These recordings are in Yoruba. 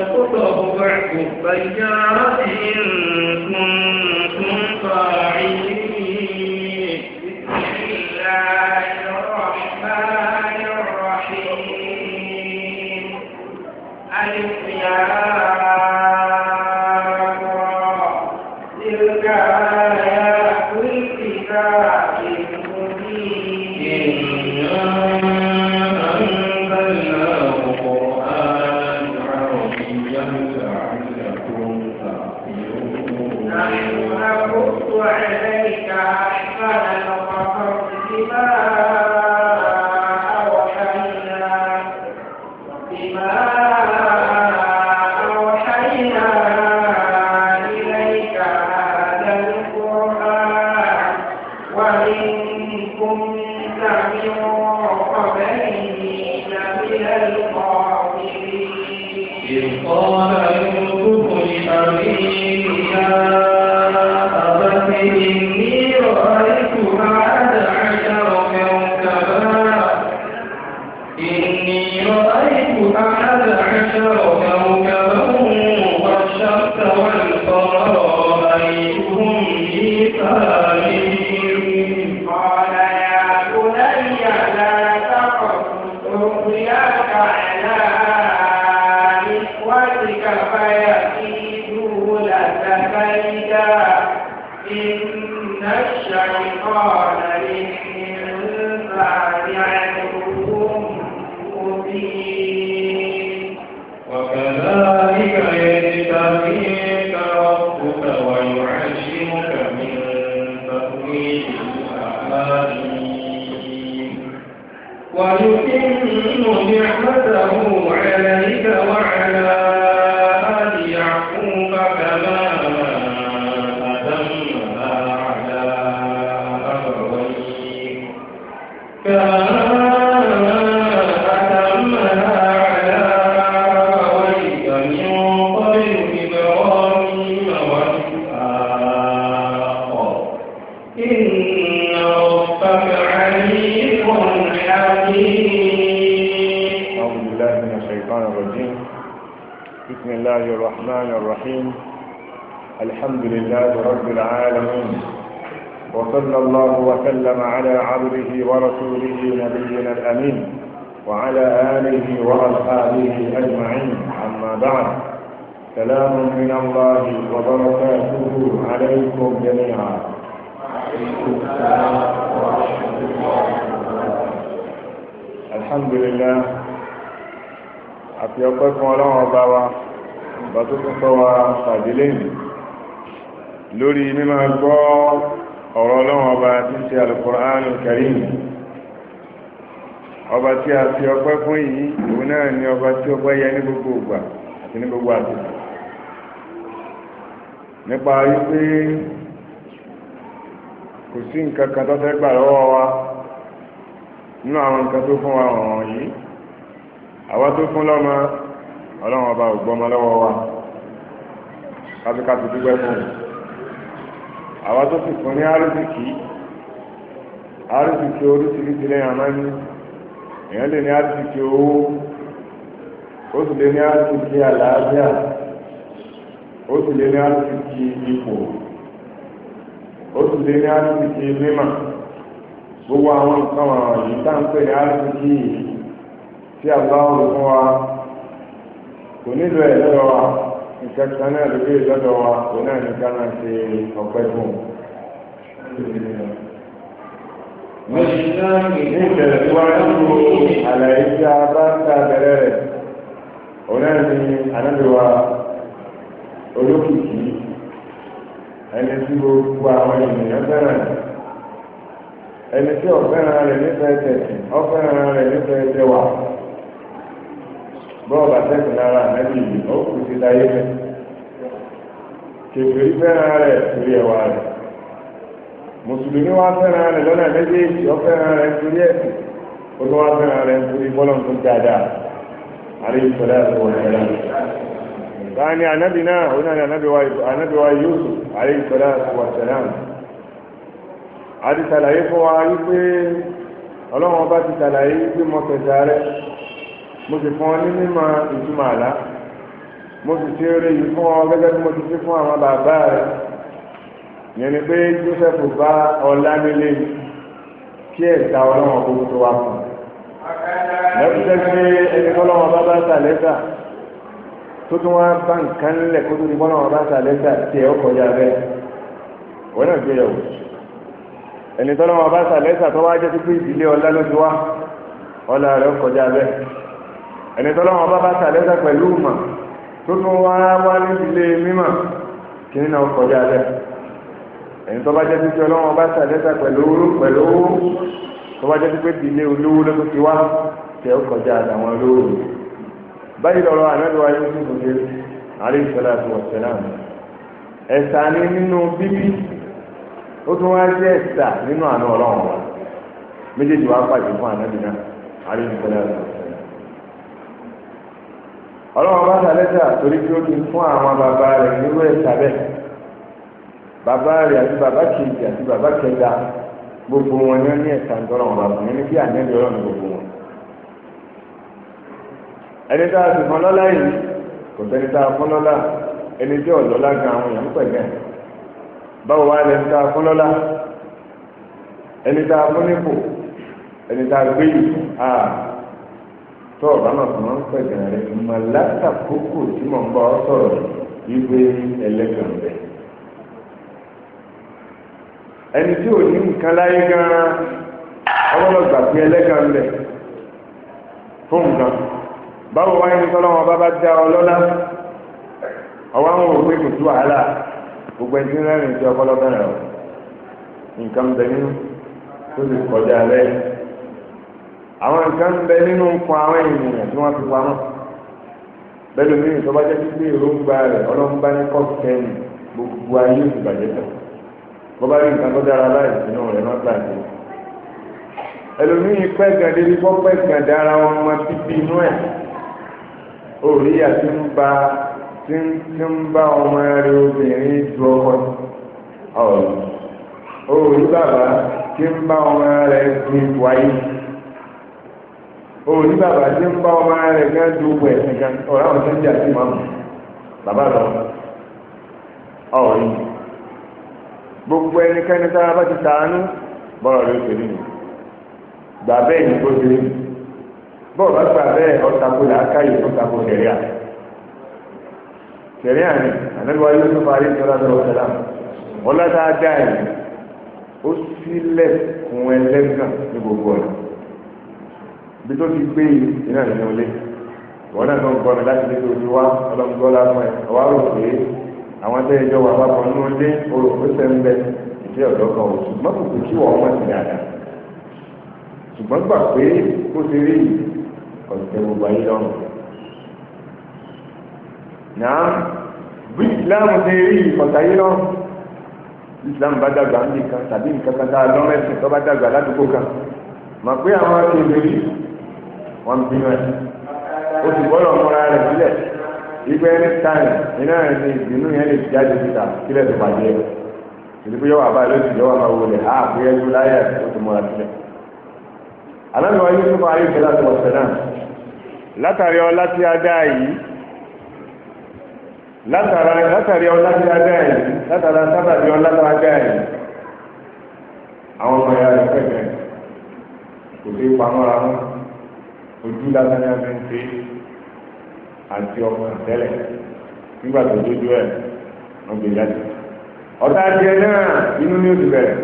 الله بعد بيارة إن كنتم صادقين وسلم على عبده ورسوله نبينا الأمين وعلى آله وأصحابه أجمعين أما بعد سلام من الله وبركاته عليكم جميعا الحمد لله أتيقظكم الله وبركاته بطلق صوى صادلين lórí مما الله ti ṣe alukur'an karim ọba tí a fi ọpẹ́ fún yìí òun náà ni ọba tí ọpẹ́ yẹ ní gbogbo ògbà àti ní gbogbo àtìkù nípa wípé kò sí nǹkan kan tó fẹ́ gbà lọ́wọ́ wa nínú àwọn nǹkan tó fún wa ọ̀hún yìí àwa tó fún lọ́mọ ọlọ́run ọba ò gbọ́mọ lọ́wọ́ wa kábíkátì dúpẹ́ fún àwa tó sì fún ní àrísìkì arísìkí oríṣiríṣi lẹ́yìn amáyé èèyàn lè ní arísìkí owó ni sì lè ní o àlàáfíà ó ni lè ní arísìkí ipò ó sì lè ní arísìkí mímà gbogbo àwọn nǹkan wọ̀nyí tá ń pè ní arísìkí yìí tí àbáwò fún wa kò nílò ẹ̀ lọ́dọ̀ wa nǹkan kan náà lókè lọ́dọ̀ wa na náà na náà ṣe ọ̀pẹ́ nítẹ̀síwájú àlàyé tí a bá ń ta bẹ̀rẹ̀ rẹ̀ onẹ́ni anábìwá olókìkí ẹni tí gbogbo àwọn ènìyàn fẹ́ràn ẹni tí ọ̀fẹ́ràn rẹ̀ nífẹ̀ẹ́ tẹ̀sí ọ̀fẹ́ràn rẹ̀ nífẹ̀ẹ́ tẹwà bọ́ọ̀bà tẹ́sán lára ànábì yìí ó kù sí láyé kẹfìrí fẹ́ràn rẹ̀ torí ẹwà rẹ̀ mùsùlùmí wa fẹ́ràn rẹ̀ lọ́nà méjèèjì ọ fẹ́ràn rẹ̀ nítorí ẹ̀sìn ó tún wá fẹ́ràn rẹ̀ nítorí bọ́lọ̀ tó dáadáa àrí ìṣọ̀lá ẹ̀sìn wọn ẹ̀rọ báyìí ànábì náà ó náà ní ànábì wa Yusuf àrí ìṣọ̀lá ẹ̀sìn wọn ẹ̀rọ àti sàlàyé fún wa wípé ọlọ́run ọba ti sàlàyé wípé mo tẹ̀sà rẹ̀ mo sì fún ọ ní mímọ̀ ìtumọ̀ àlá mo sì ṣe eré yìí fún ọ gẹ́gẹ́ bí mo ti ṣe fún àwọn bàbá rẹ̀ yẹn ni pé Joseph bá Ọlánílé kí ẹ̀ka ọlọ́wọ́n kó tó wá fún un lẹ́kùn pé ẹni kọ́lọ́wọ́n bá bá ta lẹ́tà tó tún wá bá nǹkan lẹ̀ kó tó ní kọ́lọ́wọ́n bá ta lẹ́tà tiẹ̀ ó kọjá bẹ́ẹ̀ wọ́n náà gbé yẹ̀wò ẹni tọ́lọ́wọ́n bá ta lẹ́tà tó wá jẹ́ pípé ìdílé ọlá ló ti wá ọlá rẹ̀ ó kọjá bẹ́ẹ̀ ẹni tọ́lọ́wọ́n bá bá ta lẹ́tà pẹ̀lú ìmọ̀ tó tún wá wá nídìílé mímọ̀ kí nínú ọkọjá bẹ́ẹ̀ ẹni tó bá jẹ́ títí ọlọ́wọ́n bá ṣàlẹ́sà pẹ̀lú pẹ̀lú tó bá jẹ́ títí pé ilé olówó ló tó ti wá tẹ̀ ó kọjá àtàwọn olówó báyìí lọ́rọ̀ ànábìwá yóò sì kò dé àríyí sọlá tó wọ̀sẹ̀ náà ẹ̀sà ni nínú bíbí ó tún wá jẹ́ ẹ̀sà nínú àná ọlọ́wọ́n wa méjèèjì wá pàdé fún ànábì náà àríyí sọlá náà ọlọ́wọ́n bá ṣàlẹ́sà torí pé ó ti fún àwọn bàbá rẹ̀ nírú ẹ̀sà bẹ́ẹ̀ bàbá rẹ̀ àti bàbá kejì àti bàbá kẹta gbogbo wọn ní wọn ní ẹ̀ka ń tọrọ wọn bàbá wọn ní bí ànẹ́bí ọlọ́run gbogbo wọn. ẹni tá a sì fọ́n lọ́lá yìí kò sẹ́ni tá a fọ́n lọ́lá ẹni tí ọ̀lọ́lá gan àwọn èèyàn ń pẹ̀lẹ́ báwo wá lẹni tá a fọ́n lọ́lá ẹni tá a fọ́n nípò ẹni tá a gbé yìí a tọ́ ọ̀bá máa fún wọn pẹ̀lẹ́ rẹ̀ mọ̀ látàkókò tí mò ń bá ọ sọ̀rọ̀ yìí ẹni tí ò ní nǹkan láyé gan-an ọlọ́lọ́gbà pé ẹlẹ́gà ń bẹ̀ fún nǹkan báwo wáyé ní tọ́lọ́wọ́ bá bá dá ọlọ́lá ọwọ́ àwọn òwe kò tú wàhálà gbogbo ẹni tí ń rẹ́rìn tí ọpọlọ bẹ̀rẹ̀ o nǹkan bẹ nínú tó lè kọjá rẹ̀ àwọn nǹkan bẹ nínú fún àwọn ènìyàn tí wọ́n fi pamọ́ bẹ́ẹ̀ lómi ìtọ́bájẹ́ pípé èròǹgbà rẹ̀ ọlọ́mùbá ní gbogbo ayé ìbàjẹ́ tán bọ́bá rí nǹkan tó dára láì sínú rẹ̀ náà tàbí ẹlòmíì pẹ́ gan débi kọ́ pẹ́ gan dára wọn mọ títí inú ẹ̀ òrí àti ń ba tí ń tí ń bá ọmọ rẹ obìnrin ju ọkọ ọ̀rọ̀ òrí bàbá tí ń bá ọmọ rẹ ju ipò ayé òrí bàbá tí ń bá ọmọ rẹ gan ju ipò ẹ̀sìn gan ọ̀rọ̀ àwọn tó ń jà sí màmú bàbá lọ ọ̀rí gbogbo ẹnikẹ́ni tá a bá ti sàánú bọ́ọ̀lù ló ṣe nínú gbà bẹ́ẹ̀ ní kó ṣe bọ́ọ̀lù bá gbà bẹ́ẹ̀ ọ̀tàkùn làákàyè tó takò ṣẹ̀ríà ṣẹ̀ríà ni ànágbà yóò tó parí ní ọlọ́dọ̀ ọ̀sẹ̀lá a dá ẹ̀ ó sílẹ̀ fún ẹlẹ́gàn ní gbogbo ọ̀nà bí tó ti gbé yìí iná nínú ilé wọn náà ló ń gbọ́ mi láti lé tó ti wá ọlọ́mgbọ́ àwọn tẹ́ ẹjọ́ wà papọ̀ ní ọdẹ olùkọ́sẹ̀ ń bẹ ìdí ọ̀dọ́ kan o ṣùgbọ́n kò kí wọ́n wọ́n ti dàda ṣùgbọ́n gbà pé kó ti rí ọ̀sẹ̀ gbogbo ayé lọ́rùn. náà bí ìsìláàmù ti rí ọ̀sẹ̀ ayé lọ́rùn ìsìláàmù bá dàgbà ń tàbí nǹkan kan tá a lọ́rùn ẹ̀sìn tó bá dàgbà ládùúgbò kan mà pé àwọn akéwì wọn bínú ẹ̀ o sì gbọ́dọ̀ múra rẹ̀ sílẹ̀ Igwe ẹni táyì iná rẹ̀ ní ìbínú yẹn lè jáde síta sílẹ̀ tó bàjẹ́ ìdíkú yọ wà báyìí lóṣù yọ wà máa wọlé á àbúyẹ ju láyà tó ti mọ́ra sílẹ̀. aláǹgbá yóò tún parí ìgbẹ́ láti wọ̀sẹ̀ náà látàrí a dá yìí látàrí ọlá tí Latara ọmọ ya rẹ̀ pẹ̀lẹ́ kò sí pamọ́ra wọn ojú lásán àti ọkàn tẹ́lẹ̀ nígbà tó dójú ẹ̀ wọ́n gbé jáde. ọ̀tá tiẹ̀ náà inú ní oṣù bẹ̀rẹ̀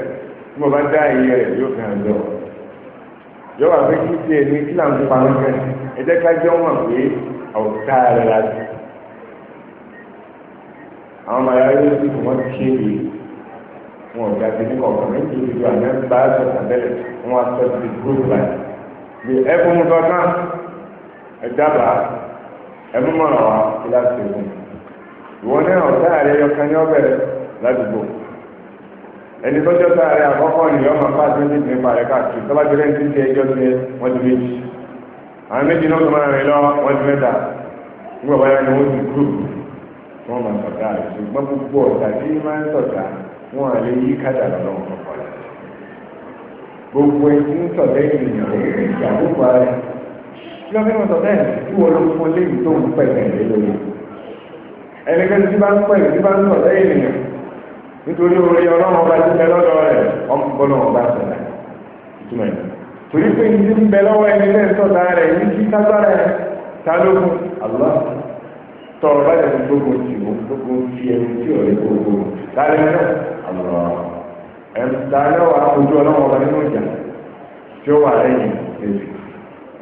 tí mo bá dá iye rẹ̀ yóò fi hàn jọ. yóò wà pé kí tiẹ̀ ní kí làǹkó parọ́ kẹ́ ẹ jẹ́ ká jẹ́ wọn pé ọ̀tá rẹ̀ la jù. àwọn ọmọ ayáwó yóò sì fún wọn ti ṣe èyí wọn ò ga sí kọ̀ọ̀kan méjì ìlú àná bá a sọ wọn á sọ ti gúrúùpù ẹ fún mi kọ́kán ẹ dábàá Emume mọ̀ràn wa kí láti ṣe fún ìwọ náà ọ̀tá rẹ yọkan ní ọbẹ̀ ládùúgbò ẹni tó jọ́ta rẹ àkọ́kọ́ ni ọmọ pàṣẹ ní ìpín parẹ́ káàkiri tọ́ba jẹ́ lẹ́yìn tí ẹjọ́ sí wọ́n ti méjì àwọn méjì náà tó máa rìn lọ wọ́n ti mẹ́ta nígbà ni wọ́n ti gúrùpù tí wọ́n máa sọ̀tà ṣùgbọ́n kí ló fẹ́ràn sọ bẹ́ẹ̀ tí wọ́n ló fún léyìí tó ń pẹ̀ tẹ̀lé lórí ẹnikẹ́ni tí bá ń pẹ̀ tí bá ń sọ sẹ́yìn nìyẹn nítorí orí ọlọ́run ọba ti bẹ lọ́dọ̀ rẹ̀ ọgbọ́n ọba sọ̀rọ̀ ìtumọ̀ ẹ̀ torí pé ní ń bẹ lọ́wọ́ ẹni bẹ́ẹ̀ sọ̀tà rẹ̀ ní kí tágbára ẹ̀ ta lókun àlọ́ tọrọ bá yẹ gbogbo tì ó gbogbo fi ẹni tí ọ̀rẹ́ gbogbo lálẹ́ náà àlọ́ ẹ̀ ta lọ́wọ́ àpòjú ọlọ́run ọba nínú ìjà tí ó wà lẹ́yìn èsì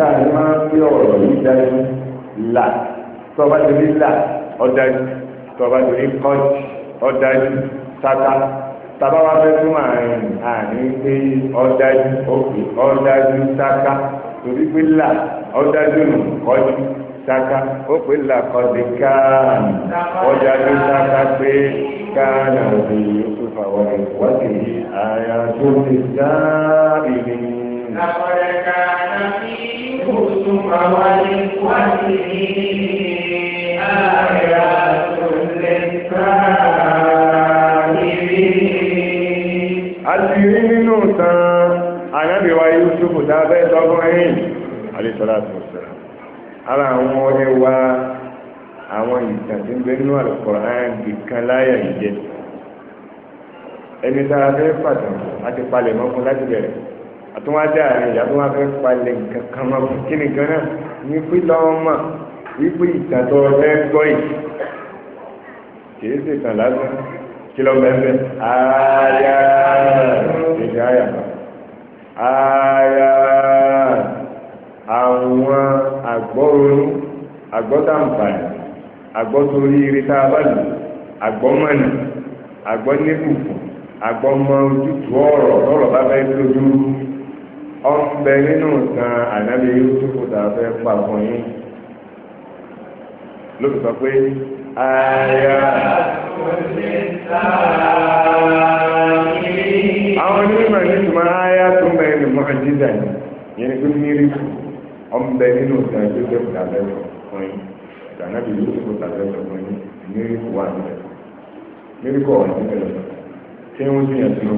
tá a máa ń fi ọ̀rọ̀ yìí dájú là tọ́ba torí là ọ̀dájú tọ́ba torí kọ́ọ̀tì ọ̀dájú tata tàbá wa fẹ́ tún àárín àárín pé ọ̀dájú òkè ọ̀dájú tata torí pé là ọ̀dájú nù kọ́ọ̀tì saka ó pè lakọ́dé káàní ọjà ló saka pé káàní àti yusuf àwọn ìwádìí yìí àyà tó ti dá ìrìn. lakọ́dé káàní. كنتم وإخوته آيات للسائلين أسيرين nínú tán anábìwá Yúsúfù dábẹ́ tọ́gbọ́n ẹ̀yìn àlẹ́sọ́láṣọ́ sọ́ra ara àwọn ẹwà àwọn ìtàn tí ń bẹ nínú al ẹni tá pàtàkì láti palẹ̀ mọ́ láti bẹ̀rẹ̀ àtúnwájà ìyá tó wá fẹ́ palẹ̀ nǹkan kan máa fún kí nìkan náà ní pí lọ́wọ́ mà wípé ìtàtọ̀ ọ̀fẹ́ gbọ́ yìí kìí ṣe ìtàn lásán kí lọ bẹ́ẹ̀ ààyà ìjà àyà ààyà àwọn àgbọ́ronú àgbọ́tàǹfààní àgbọ́torí eré tá a bá lò ojútùú ọ̀rọ̀ lọ́rọ̀ bá fẹ́ lójú ọ̀pẹ nínú ìtàn ànábì Yúsúfù tá a pa fún yín ló pé àyà àwọn onímọ̀ ní ìtumọ̀ àyà tó ń ní yẹn ni pé mírí ọ̀pẹ nínú ìtàn Yúsúfù tá a fẹ́ fún yín ìtàn ànábì Yúsúfù tá fún yín mírí kò wà mírí tí wọ́n ti yàn sínú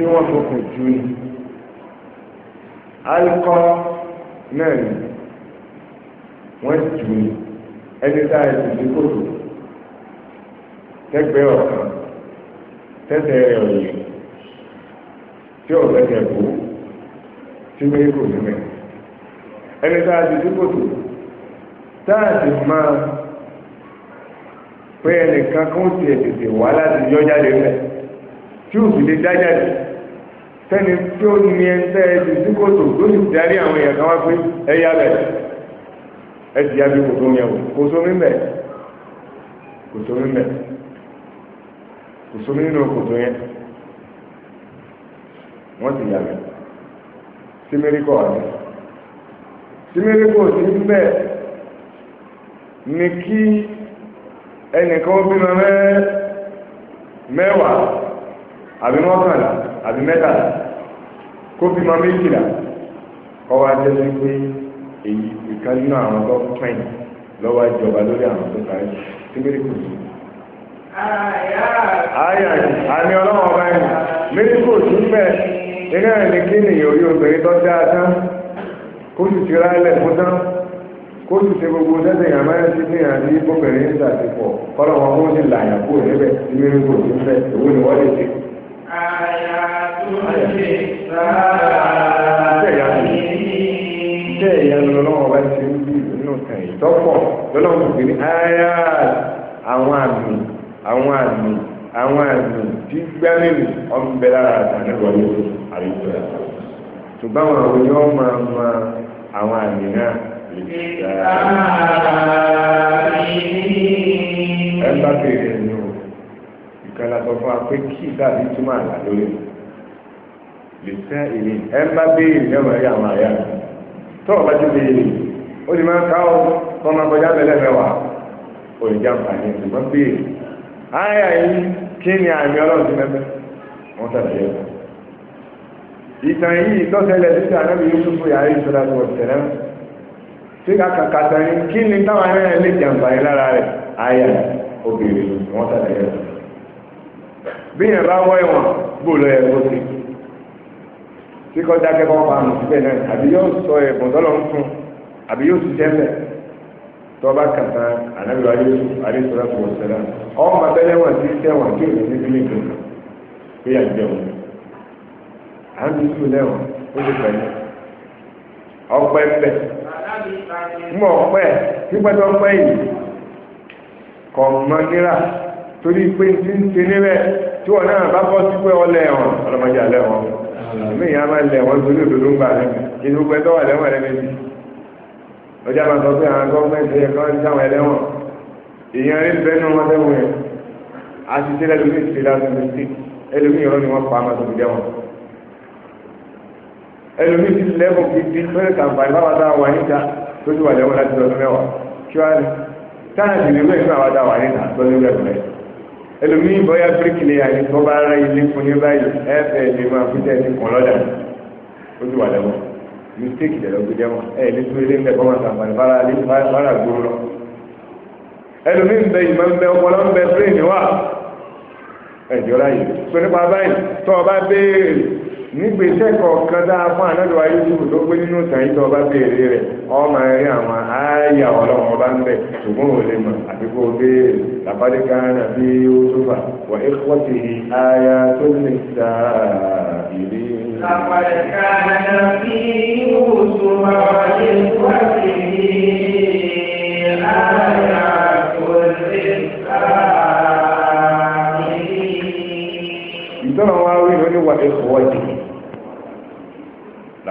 tí wọ́n fòkùn jù ní alkọ́ náà ni wọ́n jù ní ẹni tá a ti di kòtò tẹ́gbẹ́ ọ̀kan tẹ́sẹ̀ rẹ̀ ọ̀yẹ̀ tí ọ̀fẹ́ tẹ̀ kú tí wọ́n kò ní mẹ́ ẹni tá a ti di kòtò tá a ti máa pé ẹnìkan kó tiẹ̀ tètè wá láti yọ jáde mẹ́ tí òfin lè dá jáde. sẹ́ni tí ó ní ẹ̀ńtẹ́ ẹ̀dì tí kò tó ló sì darí àwọn èèyàn kan wá pé ẹ̀yà bẹ̀ ẹ̀ sì yájú kò tó mi ẹ̀wò kò tó mi bẹ̀ kò tó mi kò tó mi nínú kò tó yẹn wọ́n sì yà bẹ̀ símẹ́ríkọ̀ ọ̀rẹ́ símẹ́ríkọ̀ sí bẹ̀ ni kí ẹnìkan bímọ mẹ́wàá àbí mọ́kànlá. àbí mẹ́tàlá kó fi mọ méjìlá kọ́ wá jẹ́ sí pé èyí ìkan nínú àwọn tó lọ́wọ́ ìjọba lórí àwọn tó kò sí. àmì ọba ẹ̀mí méjì kò iná ẹ̀ kí nìyẹn orí obìnrin tó dáa tán kó sì ti ráálẹ̀ fún tán kó sì ti gbogbo sẹ́sẹ̀ yàn máa ń ti fi hàn ní bóbìnrin ń ṣàtìpọ̀ kọ́lọ́wọ́n ó sì níbẹ̀ kò sí ni wọ́n lè ṣe. Iṣẹ́ ìyanu lọ́wọ́ bá fi ní ayá àwọn àmì àwọn àmì àwọn àmì tí gbẹ́mìlì ọ̀nbẹ lára àtàlẹ́wọ̀lẹ́ àyíkò Ṣùgbọ́n àwọn yóò máa ma àwọn àmì náà lè ṣe. Ẹ bá bèèrè túmọ̀ lórí lèṣẹ́ ìní ẹ bá béèrè lẹ́wọ̀n ẹ̀yà àwọn àyà tó ọ̀bá ti béèrè ó sì máa ń káwọ́ tó máa kọjá bẹ̀lẹ̀ mẹ́wàá ó lè jẹ́ àǹfààní ṣùgbọ́n béèrè àyà yìí kí ni àmì ọlọ́run ti mẹ́fẹ́ wọ́n sàlàyé ẹ̀ ìtàn yìí tọ́sẹ̀lẹ̀ títí ànábì Yúsúfù yàrá ìṣọ́ra tó ọ̀tẹ̀lẹ́ tí kàkà kàtà ní kí ni táwọn ẹ̀rẹ́ lè jẹ àǹfààní lára rẹ̀ àyà obìnrin wọ́n sàlàyé ẹ̀ bí yẹn wọ́ ẹ̀wọ̀n gbòòlò ẹ̀ kó sí kíkọ́ dákẹ́ kọ́ pa àrùn síbẹ̀ náà àbí yóò sọ ẹ̀bùn tọ́lọ̀ ń fún àbí yóò ti tẹ́lẹ̀ tọ́ba kàtà ànábì àdéṣọ́lá tó wọ̀ sẹ́lá ọmọ abẹ́lẹ́ wọn ti tẹ̀wọ̀n kí èmi níbi ní ìgbìmọ̀ pé à ń jẹun à ń dúdú lẹ́wọ̀n ó lè pẹ̀lú ọpẹ́ pẹ̀ mú ọpẹ́ nígbà tó pẹ́ yìí kọ̀ mọ́ níra torí pé ti ń ṣe níbẹ̀ tí wọn náà bá bọ́ sí pé ọlẹ́ wọn ọlọ́mọdé alẹ́ wọn mí ìyá máa lẹ̀ wọ́n torí òdodo ń gbà rẹ̀ kí ni gbogbo ẹjọ́ wà lẹ́wọ̀n rẹ̀ méjì ọjà máa sọ pé àwọn gọ́ọ̀mẹ̀ntì ẹ̀kọ́ ń sáwọn ẹlẹ́wọ̀n ìyẹn rí bẹ́ẹ̀ náà wọ́n tẹ́wọ̀n yẹn àṣìṣe lẹ́lómi ṣe lásán mistake ẹlòmí ìrọ́ ni wọ́n pa àmà tó fi dẹ́wọ̀n ẹlòmí ti lẹ́bùn fi di fẹ́rẹ̀ tàǹfààní bá wà wà níta tó ti wà lẹ́wọ̀n láti lọ́dún mẹ́wàá kí wàá ní táyà sì lè mẹ́rin náà wà dá wà níta lọ́dún mẹ́rin ẹlòmíì bọ́yá bíríkì lè àyè tó bá rẹ ilé fún yín báyìí ẹ̀ẹ́fẹ̀ lè máa fún tẹ̀ ní kan lọ́dà ó ti wà lẹ́wọ̀n mistake ìdẹ̀lọ́gbé jẹ́wọ̀n ẹ̀ẹ́ ní tún ilé ń bẹ̀ kọ́ máa sàǹfààní bára gbóró lọ ẹlòmíì ń bẹ ìmọ̀ ń bẹ ọpọlọ ń bẹ brain wà ẹ̀jọ́ láyè tó nípa báyìí tó o bá béèrè nígbèsẹ̀ kọ̀ọ̀kan dáa fún ànádọ́wà yusuf ló gbé nínú ìtàn yìí tó ọba béèrè rẹ̀ ọmọ rí àwọn ààyè ọlọ́run ọba ń bẹ̀ ṣùgbọ́n ò lè mọ̀ àti kó o béèrè làbádìkà náà bí yusufa wà ékọ́tì ààyà tó lè sa ìrí. làbádìkà náà bí yusufa wà ékọ́tì ààyà tó lè sa ìrí. ìtọ́nà wa wí ló ní wà ékọ́tì.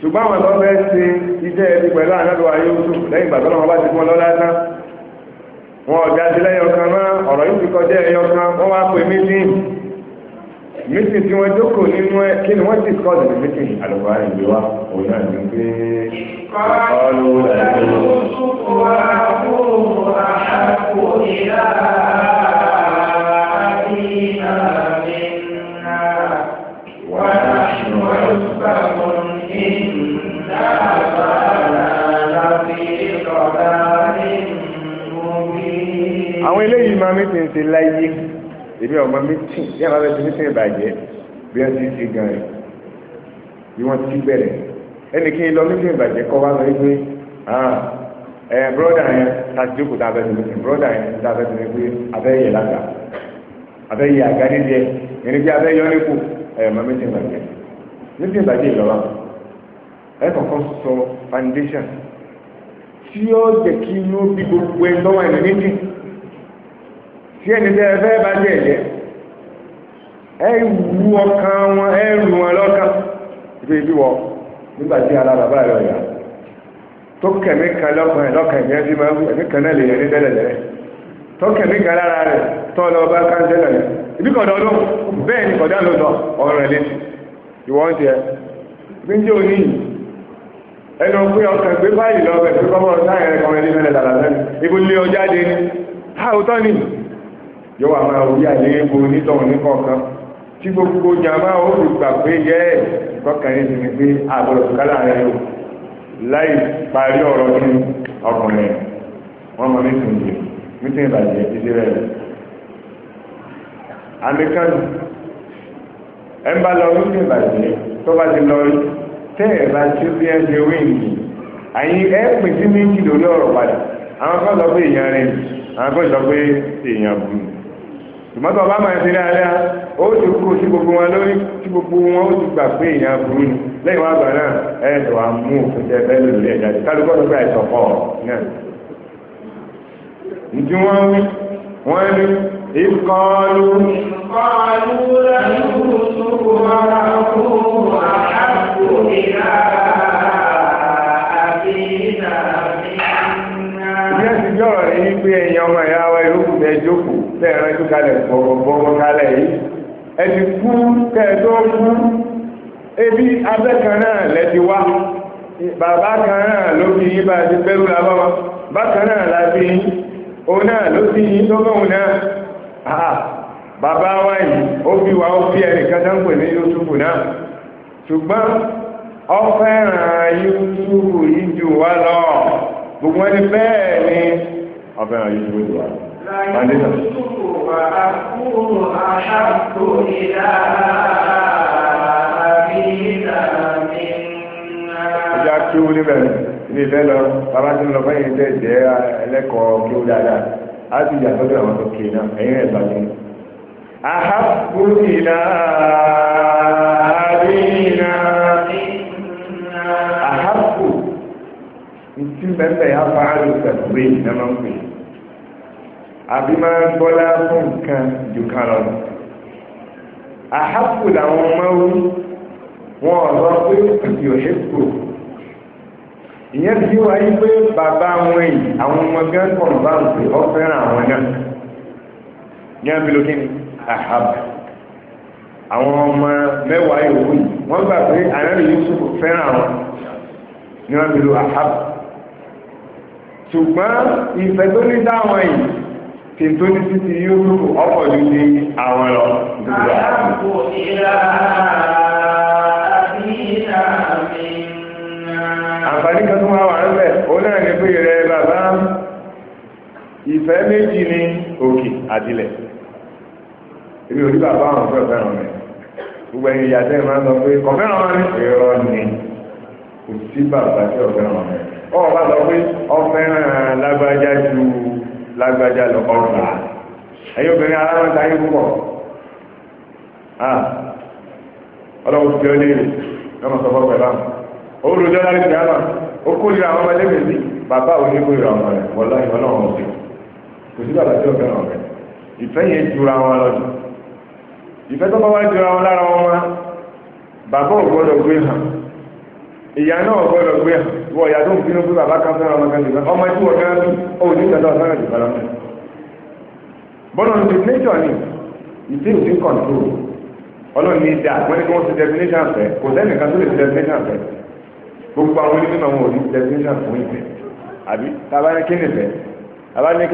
ṣùgbọ́n àwọn ẹ̀fọ́ fẹ́ ṣe iṣẹ́ ẹbí pẹ̀lú ànádùn ayé oṣù lẹ́yìn ìgbà tó bá ti fún ọ tán wọn ọ̀gá ti lẹ́yìn náà ọ̀rọ̀ yìí ti kọjá wá mítìn mítìn tí jókòó nínú ẹ kí ni ti kọ́ ọ̀dọ̀ mítìn àlùkò wa òun náà ní pé ọlù àwọn eléyìí máa mítìn ṣe láyé èmi ọmọ mítìn bí àwọn abẹ́sẹ̀ mítìn ìbàjẹ́ bí wọ́n ti ṣe gan rẹ̀ bí wọ́n ti bẹ̀rẹ̀ ẹnì kí n lọ mítìn ìbàjẹ́ kọ́ wá lọ wípé ẹ bọ́dà yẹn láti jókòó tá a bẹ́sẹ̀ mítìn bọ́dà yẹn tá a bẹ́sẹ̀ wípé abẹ́yẹ lága abẹ́yẹ àga nídìí ẹ ẹni bí abẹ́yẹ ọ́nẹ́kù ẹ ọmọ mítìn ìbàjẹ́ mítìn ìbàjẹ́ ìjọba ẹ kọ̀ọ̀kan sọ foundation tí ó jẹ́ kí inú bí gbogbo ẹ lọ́wọ́ ẹ̀ tí ẹni tẹ́ fẹ́ bá jẹ́ ẹ̀jẹ́ ẹ wú ọkàn wọn ẹ rù wọn lọ́kàn ibi ibi wọ nígbà tí ara bàbá rẹ̀ ọ̀yà tó kẹ̀mí kan lọ́kàn ẹ̀ lọ́kàn ìyẹn bí máa ń ẹ̀mí kan náà lè yẹn ní tó kẹ̀mí kan lára rẹ̀ tó lọ bá ibi kọ̀dọ̀ ọdún bẹ́ẹ̀ ni ọ̀rọ̀ ẹ̀ létí yóò wà máa wí àléébù onítọ̀hún nìkọ̀ọ̀kan tí gbogbo jàmá ó fi gbà pé yẹ ẹ̀ ìkọ̀kan yìí ni pé àbọ̀rọ̀ kálá rẹ̀ o láì parí ọ̀rọ̀ ní ọkùnrin wọn mọ mítìn jẹ mítìn ìbàjẹ́ títí rẹ̀ àmìkan ẹ̀ ń bá lọ mítìn ìbàjẹ́ tó bá ti lọ rí tẹ́ ẹ̀ bá tí ó bí ẹ́ ṣe ẹ pè sí méjì lórí ọ̀rọ̀ padà àwọn kan sọ pé èèyàn rẹ̀ àwọn kan sọ pé èèyàn burú tòmọ́tò ọba máa ṣe dáadáa ó ti kó sí gbogbo wọn lórí tí gbogbo wọn ó ti gbà pé èèyàn burú ni lẹ́yìn wá gbà náà ẹ̀ẹ́dọ̀ wa òfin tẹ lórí ẹ̀dá kálukọ́ tó gbà náà. ǹjú wọn wí wọn ní ìkọlù. ìkọlù tó àkókò ìlà ti jọ̀rọ̀ tẹ́ ẹ̀rọ tó kalẹ̀ bọ̀rọ̀bọ̀rọ̀ kalẹ̀ yìí ẹni kú kẹ́ẹ̀dọ́ kú ebi abẹ́ kan náà lẹ́ti bákan náà la fi òun náà ló fi tó bàbá wa yìí ó fi wá ó fi ní náà ṣùgbọ́n yìí wá lọ gbogbo ẹni ni Ìjà kí ó níbẹ̀ ní ìfẹ́ lọ, bàbá tí ń lọ fẹ́yìn tẹ́ jẹ́ ẹlẹ́kọ̀ọ́ kí ó dáadáa, á sì yà sọ́dọ̀ àwọn tó kìí náà, ẹ̀yìn ẹ̀bà ní. Àhápù ìlà àríyìnà. Àhápù, ìtí mẹ́fẹ̀ẹ́ á fà á lò pẹ̀lú ìnáwó àbí máa ń gbọ́lá fún nǹkan jù kan lọ. àhápù làwọn ọmọ wí wọn ò lọ pé àti òṣèpò ìyẹn ti wáyé pé bàbá wọn yìí àwọn ọmọ gán kọ̀ bá ń pè ọ́ fẹ́ràn àwọn náà ní abilo kí ni àhápù àwọn ọmọ mẹ́wàá yòókù yìí wọ́n gbà pé ànábì Yusuf fẹ́ràn àwọn ní abilo àhápù ṣùgbọ́n ìfẹ́ tó ní dáwọn yìí tí tó ní sí ti yóò tó ọ̀pọ̀ ju ti àwọn ẹ̀rọ gbogbo àkókò. àǹfààní kan tó máa wà ń bẹ̀ òun náà ní pé rẹ bàbá ìfẹ́ méjì ní òkè àdìlẹ̀ èmi ò rí bàbá àwọn ọ̀fẹ́ fẹ́ràn mi gbogbo ẹ̀yin ìyá tẹ́lẹ̀ máa ń sọ pé ọ̀fẹ́ràn wọn ní èrò ni kò sí bàbá tí ọ̀fẹ́ràn mi ọ̀ bá sọ pé ọ̀fẹ́ràn lágbájá ju lágbájá lọ ọgbà ẹ̀yìn alámọ́ta yìí púpọ̀ ah, ọlọ́run ti ọlé rẹ̀ lọ́mọ sọ fọ́ pẹ̀lú àwọn àmà ó kórìíra àwọn ọmọ sí bàbá rẹ̀ wọ́n ìyá náà gbọ́dọ̀ gbé wọ ìyá tó ń bínú fún bàbá kan fẹ́ràn ọmọ kan ọmọ tí ọ̀gá bí ó ní ìtẹ́tọ́ fẹ́ràn jùlọ lọ́mọ bọ́dọ̀ ní definition ni ìdí ìdí control ọlọ́run ní ìdá wọ́n ní kí wọ́n ti definition fẹ́ kò sẹ́ni kan tó lè ti definition fẹ́ gbogbo àwọn onímọ̀ definition fún ìfẹ́ àbí tàbá ní kíni fẹ́ tàbá ní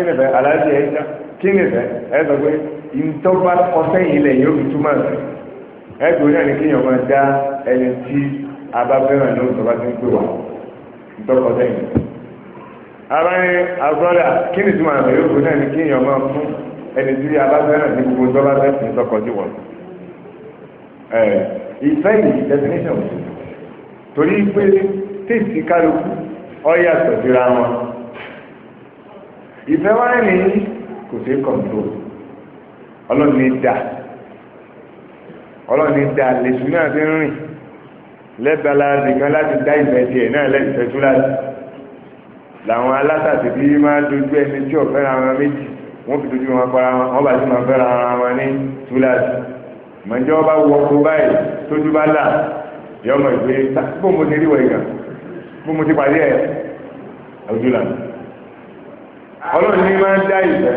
kíni fẹ́ kíni abáfẹ́ràn ló ń bá ti ń pè wá ntọ́kọ sẹ́yìn. abáyé agbọ́dà kí ni tí wọn àbẹ̀rẹ̀ òkú náà ni kí èèyàn máa fún ẹni tí abáfẹ́ràn ní gbogbo bá fẹ́ sí wọn. ìfẹ́ yìí definition torí pé tèsí kálukú ọ̀yà sọ̀tìra wọn. ìfẹ́ wáyé ni kò sí kọ̀ǹtò ọlọ́run lẹ́bàá nìkan láti dá ìfẹ̀tì ẹ̀ náà lẹ́fẹ̀ẹ́ tún láti làwọn alátàtì bí máa dojú ẹni tí ò fẹ́ra wọn méjì wọ́n fi dojú wọn para wọn wọ́n bá sì máa fẹ́ra wọn ní túláàsì mọ̀jọ́ bá wọ ọkọ̀ báyìí tójú bá là yọmọ ìgbé bó mo ti rí wọ̀ ìgbà bó mo ti pàdé ẹ̀ ojú là ọlọ́run ní máa ń dá ìfẹ́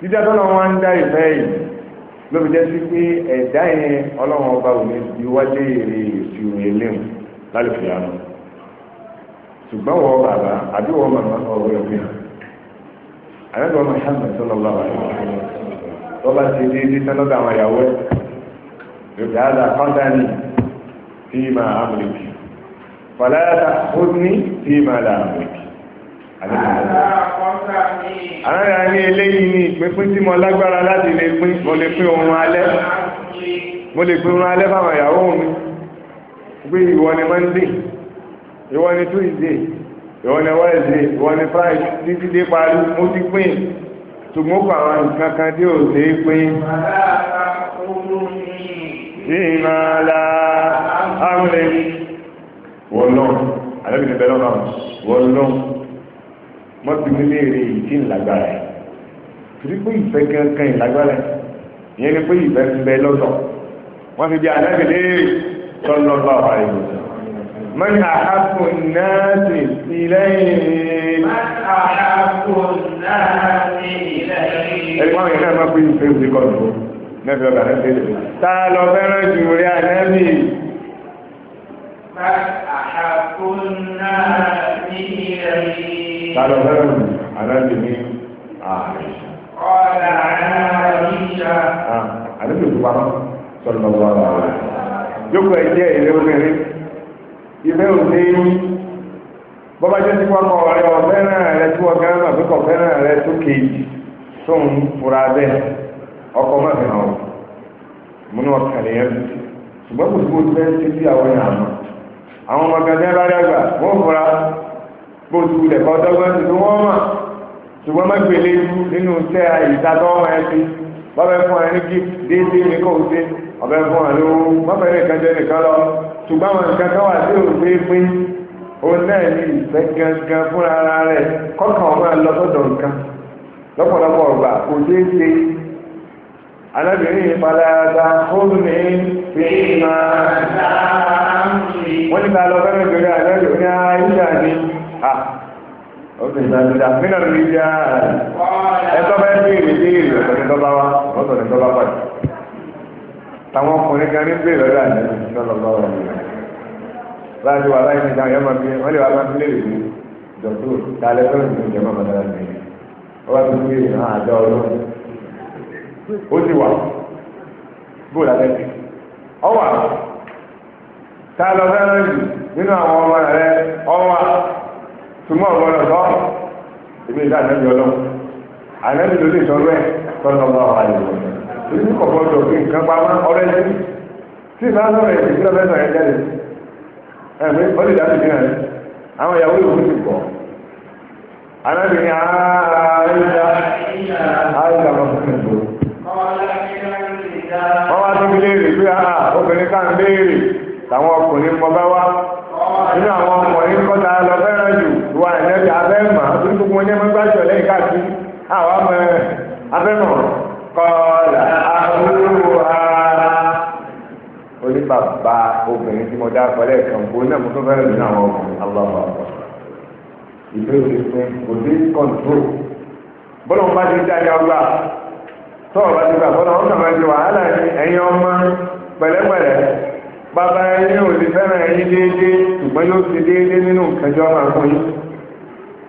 dídá tọ́lọ́ wọn ń dá ìfẹ́ yìí lóbi jẹ́ sí pé ẹ̀dá yẹn ọlọ́run ọba òní ti wájú èrè ìṣirò eléwu lálùfẹ́ àná ṣùgbọ́n wọ́n bàbá àbí wọ́n màmá ọ̀rọ̀ ẹ̀mí hàn àlẹ́gbẹ́ ọmọ ìhàmẹ́ sọlọ́lá wa tó bá ti di ní sẹ́nọ́tà àwọn ìyàwó ẹ̀ lòdì àdá kọ́ńtánì tí máa àmì kì fọláyàtà ó ní tí máa dà àrẹ́rẹ́ ní eléyìí ní ìpínpín tí mo lágbára láti lè pín mo lè pín ohun alẹ́ mo lè pín ohun alẹ́ fáwọn ìyàwó mi pé ìwọ ni Monday ìwọ ni Tuesday ìwọ ni Wednesday ìwọ ni Friday títí dé parí mo ti pín ṣùgbọ́n kọ àwọn nǹkan kan tí ò ṣe é pín ìmọ̀lá amúlẹ̀ wọ́n lọ́n àlẹ́bìnrin bẹ́ẹ̀ lọ́nà wọ́n lọ́n wọ́n ti nílé eré yìí tí ń lágbára ẹ̀ torí pé ìfẹ́ kankan ìlágbára ẹ̀ ìyẹn ni pé ìfẹ́ ń bẹ lọ́tọ̀ wọ́n ti bí anábìlẹ̀ tọ́lọ́gbà wà ìlú من أحب الناس إليه من أحب الناس إليه ẹ̀gbọ́n yìí náà máa pín ìfẹ́ òsìkọ́ ìfọ́ náà fi ọ̀gá náà ṣe é ta lọ fẹ́ràn jù rí بل a الناس إليه قال فهم على جميع عائشة قال عائشة على جميع صلى الله عليه وسلم jókòó ẹ̀jẹ̀ ìlé obìnrin ìfẹ́ òde yín bọ́bá jẹ́ tí wọ́n kọ ọ̀rẹ́ ọ̀fẹ́ràn rẹ tí wọ́n gán àbí fura hàn múnú àwọn náà. àwọn ọmọ kan tẹ́ bá dàgbà wọ́n fura bó ti wulẹ̀ ti tó wọ́n mà ṣùgbọ́n má gbèlè nínú tẹ́ ẹ ti bọ́bẹ̀ fún kí fún jẹ́ nìkan lọ ṣùgbọ́n àwọn nǹkan kan wà sí náà ní ìfẹ́ gangan fúnra rẹ̀ kọ́kàn alábìnrin ìpalára fóònù fíìmà wọ́n ni. tàà lọ fẹ́rẹ̀ ìgbèrè àjọ́jọ́ ní àìyíjà ní à ọdún ìgbàlódà mínà lórí ìjà ẹ̀tọ́ bá ń bèèrè bèèrè ọ̀tọ̀ ní tọ́ba wa ọ̀tọ̀ ní pàdé kan ní bèèrè lọ́dọ̀ àjẹ́ lọ́lọ́gbà wà ní láti wà láì níjà yọmọ bí wọ́n lè wà máa fi léèrè ní ó sì wà bóòlù àtẹ́sí ọwà tá a lọ jù nínú àwọn ọmọ rẹ ọwà túmọ̀ ìdá ló lè sọ tọ́lọ́ bá wà nǹkan sí tí ìbá sọ̀rọ̀ èsì tí ọ̀rẹ́ sọ̀rọ̀ ẹ̀jẹ̀ rẹ̀ ẹ̀mí ó lè dá sí àwọn ìyàwó ìwé ti pọ̀ wọ́n wá tó fi léèrè pé àà ah, obìnrin ká ń léèrè táwọn ọkùnrin mọ bá wá nínú àwọn ọkùnrin kọ́ta lọ fẹ́ràn jù wà ẹ̀lẹ́bí abẹ́mà tó gbogbo ẹni lẹ́yìn káàkiri àwọn ọmọ abẹ́mà àbúrò ara obìnrin tí mo dá kó náà mo tó àwọn ìbéèrè pé kò dé bọ́lá wọn bá ti dá tó ọba ti gbà fọlọ́ wa kàmá di wàhálà ní ẹ̀yin ọmọ pẹ̀lẹ́pẹ̀lẹ́ bàbá ẹni ò ti fẹ́ràn ẹyin déédéé ṣùgbọ́n yóò ti déédéé nínú ìkẹjọ́ máa fún yín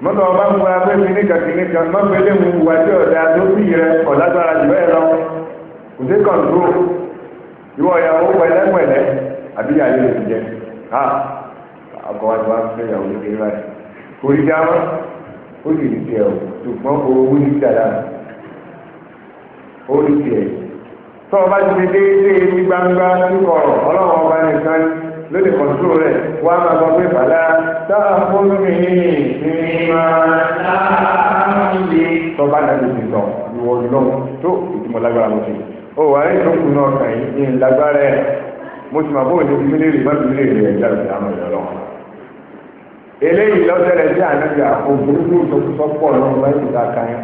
mọ́tò ọba ń gba abẹ́mi níkàkíníkà mọ́pẹ́lẹ́ mu wà tí ọ̀dà tó sì yẹ jù bẹ́ẹ̀ lọ kò sí ìwọ ìyàwó pẹ̀lẹ́pẹ̀lẹ́ àbí lè fi jẹ ha wa ti wá fẹ́ ìyàwó o ṣùgbọ́n owó ní orí tiẹ̀ tó o bá ti ṣe déédéé ní gbangba tí kọ̀rọ̀ ọlọ́run ọba nìkan ló lè kọ̀ tó rẹ̀ wá máa sọ pé bàlá táà fún mi ní máa tó bá dàbí ti sọ ìwọ lọ́wọ́ tó ìtumọ̀ lágbára lọ sí o wà ní ìtòkù náà kàn yín ní lágbára ẹ̀ mo sì máa bó ní mílíọ̀nù má mílíọ̀nù rẹ̀ jáde sí àmọ́ ìyọ̀ lọ́wọ́ eléyìí lọ́sẹ̀rẹ̀ sí ànágbà òfurufú tó sọ́pọ̀ lọ́wọ́ bá ti dá kan yín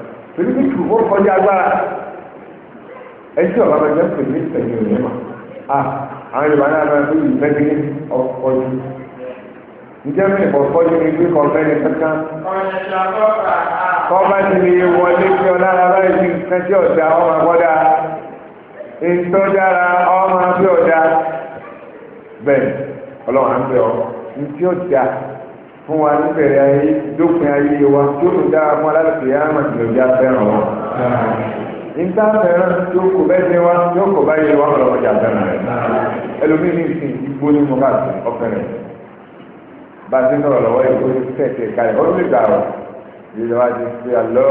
torí bí kò kọjá agbára ẹtí ọ̀la máa jẹ́ pèmí pẹ̀lú ìrìn mà á àwọn yorùbá náà máa fi ìfẹ́ bí ọkọ̀jú njẹ́ mi ìbọn fọ́jú mi bí kọ̀ọ̀fẹ́ ni kankan kọ́ba ti ní wọlé kí ọ lára báyìí ti ọ̀dà ọmọ akọ́dá ètò ọmọ abẹ́ ọ̀dà bẹ́ẹ̀ ọlọ́run abẹ́ ọ ní tí fún wa níbẹ̀rẹ̀ ayé lópin ayé wa tí ó lò dára fún aláàbò yá mà tí òjá fẹ́ràn wa. nígbà fẹ́ràn tí ó kò bẹ́ẹ̀ ní wa tí ó kò bá yé wa ọ̀rọ̀ ọjà fẹ́ràn rẹ̀. ẹlòmíín ní ìsìn igbó ní mo bá ti ọ̀fẹ́ rẹ̀. bá a ti ń sọ̀rọ̀ lọ́wọ́ ìgbó tẹ̀sẹ̀ kalẹ̀ ó lè gbà wá. wa ti fi àlọ́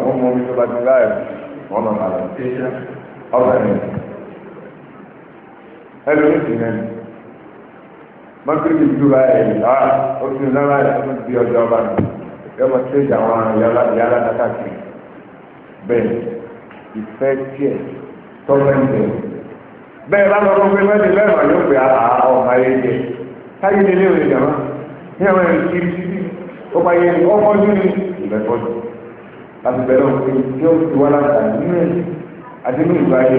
fún mọ́ mi tó bá ti láàyè mọ́kìrìbì ju báyìí á oṣù náírà ẹ̀kọ́ ti ọjọ́ ọba mi yọmọ tíyẹ̀jì àwọn yàrá dáká bẹ́ẹ̀ ìfẹ́ tiẹ̀ tọ́lẹ́ǹdẹ̀ bẹ́ẹ̀ bá lẹ́nu yóò pè ọmọ ayé jẹ ní àwọn ẹ̀rọ ọmọ ayé ọmọ ọdún bẹ̀rẹ̀ ẹ̀ ìgbà jẹ́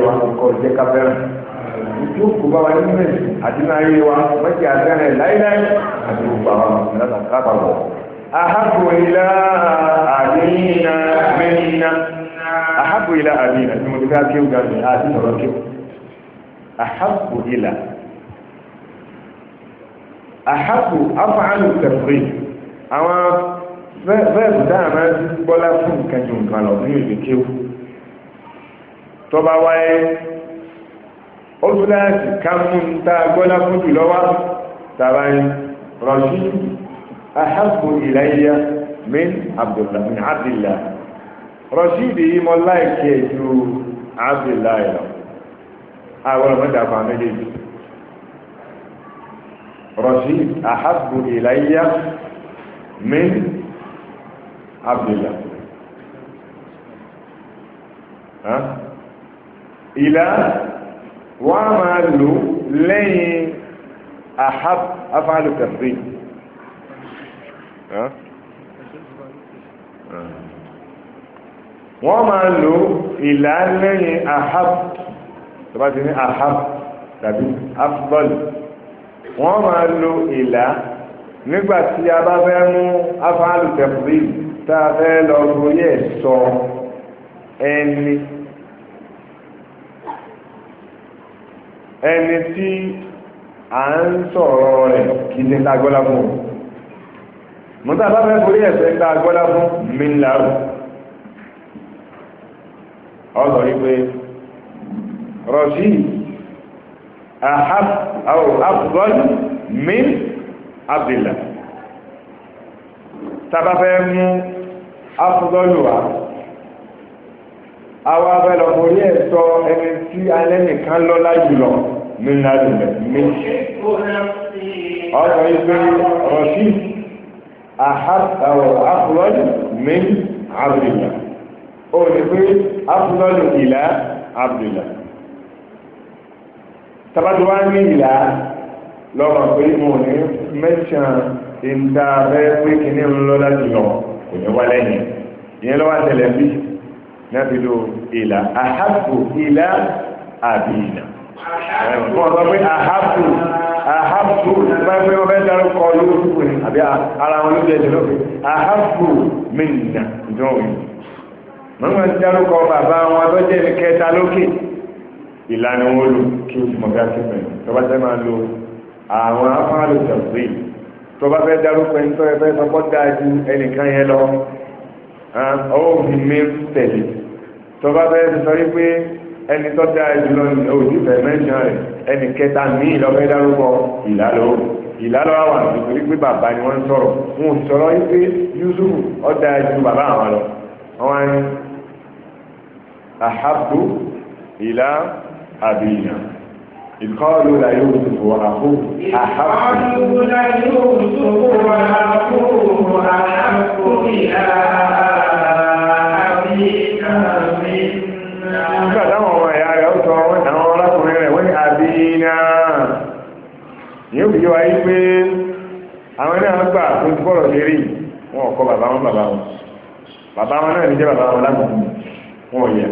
tí ó kó bá wa nínú ẹ̀sìn àti náà yé wa mẹ́tì àgbẹ̀rẹ̀ láíláí àti gbogbo àwọn mùsùlùmí lápapọ̀. ahabu ila àdínà mẹ́nìnà ahabu ila àdínà tí mo ti ká kéwù gàdùn àti sọ̀rọ̀ kéwù ahabu ahabu afaalu tẹ̀fúrì àwọn fẹ́ẹ̀fù dáhà máa ń bọ́lá fún nǹkan ju nǹkan lọ nínú ìdíkéwù tọ́ba wáyé ó tó láti ká mú ń ta gbọ́lá fún jù lọ́wọ́ tàbá ń rọ̀ṣí ahabbu ilayya min abdullah min abdullah rọ̀ṣí ìdí yìí mọ́ láìkí ẹ̀ ju abdullah lọ àwọn ọmọdé àfàà méjèèjì rọ̀ṣí ahabbu ilayya min abdullah ila wọ́n á máa lò lẹ́yìn ahab afáàlù kẹfì wọ́n máa lò ìlà lẹ́yìn ahab tó bá ti ní ahab tàbí afdal wọ́n máa lò ìlà nígbà a bá fẹ́ mú afáàlù tá a fẹ́ lọ gbóyè sọ ẹni. ẹni tí à ń sọ̀rọ̀ rẹ̀ kì í ṣe ta gbọ́lá fún un mọ́tà bá fẹ́ forí ẹ̀sẹ̀ ta gbọ́lá fún mi lárò ọ̀sọ̀ wípé rọ̀ṣí àhàbọ̀n min abdillah tàbá fẹ́ mú afdọ́lù wa àwọn abẹ́lẹ̀ kò ní ẹ̀tọ́ ẹni tí alẹ́ nìkan lọ́lá jùlọ mílíọ̀nù rẹ̀ méjì. ọ̀sán ìgbé rọ̀ṣí àfúrọ́jù mí abdullah ó ní pé àfúrọ́jù ìlà abdullah. tabatu wá ní ìlà lọ́mọ pé mo ní mẹ́sàn-án ìta abẹ́ pé kìíní ń lọ́lá jùlọ kò ní wá lẹ́yìn ìyẹn lọ́wọ́ àtẹlẹ nábìlò ìlà àhábù ìlà àbìnà ẹ̀rọ sọ pé àhábù àhábù báyìí pé wọ́n fẹ́ dárúkọ lórúkú ni àbí ara wọn ló jẹ́ ìjọba àhábù mìnà ìdánwò wọ́n máa ń dárúkọ bàbá wọn tó jẹ́ ní kẹta lókè ìlànà wọn lò kí o sì mọ̀ bí a ti fẹ̀yìn tó bá máa lo àwọn afáàlù tẹ̀sí tó fẹ́ dárúkọ ẹni tó fẹ́ sọpọ́ dáa ẹnìkan yẹn lọ ọwọ́ òfin mẹ́rin tẹ̀lé tọba bẹ́ẹ̀ sọ wípé ẹni tó dáa jùlọ ní òjì fẹ̀mẹ́sàn rẹ̀ ẹni kẹta míì lọ́fẹ́ dárúkọ ìlàlọ́ ìlàlọ́ àwọn àtúntò wípé bàbá ni wọ́n ń sọ̀rọ̀ wọn ò sọ̀rọ̀ wípé Yusuf ó dáa ju bàbá àwọn lọ wọn ni ahabu ìlà àbíyàn ìkọlù la yóò tó wọ àpò àhàpù nígbà táwọn ọmọ ẹ̀yà rẹ̀ ó sọ wọ́n àwọn ọlọ́kùnrin rẹ̀ wọ́n ní àbíyíná yóò fi yọ ayé pé àwọn ẹni àwọn gbà tó ti bọ́rọ̀ lérí bàbá wọn náà ní jẹ́ bàbá wọn lákùnrin wọn yẹ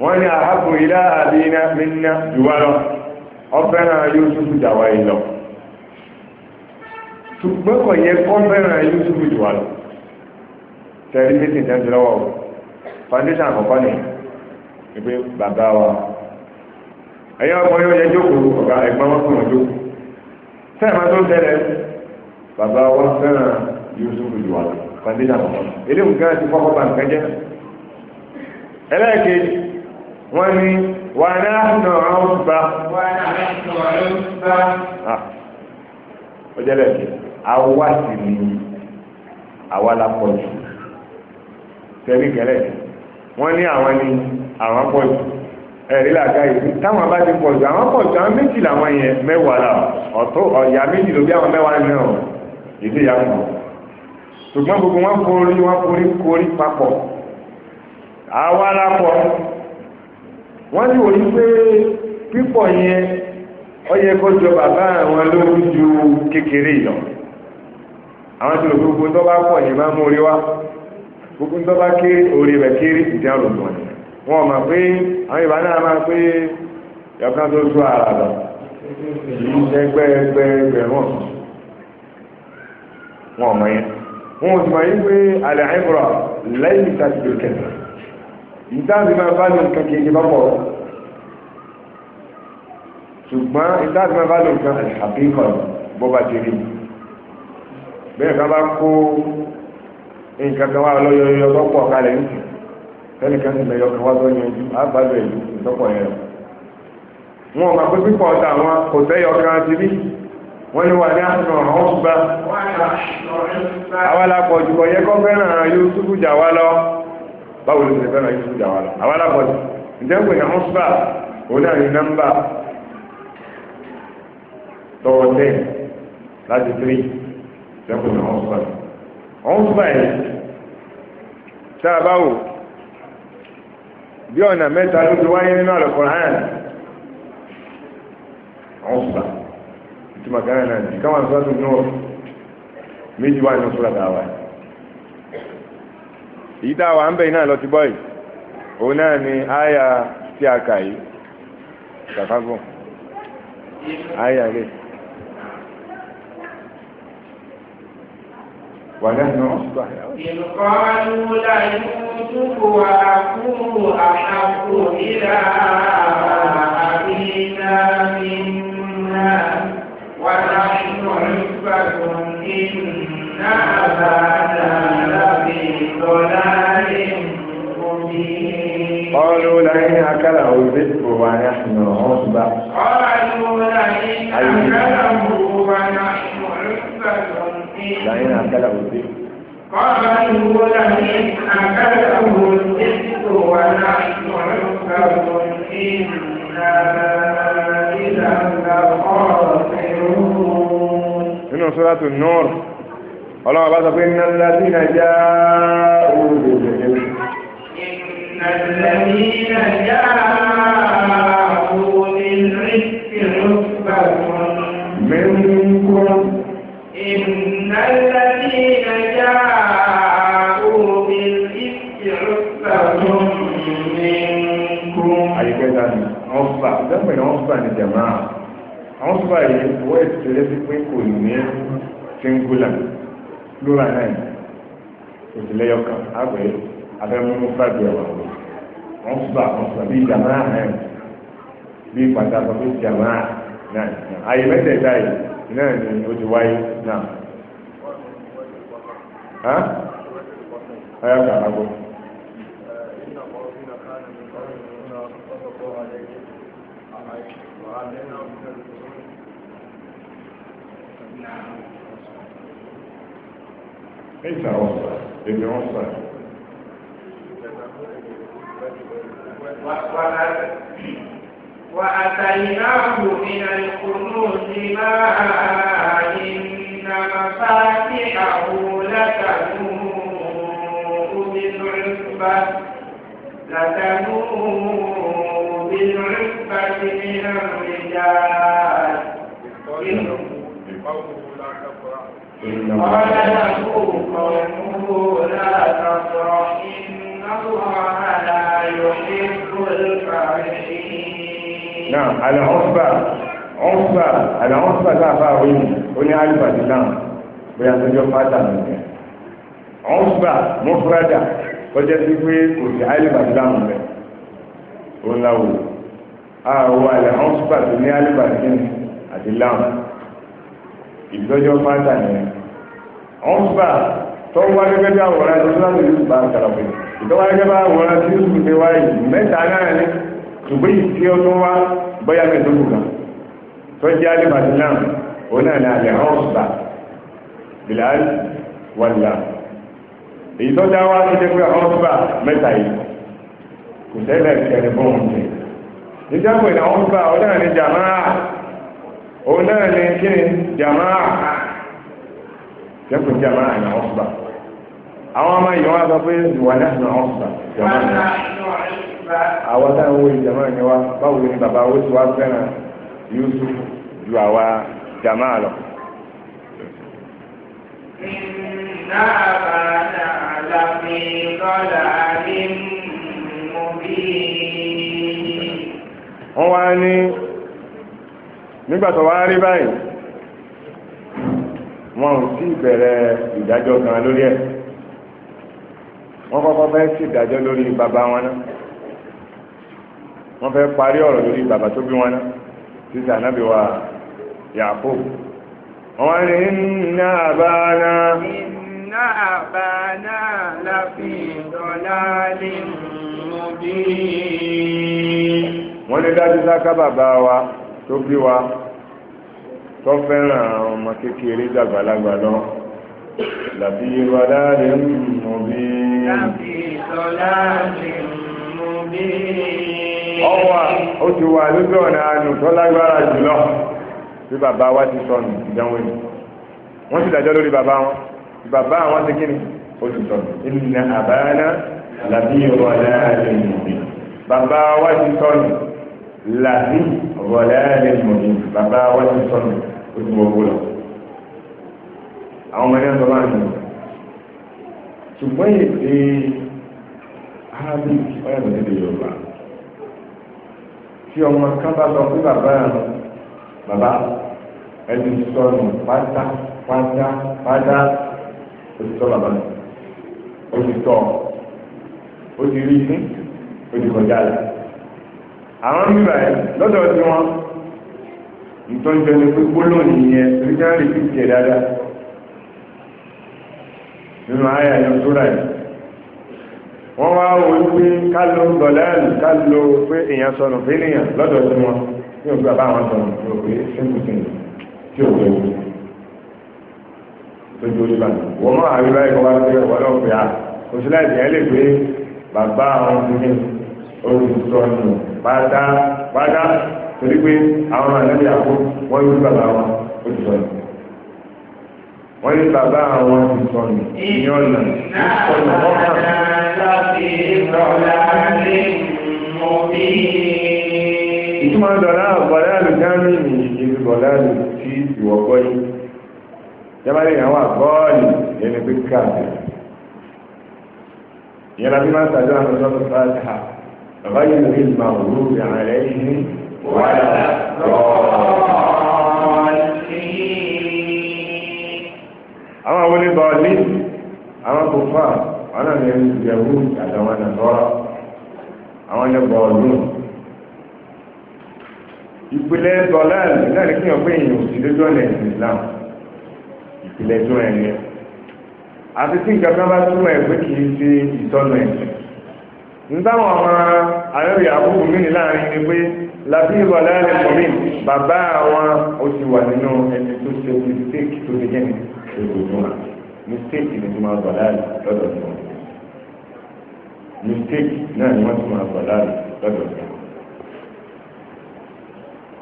wọ́n ní àhàpù ilá àbíyíná mi ń ọfẹ́ràn Yúsúfù jàwá yìí lọ ṣùgbọ́n kò yẹ kó fẹ́ràn Yúsúfù jù wá lọ tẹ̀lé méjì lọ́wọ́ foundation àkọ́kọ́ ni ìpé bàbá wa ẹ̀yọ́ ọmọ yóò yẹ jókòó ọ̀gá ẹ̀gbọ́n wọn fún ọjọ́ sẹ́ẹ̀mà tó tẹ́lẹ̀ bàbá wa fẹ́ràn Yúsúfù jù lọ foundation àkọ́kọ́ eléwùn kan ti fọ́kọ́ bá nǹkan jẹ́ ẹlẹ́ẹ̀kejì wọ́n ní ونحن عصبة ونحن عصبة ọjọ́ lẹ́yìn àwa sì ni àwa la pọ̀ jù tẹ̀lé gẹ́lẹ́ wọ́n ní àwọn ni àwọn pọ̀ jù ẹ̀rí làgá yìí táwọn bá ti pọ̀ jù àwọn pọ̀ jù àwọn méjì làwọn yẹn mẹ́wàá là ọ̀tọ̀ ọ̀yà méjì ló bí àwọn mẹ́wàá náà èdè yà kù ṣùgbọ́n gbogbo wọn forí wọn forí korí papọ̀ wọ́n ní òní pé pípọ̀ yẹn ó yẹ kó jọ bàbá àwọn lórí ju kékeré lọ àwọn tí lòkú gbogbo tó bá pọ̀ yẹn máa mú orí wá gbogbo tó bá kéré orí rẹ̀ kéré ìdí àwọn olùkọ́ yẹn mọ̀ pé àwọn ìbá máa pé ẹ̀kan tó tó ara lọ ẹgbẹ́ ẹgbẹ́ ẹgbẹ́ wọn wọn mọ̀ yẹn wọn ò sì mọ̀ yín pé àlẹ́ àìbùrọ̀ lẹ́yìn ìtàkùn kẹsàn ìdáàbí máa bá lò nǹkan kìí bá pọ̀ ṣùgbọ́n ìdáàbí máa bá lò nǹkan àbíkọ̀ bó bá ti rí bẹ́ẹ̀ ká bá kó nǹkan kan wá lọ́yọ̀yọ̀ tó pọ̀ kalẹ̀ nìkan tẹ́lẹ̀ kan sì lẹ́yọ̀ kan wá tó yanjú àbálò ìlú ìtọ́pọ̀ yẹn wọn ò máa pé pípọ̀ ọ̀tá àwọn kò tẹ́yọ̀ kan ti rí wọ́n ní wà ní àṣìṣàn àwọn ọ̀gbà àwọn alápọ̀jù kọ̀ yẹ kọ́ fẹ́ràn yóò túbú jà wá lọ báwo ló ti fẹ́ràn yíṣu jà wà lọ àwọn alábọ̀dì ǹjẹ́ ń pè ní ọ̀sùpà òun náà ní nọ́mbà tọwọ́ tẹ́ láti tírì ǹjẹ́ ń pè ní ọ̀sùpà ọ̀sùpà yìí tá a bá wò bí ọ̀nà mẹ́ta ló ti wáyé nínú àlùkùránì ọ̀sùpà ìtumọ̀ kan náà nìkan wà ní sọ́tún náà méjì wà ní sọ́tún àtàwọn èyí tá a wà ń bẹ̀ náà lọ ti bọ́ yìí òun náà ni àyà tí a kà yìí ṣàfàgùn àyà rẹ̀ wà lẹ́nu ọ̀sùpá. ìkọlù làyúntúkù àkúrò àkàkù ìlà àbínà mìíràn wà láyún ọ̀rẹ́gbàgbọ̀n nínú náà bá dáadáa. ضلال مبين قالوا لئن أكله الذئب ونحن عصبة قالوا لئن أكله ونحن عصبة لئن أكله الذئب قالوا لئن أكله الذئب ونحن عصبة إنا إذا لخاسرون. إنه سورة النور ọlọ́wọ́ bá sọ pé iná ńlá tí iná já òun lè lè lè. iná ńlá tí iná já òun lè rí ìrúbà kan. mẹ́rin kọ́. iná ńlá tí iná já òun lè rí ìrúbà kan. Àyíkẹ́ta ni ọ̀fà, ìdáhùn ìnáwó ọ̀fà ni jàmáà. Àwọn ọ̀fà yìí wọ́n ètò ìrẹsì pé kò ní ṣíngúlà. lóra náà òtìlẹ̀ yọkàn àgbẹ̀ abẹ́mú fàgbẹ̀ wà wọ́n fà wọ́n fà bí ìjàmá náà bí pàtàkì bí ìjàmá náà àyè mẹ́tẹ̀ẹ̀ta yìí náà ni ti wáyé náà. ليس وصفا لكن وصفا وأتيناه من الكنوز ما إن مفاتحه لتنوء بالعصبة لتنوء بالعصبة من الرجال قال له قومه لا تفرح إن الله لا يحب الفرحين نعم على عصبة عصبة على عصبة لا فاوين هنا ألف الإسلام بيان تجو فاتا عصبة مفردة kọjá sí pé kò sí alibàdámù rẹ̀ ó láwò àwọn àlẹ́ ọ̀sùpàtì ní alibàdámù ìdílọ́jọ́ pátá yẹn ọ̀nba tó wá gẹ́gẹ́ bí àwòrán tó láti yusuf bá ń kàràpẹ̀ ìtọ́wá gẹ́gẹ́ bá àwòrán tí yusuf ti wá yìí mẹ́ta náà ni ṣùgbọ́n ìṣe wá bóyá mẹ́tòkù kan tó jẹ́ alibàtí náà òun náà ni àlẹ́ ọ̀nba bilal wàlúwà èyí tó dáwà ní jẹ́ pé ọ̀nba mẹ́ta yìí kò sẹ́lẹ̀ kẹrin bọ́ọ̀n jẹ́ ìjábọ̀ ìlà ọ̀nba ọ̀dọ́ òun náà ni kí ni jamaa jẹ́kùn jamaa ní ọ̀sùbà àwọn ọmọ yìí wọ́n sọ pé wà náà ní ọ̀sùbà jamaa ní àwọn táwọn wo jamaa ní wa báwo ni bàbá wo ti wá fẹ́ràn Yusuf ju àwa jamaa lọ. Inna abana alafi kọ́lá alim mubin. Wọ́n wá ní nígbàtọ̀ wá rí báyìí wọn ò sí ìbẹ̀rẹ̀ ìdájọ́ kan lórí ẹ̀ wọ́n kọ́kọ́ fẹ́ sí ìdájọ́ lórí bàbá wọn náà wọ́n fẹ́ parí ọ̀rọ̀ lórí bàbá tó bí wọn náà títí ànábì wa yàkó wọ́n wá ní iná àbáná. iná àbáná láfi ìdọ̀lá lè wọ́n lè dájú sáká bàbá wa tó bí wa tó fẹ́ràn ọmọ kékeré dàgbàlagbà lọ làbí ìrọ̀lá rẹ̀ ń mú bí. láti ìtọ́lá rẹ̀ ń mú bí. ọwà ó ti wà lójú ọ̀nà àánú tó lágbára jùlọ bí bàbá wa ti sọnù ìdánwò ni wọ́n ti dájọ́ lórí bàbá wọn bàbá àwọn ti kí ni olùsọ̀nù ìnà àbáyá náà làbí ìrọ̀lá rẹ̀ ń mú bí. bàbá wa ti sọnù làbí ọ̀bọ̀lá ẹ̀ mọ̀jú bàbá wa ti sọnù ó ti wọ́n wúlọ̀ àwọn ọmọ ẹ̀yà sọ máa ń sọ̀rọ̀ ṣùgbọ́n èdè arabic ọ̀yàtọ̀ sí èdè yorùbá tí ọmọ kan bá sọ pé bàbá bàbá ẹni sọnù pátá pátá pátá ó ti sọ bàbá ó ti tọ̀ ó ti rí sí ó ti kọjá lọ àwọn bíbà ẹ̀ lọ́dọ̀ tí wọ́n ìtọ́jọ́ ní pé gbólóhùn nìyẹn torí kí wọ́n lè fi jẹ dáadáa nínú àyà yọ sóra yìí wọ́n wá wọ́n pé ká ló ń dọ̀lẹ́ àlù ká ló pé èèyàn sọnù pé nìyàn lọ́dọ̀ tí wọ́n ní òkú àbá àwọn sọnù tí ò pé sínkùsìn tí ò pé lójú ojú bá wọ́n mọ́ àríwá ìkọ́wá pé wọ́n lọ́ọ́ pé à olùsọ̀nù pátápátá torí pé àwọn àlẹ́bí àpò wọ́n yóò bàbá wọn olùsọ̀nù wọ́n ní bàbá àwọn olùsọ̀nù ní ọ̀nà ìsọ̀nù ìtumọ̀ dọ̀lá àbọ̀lá àlùjáàmì ní ìdíbi bọ̀lá àlù tí ìwọ̀gbọ́ yìí jábàlẹ̀ ìyàwó àgọ́ọ̀lì ẹni pé ìyẹn la máa ń àwọn tó غير المغضوب عليهم ولا الضالين أما أولي ضالين أما كفار أنا من اليهود أتوانا نصارى أما أنا ضالون ìpìlẹ̀ dọ̀láàlì náà ní kí wọ́n pé èèyàn òsì lójú ọ̀nà ẹ̀sìn Islam ìpìlẹ̀ tó ẹ̀yẹ àti tí nǹkan kan bá túmọ̀ ẹ̀ pé kì í ṣe ìtọ́nà ẹ̀sìn ntáwọn ọmọ àyọ̀rì àbúrò mí ní láàrin ni pé lábí ìrọ̀lẹ́ àlẹ́ fún mi bàbá àwọn oṣù wà nínú ẹni tó ṣe mistake tó ṣe jẹ́ni ṣòkòtò wa mistake ni tó máa gbà láàrin lọ́dọ̀ tó mistake náà ni wọ́n tó máa gbà láàrin lọ́dọ̀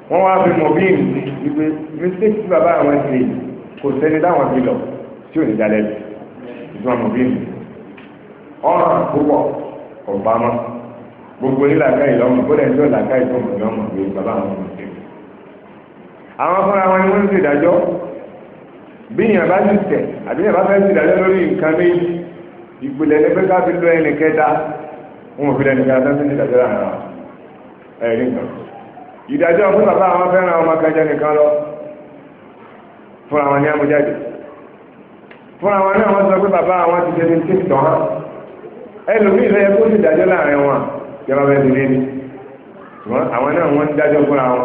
tó wọ́n wá fi mọ̀ bí ìrìn sí wípé mistake tí bàbá àwọn ṣe kò sẹ́ni dáwọn fi lọ tí ò ní dalẹ́ ìtumọ̀ mọ̀ bí ìrìn ọ̀ràn púpọ̀ ọ̀bámá gbogbo nílàkà ìlọ́mù kó lẹ́yìn tó làkà ìtọ́mù ìlọ́mù pé bàbá àwọn ọmọ ṣe. àwọn fúnra wọn ni wọ́n ń ṣe ìdájọ́ bí yàn bá ti tẹ̀ àbí yàn bá fẹ́ ṣe ìdájọ́ lórí nǹkan méjì ìpìlẹ̀ ní pé ká fi lọ ẹnì kẹta wọn ò fi lẹ́nu kẹta tó ń ṣe ìdájọ́ láàrin àwọn ẹ̀rí nǹkan. ìdájọ́ fún bàbá àwọn fẹ́ràn ọmọ kẹjọ nìkan lọ fúnra wọn ni amújáde fúnra wọn náà wọ́n sọ pé bàbá àwọn ti ṣe ẹlòmíì lẹ́yẹ kó sì dájọ́ láàrin wọn ìjọba bẹ́ẹ̀ ti léde ṣùgbọ́n àwọn náà wọ́n ń dájọ́ fúnra wọn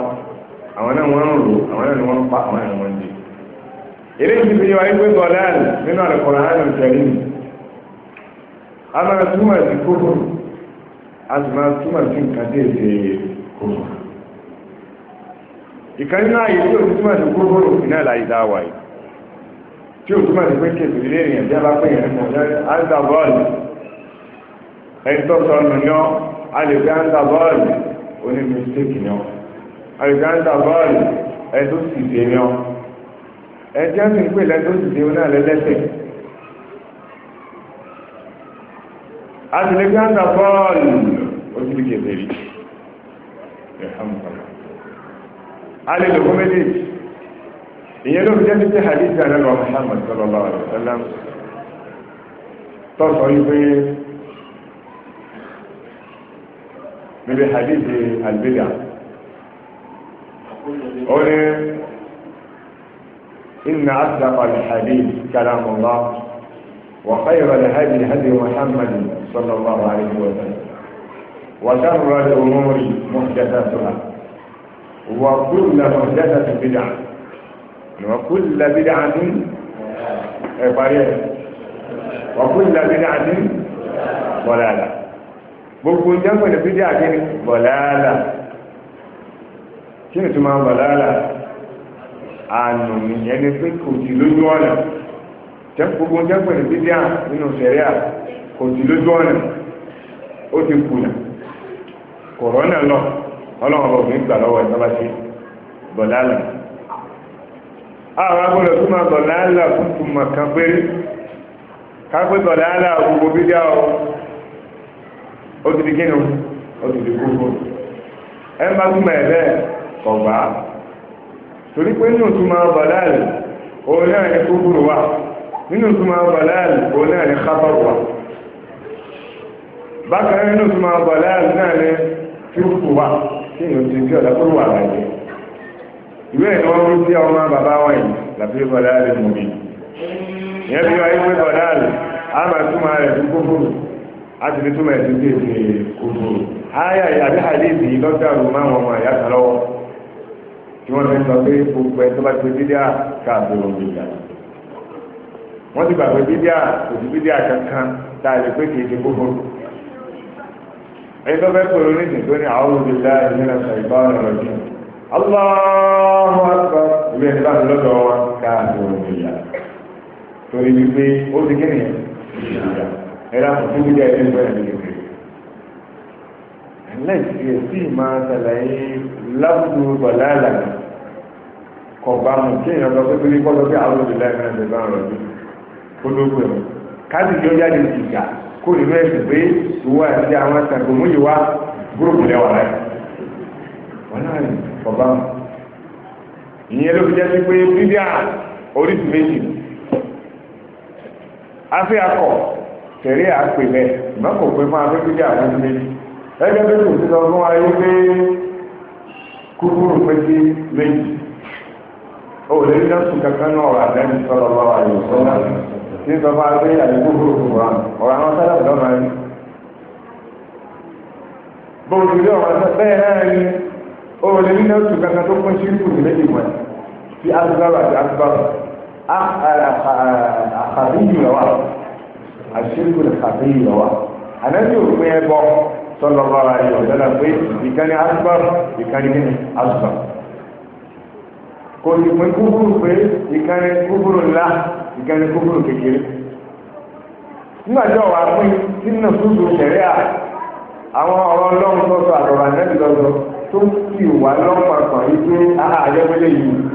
àwọn náà wọ́n ń rò àwọn náà ni wọ́n ń pa àwọn náà ni wọ́n ń dè. eléyìí ti fi yọ ayégbé bọ̀láàlì nínú àlùkòrò àánú ìtẹ̀lé mi a máa túmọ̀ sí kókó a sì máa túmọ̀ sí nǹkan tí èsè kókó. ìkan nínú ààyè tí òtún túmọ̀ sí kókó ìná ìlà ìdá wáyé tí òtún túmọ̀ sí pé kèsì ẹ̀tọ́ sọnù ní ọ́ alìgbáńtà bọ́ọ̀lù oní mistake ní ọ́ alìgbáńtà bọ́ọ̀lù ẹ̀tọ́ sì dé ní ọ́ ẹ̀tí ẹ̀ sì ń pè lẹ́tọ́ sì dé oní àlẹ́lẹ́sẹ̀ alìgbáńtà bọ́ọ̀lù oní kèfè rí alìlòkú méjèèjì ìyẹn ló fi jẹ́ títí hadith àlẹ́lọ́ Muhammad sallallahu alaihi wasallam tọ́sọ̀ yìí pé níbi hadithi albida ó ní inna asdaqa alhadith kalamullah wa khayra alhadi hadi muhammad sallallahu alayhi wa sallam wa sharra al-umuri muhdathatuha wa kullu muhdathatin bid'ah wa kullu bid'atin ẹ parí wa kullu bid'atin ضلاله gbogbo ń jẹ́pẹ̀ ní bídí àkíní bọ̀láàlà kí ni tó máa bọ̀láàlà àánú ni ẹni pé kò sí lójú ọ̀nà gbogbo ń jẹ́pẹ̀ ní bídí à nínú sẹ̀rí à kò sí lójú ọ̀nà ó ti kùnà kòrónà lọ ọlọ́run ọ̀bọ̀ mi gbà lọ́wọ́ ìjọba sí bọ̀láàlà àwọn agbọ́dọ̀ tó máa bọ̀láàlà fún tùmọ̀ kan péré ká pé bọ̀láàlà gbogbo bídí àwọn ó ti di kínú ó ti di kúrú ẹ bá túmọ̀ ẹ̀ bẹ́ẹ̀ kọ̀gbá torí pé nínú túmọ̀ bàláàlì òun náà ní kúrú wà nínú túmọ̀ bàláàlì òun náà ní kábàrù wà bákan nínú túmọ̀ bàláàlì náà ní kúrú wà kí ni o ti fi ọ̀dà kúrú wà láyé ìwé ìní wọn wí sí ọmọ bàbá wọn yìí làbí bàláàlì mọ̀ mi ìyẹn bí wọ́n yí pé bàláàlì á máa rẹ̀ fún láti fi túmọ̀ ẹ̀sìn tí èsì kòtò ayà àbí àdéhìí lọ́dàrú máwọn ọmọ àyà kan lọ́wọ́ tí wọ́n fi sọ pé gbogbo ẹ̀ tó bá ti bídíà káàbẹ̀rọ̀ gbìyà wọ́n ti gbàgbé bídíà kò sí bídíà kankan tá a lè pé kì í ṣe gbogbo ẹni tó fẹ́ pèrò ní ìsìn tó ní àwọn olùdílá ìlera ṣàìbá ọ̀rọ̀ yìí Allahu Akbar ilé ẹni bá ti lọ́dọ̀ wọn káàbẹ̀rọ̀ gbìyà torí wípé ó ti kí nìyẹn ẹ̀rọ àkùnfin bí díẹ̀ ndọrọ ìgbẹ́rẹ̀ nìyẹn rẹ̀. ẹ̀lẹ́sì èsì máa ṣàlàyé lábùdó bọ̀láàlà kọ̀ọ̀bá mu kí èèyàn lọ pé pé kọ́lọ́ pé àwọn olùdílé ẹ̀rọ ìgbẹ́ bá ń rọ̀ bí ológun ẹ̀rọ. káàdì yóò jáde ìgbà kó afọ ya tẹ̀lé àpè bẹ́ẹ̀ ìmọ̀ kò pé fún afẹ́kúndé àwọn ilé ẹgbẹ́ bí kò sí sọ fún wa yí pé kúkúrú pé sí méjì ó lè ní ọ̀sùn kankan náà ọ̀rọ̀ àdáni sọ̀rọ̀ bá wà yóò sọ́nà tí ń sọ fún wa pé àyè kúkúrú fún wa ọ̀rọ̀ àwọn sálà ọ̀dọ́ máa ń bó o ti rí ọ̀rọ̀ àti bẹ́ẹ̀ náà ni ó lè ní ọ̀sùn kankan tó pín sí kúkúrú méjì wọn sí asubára àti asubára àkàrí ìlú lọ́wọ́ àṣírkù kàfé yìí lọ́wọ́ ànábì òfin ẹbọ sọlọ bàbá rẹ ọ̀dọ́là pé ìkànnì asbar ìkànnì kíni asbar kò sì pín kúkúrú pé ìkànnì kúkúrú ńlá ìkànnì kúkúrú kékeré nígbà tí ọ̀wà pín sínú kúkúrú kẹrẹ́ à àwọn ọ̀rọ̀ ọlọ́run tọ́tọ̀ àtọ̀rọ̀ ànábì lọ́tọ̀ tó kì wá lọ́pàá yìí pé àhà àjẹpẹ́lẹ́ yìí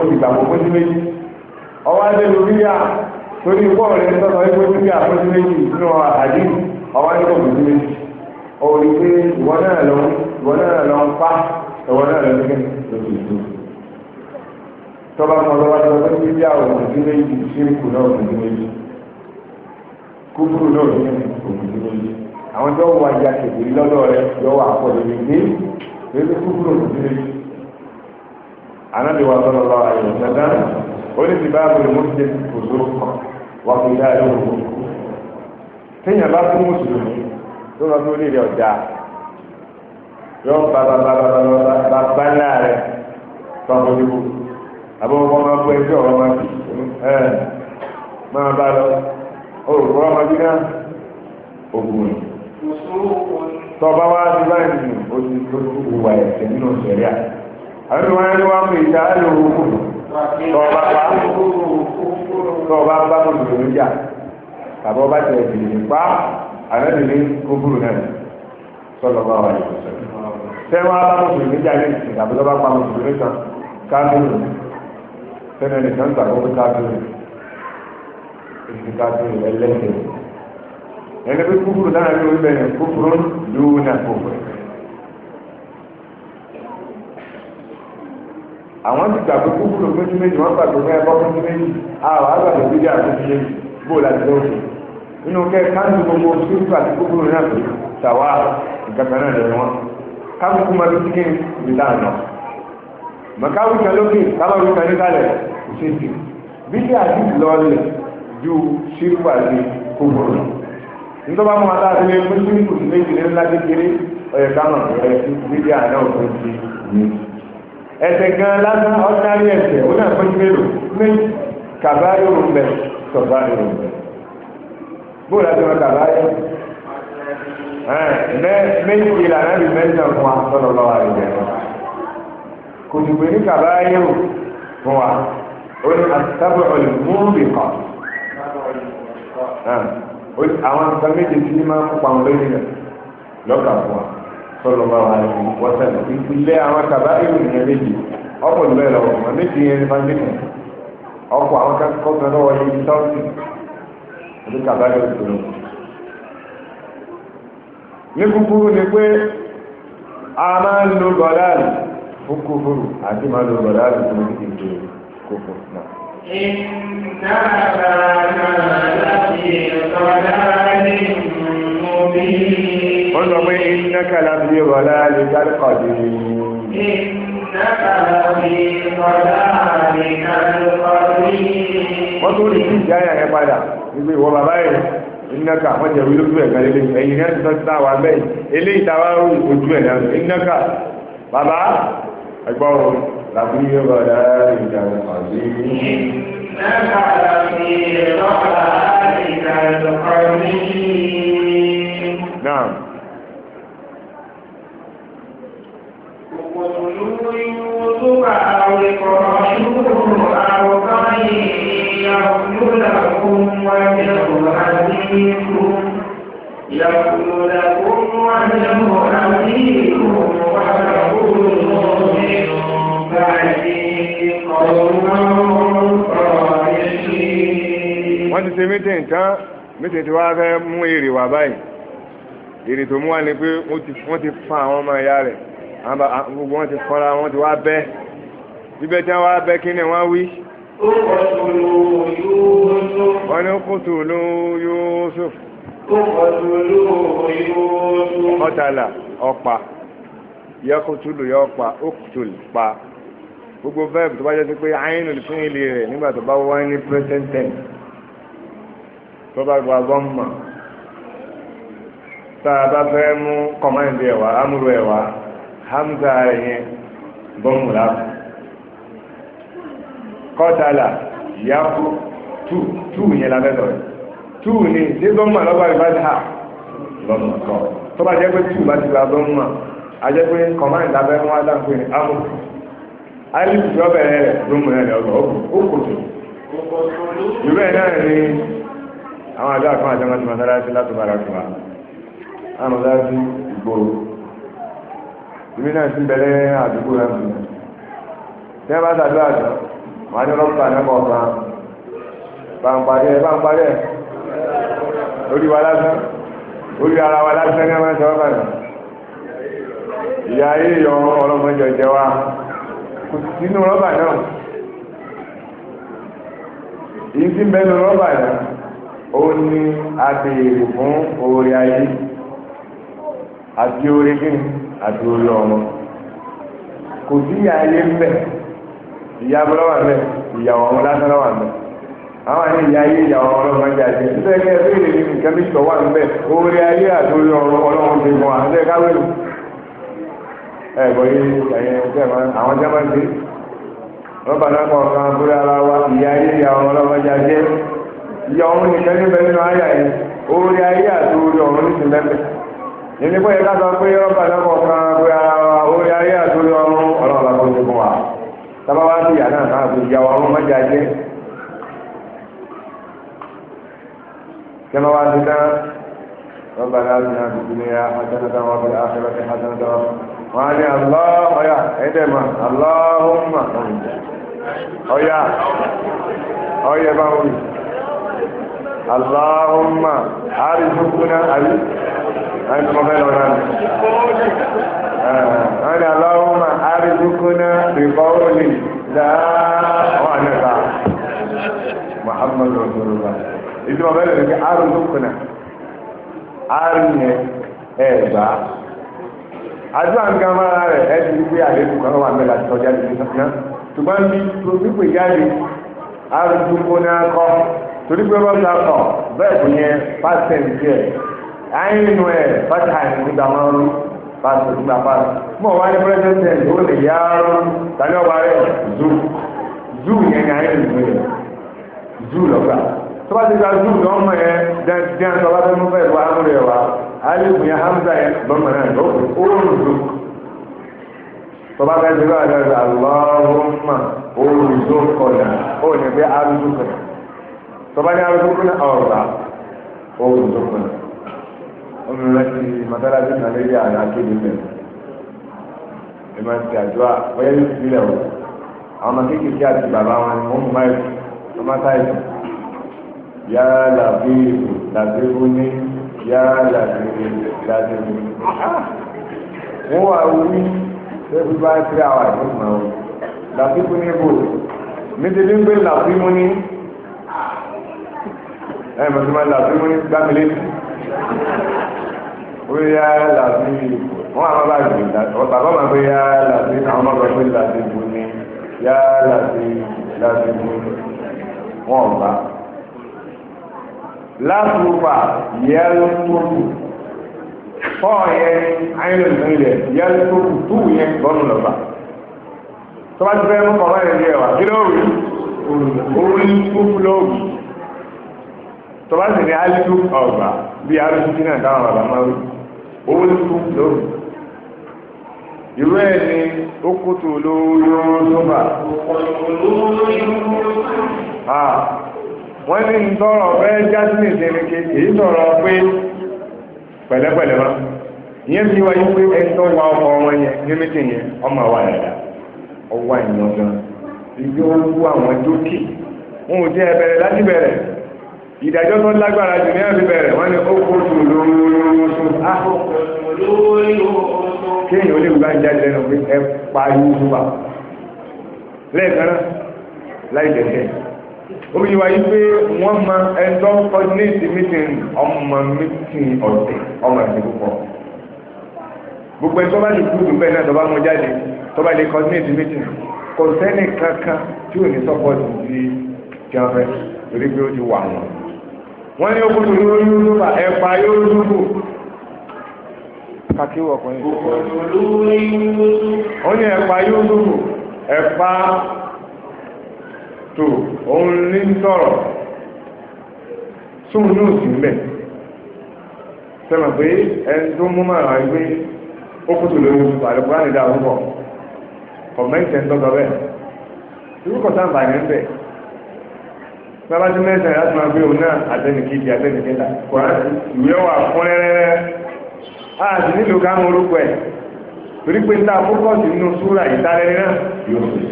ó ti gbàgbọ́ pé sí méjì ọwọ́ adé lórí yá torí ikú ọ̀rẹ́ sọ́sọ́ ikú sí bí àpótí méjì nínú àdí ọwọ́ adé kò sí méjì òòrì pé ìwọ náà lọ ìwọ náà lọ ń pa ìwọ náà lọ nígbà lóṣù tó tọ́ba kan lọ́wọ́ tó lọ́wọ́ sí bí àwọn òṣìṣẹ́ méjì ṣírìkù náà òṣìṣẹ́ méjì kúkúrú náà òṣìṣẹ́ méjì àwọn tó wà jà kèbèrè lọ́dọ̀ rẹ̀ lọ́wọ́ àpọ̀ lórí pé lórí kúkúrú òṣìṣẹ́ méjì anabi wa sallallahu alaihi wa sallam ó ti báàbò ní muslim kò sóró kọ wà kò dá ẹ̀rọ òkú téèyàn bá fún mùsùlùmí tó lọ ba oríire ọ̀dà yọ bàbà bàbà bàbà bàbà ńlá rẹ tọ́kọ ma àbọ̀ wa ti o ti tó wà ẹ̀sẹ̀ àwọn ìwọ̀n ẹni wọ́n mú ìjà lòun kùn tọ́ọ̀bá bá tọ́ọ̀bá bá mùsùlùmí jà tàbí ọba tẹ̀ bìrì pa àlẹ́bí ní kúkúrú náà sọ̀rọ̀ bá wà yìí sẹ́wọ́n bá mùsùlùmí jà ní ìsìn tàbí ọba pa mùsùlùmí kan kábírù sẹ́nu ẹnìkan gbà kó kábírù èsì kábírù ẹlẹ́sẹ̀ ẹni pé kúkúrú náà ní orí bẹ́ẹ̀ kúkúrú lóun náà kò pẹ̀lú. àwọn ti gbà pé kúkúrú méjì méjì wọ́n gbàgbé fẹ́ ẹ̀kọ́ méjì méjì àwọn àgbàdo bídíà méjì méjì bó o láti lọ́wọ́ nínú kẹ́ káńtì gbogbo sífù àti kúkúrú náà pé tàwa ìgbàgbọ́ náà lẹ́nu wọn kákùkù máa fi síkè nílá àná màkàwí kan lókè kábàwí kan níkàlẹ̀ ìṣèṣì bídíà ti lọ́ọ̀lẹ̀ ju sífù àti kúkúrú náà nítorí àwọn ọmọdé àti ilé pé sífù méjì lé ńlá kékeré ọ̀yẹ̀ká náà ẹ̀ ẹsẹ̀ gan lásán ọ̀dárí ẹsẹ̀ ó náà pẹ́jú mélòó méjì kàbáyé òun bẹ̀ sọ̀báyé òun bẹ̀ wọn kàbáyé méjì ìlànà mẹ́jọ fún wa lọ́wọ́ kò sì pé ní fún wa ó ní àtàbọ̀ sọlọ́mọ àlè wọ́sẹ̀lẹ̀ ìpìlẹ̀ àwọn kaba ìlú nìyẹn méjì ọkọ̀ ìlú ẹ̀ lọ́wọ́ ndị méjì yẹn nípa ní kù ọkọ̀ àwọn kọ́ kan náà wọlé ní sọ́ọ̀sì àti ní kúkúrú ni pé a máa ń lo àti máa lo fún kúkúrú náà. wọ́n sọ pé iná kàlá bí rọ̀lá lè dárí kọ̀dé. iná kàlá bí rọ̀lá lè dárí kọ̀dé. wọ́n tún rí sí ìjà yẹn padà nígbà ìwọ bàbá yẹn innaka wọ́n jẹ́ wílú bẹ́ẹ̀ kan lélẹ́yìn ẹ̀yìn náà wà bẹ́ẹ̀ تغير ذلك القدير mẹ́sẹ̀ tí wàá fẹ́ mú èrè wà báyìí èrè tó mú wá ni pé wọ́n ti fa àwọn ọmọ ìyá rẹ̀ gbogbo wọn ti fọ́ra wọn ti wá bẹ́ bíbẹ́ tí wọ́n wá bẹ́ kí ni wọ́n wí. wọ́n ní kùtù ló Yusuf. ọ̀tàlà ọ̀pà yọkùtùlù yọpa òkùtùlù pa gbogbo bẹ́ẹ̀ tó bá jẹ́ sí pé àyínlù fún ilé rẹ̀ nígbà tó bá wá ní present tense tó bá gba gọ́mà tá a bá fẹ́ mú kọ́máǹdì ẹ̀ wá amúrú ẹ̀ wá hamza rẹ̀ yẹn gọ́mù láàbù kọ́tàlà yàkú tù tù yẹn la fẹ́ sọ̀rọ̀ tù ni ṣé gọ́mà lọ́gbà ìbáṣà gọ́mà kọ́ tó bá jẹ́ pé tù bá ti gba gọ́mà ajẹ́ pé kọ̀máìn lábẹ́ wọn adáǹkó ní amú alifu tí wọ́n bẹ̀rẹ̀ rẹ̀ ló mú ẹ̀rẹ̀ ọgbà ó kò tó ìwé náà ni àwọn àjọ àkọ́ àjọ máa ti mọ̀sálásí láti bára fún wa àwọn mọ̀sálásí ìgboro ìbí náà sí bẹ̀rẹ̀ àdúgbò rẹ̀ fún mi tí wọ́n bá sàdúrà àjọ wọ́n á ní rọ́pà nípa ọ̀gá pàǹpàdé pàǹpàdé orí wa lásán orí ara wa lásán ní ọmọ ìṣọ̀rọ̀ bàtà ìyá ayé yọ ọlọ́mọdé ọ̀jẹ̀ wa kò sínú rọ́bà náà yìí sí bẹ́ẹ̀ ní rọ́bà náà ó ní abèrè fún oore ayé àti oore gíní àti oore ọ̀run kò sí ìyá ayé ń bẹ ìyá abúlọ́wà ń bẹ ìyá ọ̀run lásán lọ́wà ń bẹ àwọn àti ìyá ayé ìyá ọ̀run ọlọ́run ọjà jẹ ṣíṣe ẹgbẹ́ ìbéèrè ní nǹkan bí ìtọ́wà ń bẹ oore ayé àti oore ọ̀run ọlọ́run ti fún wa ṣe káwé lò ẹ gbọ́ yé ẹ̀yẹ ṣe àwọn jẹ́ máa ń ṣe rọ́bà náà kọ̀ọ̀kan fúra ara wa ìyá ayé ìyá ọ̀run ọlọ́run ọjà jẹ́ ìyá ọ̀run nìkan níbẹ̀ nínú ayà yìí orí ayé àti orí ọ̀run ní sinẹ́bẹ̀ nínú pé ẹ̀ka pé lọ́kọ̀ kan pé ara wa orí ayé àti orí ọ̀run ti fún wa sábà wá sí ìyá náà náà fi ìyá ọ̀run mọ́jà jẹ́ aláhùnmá àrífúnná àrí ẹni tó fẹ́ lọ náà wọ́n ní aláhùnmá muhammadu rasulullah ìdí wọn bẹ́ẹ̀ lè fi àrífúnná àríyẹn ẹ̀gbá àdúrà ń gan mára rẹ̀ ẹ̀ ti gbé àlékún kan wà mẹ́ta tọ́jà lè fi náà ṣùgbọ́n torí pé rọ́ọ̀sì kọ bẹ́ẹ̀ bù yẹn pàṣẹ díẹ̀ àyìnú ẹ̀ pàṣẹ àyìnú dàmọ́ rú pàṣẹ nígbà pàṣẹ. mo wá ní president ó lè yá ọ́rọ́ tàbí ọba rẹ̀ zoo yẹn ti dẹ́n tó fẹ́ hamza ó ó ní arúgbó tọba ní arúgbó kúnlẹ̀ ọ̀rọ̀ ogun tó kúnlẹ̀ omi rẹ ti mọ́tàlájú nàlẹ́yẹ àrà kéde mẹ́ ẹ máa ti àdúrà ọyẹ́ ní ìpínlẹ̀ o àwọn ọmọ kékeré àti bàbá wọn ni wọ́n mú máa ẹ̀kú wọ́n máa táyà ẹ̀kú yá làbí ìlú làbí ìlú ní yá làbí ìlú làbí ìlú ah! wọ́n wà wí sẹ́fí bá tẹ́lẹ̀ àwọn àìsàn náà làbí ìlú ní ibò nítorí ń gbé làbí ìlú ní ẹ̀ mọ̀ tí máa là sí wọn gbá mi létí ó yá là sí wọn àwọn bá gbé bàbá máa gbé yá là sí àwọn máa gbé là sí bu ni yá là sí là sí bu ni wọn ò bá látùfà yẹlùtùfù fọ́ yẹn ayélujára yẹn yẹlùtùfù tù yẹn lọ́nù lọ́ba tọ́ba ti fẹ́ mú kọ́ báyìí yẹ wa kí ló rí orí kúkú ló rí. tọba bá sì ní alidu ọgbà bí alidu tí náà dáhùn bàbá máa ń owó lórí irú ẹ ní okòtò lóró sọfà. wọ́n ní tọrọ fẹ́ jásílẹ̀ sẹ́ni kéèké sọ̀rọ̀ pé pẹ̀lẹ́pẹ̀lẹ́ máa ìyẹn wáyé pé wọn yẹn ọmọ wa gan ibi àwọn wọn ò jẹ ẹbẹrẹ láti bẹrẹ. ìdájọ́ tó lágbára jù ní ẹ̀rí bẹ̀rẹ̀ wọ́n ní ó kó tù lóòrùn ah! kéèyàn ó lè gbá jáde lẹ́nu pé ẹ pa yóò fúpa lẹ́ẹ̀kan láì dẹ̀dẹ̀ ó yíwa yí pé wọ́n ma ẹjọ́ coordinate meeting ọmọ meeting ọ̀sẹ̀ ọmọ ẹ̀sìn púpọ̀ gbogbo ẹjọ́ bá lè kú dùn bẹ́ẹ̀ náà tó bá mọ jáde tó bá lè coordinate meeting kò wọ́n ní okùn tòlú ekpa ẹ̀pà yóò dúkù kàkíwọ̀ ọkùnrin ó ní ẹ̀pà yóò dúkù ẹ̀pà tó òun ní sọ̀rọ̀ sóun náà sì mẹ́ sẹ́mọ̀ pé ẹni tó mú màrà yóò bàbá tí mẹ́sàn láti máa gbé òun náà àtẹnìkejì àtẹnìkẹta kòrán ìwé wà fún rẹ́rẹ́rẹ́ àti nílò ká orúkọ ẹ̀ torí pé níta fókọ̀sì nínú súra ìtàlẹ́rẹ́ náà yóò sùn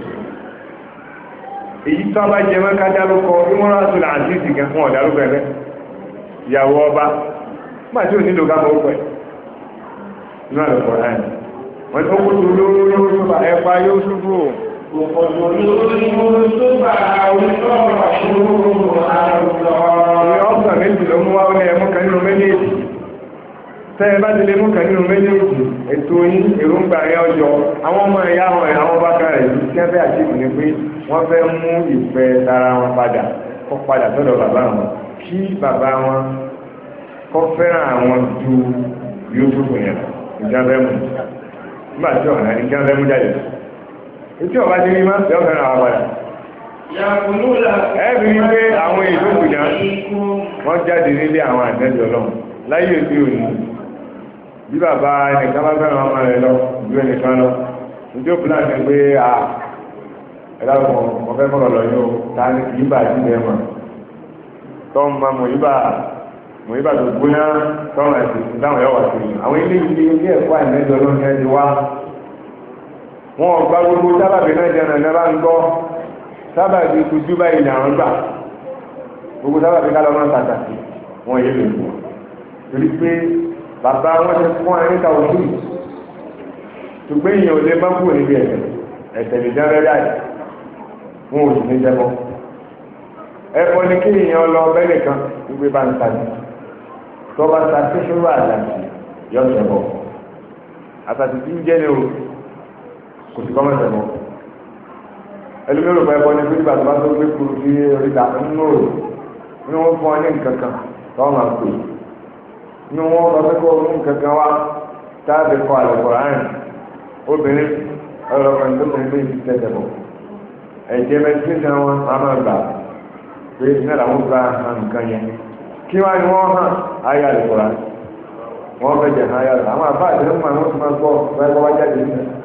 èyí tó bá jẹ mọ́ ká dárúkọ ìmúra tó fún ìyàwó ọba má tí ò nílò orúkọ ẹ̀ wọ́n tó yóò ọgbà méjì ló mú wá ó ní ẹmú kan nínú méjèèjì tẹ́ ẹ bá ti lè mú kan nínú méjèèjì ètò yín èròǹgbà yẹn ọjọ́ àwọn ọmọ ẹ̀yà wọn ẹ̀ àwọn bákan rẹ̀ yìí tí wọ́n fẹ́ àṣìkò ni pé wọ́n fẹ́ mú ìfẹ́ tara wọn padà kọ́ padà sọ́dọ̀ bàbá wọn kí bàbá wọn kọ́ fẹ́ràn àwọn ju yóò tó fún yẹn ìjọba ẹ̀mú nígbà tí ọ̀nà ìjọba ẹ̀mú jáde. Ìtí ọ̀bá ti rí máa ń tẹ́ ọ̀fẹ́ náà padà. Ẹ̀bí ní pé àwọn èdè òkùnjà wọ́n jáde nílé àwọn àtẹ́jọ ọlọ́run láyé òde òní. Bí bàbá ẹnìkan bá fẹ́ràn ọmọ rẹ̀ lọ, ju ẹnìkan lọ. Ìjọ fúlàní pé à ẹ̀dàkùn ọ̀fẹ́ mọ̀rọ̀ lọ yóò ta ní kì í bà sí ẹ̀ mọ̀. Tọ́m ma mọ̀ yí bà mọ̀ yí bà tó gbóná tọ́m ẹ̀sìn láwọn ẹ̀wà sí. Àwọn ilé ìgbé ilé ẹ̀kọ́ àìmẹ́jọ wọn ò gba gbogbo sábàbí náà jẹ́ nàá náà ń gbọ́ sábàbí tujú báyìí náà ń gbà gbogbo sábàbí ká lọ máa pàtàkì wọn yé lòlù wọn torí pé bàbá wọn ti fún wa níta òkú ṣùgbọ́n èèyàn ò lè má kú níbi ẹ̀sẹ̀ ẹ̀sẹ̀ lè jẹ́ rẹ́rẹ́ àyè wọn ò sì ní jẹ́ bọ́ ẹ̀kọ́ ni kí èèyàn lọ ọbẹ̀ nìkan wípé bá ń tajà tọ́ba ta fífúrú àlàyé yọ̀ọ̀ṣẹ̀ bọ̀ àtàtì tí ń jẹ́ ni o kò sí kọ́mọ̀ ìṣẹ̀bọ̀ ẹlẹ́mìíràn bá ẹbọ ní pé nígbà tó bá tó gbé kuru sí oríta nínú òòrùn ní wọ́n fún ọ ní nǹkan kan tọ́wọ́ máa pè ní wọ́n sọ pé kó ní nǹkan kan wá táàbì kọ àlùkò ráàyìn obìnrin ọlọ́kan tó kàn gbé ìdí tẹ̀tẹ̀bọ̀ ẹ̀jẹ̀ mẹ́tíríṣà wọn á máa gbà pé iná làwọn gba nǹkan yẹn kí wá ni wọ́n hàn ayé àlùkò ráàyìn wọ́n fẹ́ jẹ̀ hàn ayé àlùkò àwọn àbá àti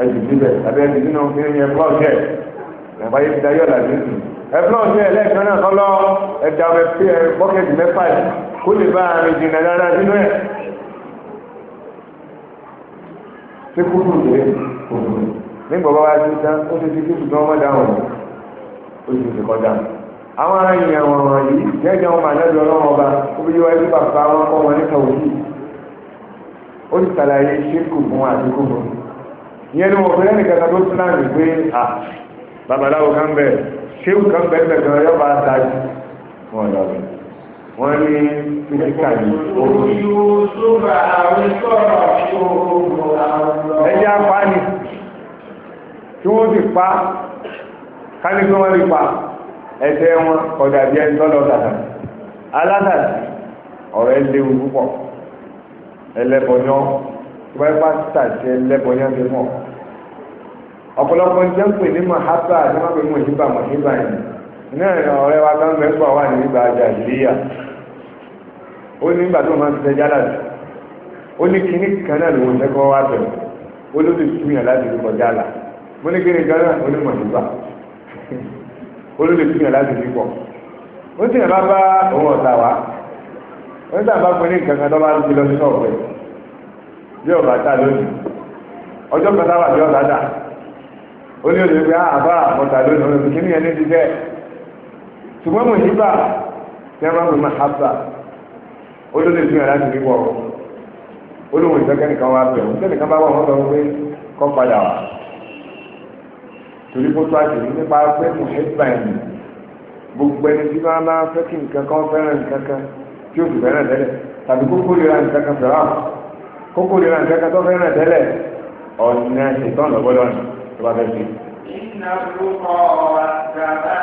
ẹ̀sì síbẹ̀ abẹ́ ẹ̀sì sínú kí ni ẹ̀fọ́ ọ̀jẹ̀ ẹ̀fọ́ ayé ti da yọ̀ làbí sùn ẹ̀fọ́ ọ̀jẹ̀ lẹ́ẹ̀kan náà kọ́lọ́ ẹ̀dá bọ́kẹ́tì mẹ́fà yìí kó lè bá àrùn ìdìnnà dáadáa sínú ẹ̀ ṣé kó lù lé òdò nígbà bá wá sí tán ó ti di kí ṣùgbọ́n wọ́n dáhùn ó ti ti kọjá àwọn èèyàn wọ̀nyí yìí jẹ́jẹ́ wọn máa lẹ́dọ̀ ọlọ́wọ́ ọba ó fi yíwájú bàbá wọn kọ́ wọn nípa òbí ó ti ṣàlàyé ṣírkù fún àti kúrò ìyẹn ni wọ́n fẹ́rẹ́ nìkan tó pílánì pé à babaláwo kan bẹ̀ ṣéwù kan bẹ̀ bẹ̀ kan yọba àtàjù wọn lọ bẹ̀ wọ́n ní fíjíkà yìí ogun. ẹjẹ́ apá ni tí wọ́n ti pa kání tí wọ́n rí pa ẹsẹ̀ wọn kọjá bí ẹni tọ́lọ̀ tàtà alátàtì ọ̀rẹ́ léwu púpọ̀ ẹlẹ́bọ̀nyọ́ ìwà ipá tàjẹ lẹ́bọ̀ọ́yá ti mọ̀ ọ̀pọ̀lọpọ̀ jẹ́ ń pè ní mahaba ní wọ́n pè ní mọ̀híbà mọ̀híbà yìí náà ọ̀rẹ́ wa kan mẹ́fà wà ní ìgbà jàìlíyà ó ní ìgbà tó máa ń tẹ jálà jù ó ní kíní kan náà lòun fẹ́ kọ́ wá bẹ̀rẹ̀ ó ló ti túyàn láti kọjá là mo ní kíní kan náà ó ní mọ̀híbà ó ló ti túyàn láti kíkọ̀ ó sì yàn bá bá òun ọ̀tá wa ó ní sàbá pé ní nǹkan kan tó bá ń gbé bí ọba ta lónìí ọjọ́ kọta wà bí ọba ta ó ní olè pé ah, àbá àmọ́ta lónìí olè kí ni ní ti bẹ́ẹ̀ ṣùgbọ́n mo yíbà tí wọ́n máa ń pè máa hábà ó ló lè fihàn láti wíwọ́ ó lóun ìfẹ́kẹ́ nìkan wá bẹ̀ òun tẹ́nìkan bá wà wọ́n lọ pé kọ́ padà wà torí kó tó àṣírí nípa pé mo hẹ́bà ẹ̀mí gbogbo ẹni tí wọ́n máa fẹ́ kí nǹkan kan fẹ́ràn nǹkan kan tí ó fi fẹ́ràn tẹ́lẹ̀ tàbí kókó lè nǹkan kan fẹ́ràn kókó lè ràn kẹ́kẹ́ tó fẹ́ ràn tẹ́lẹ̀ ọ̀nà ṣètọ́ lọ́gbọ́dọ̀ ní tó bá fẹ́ fi. iná lókọ̀ àgbàbá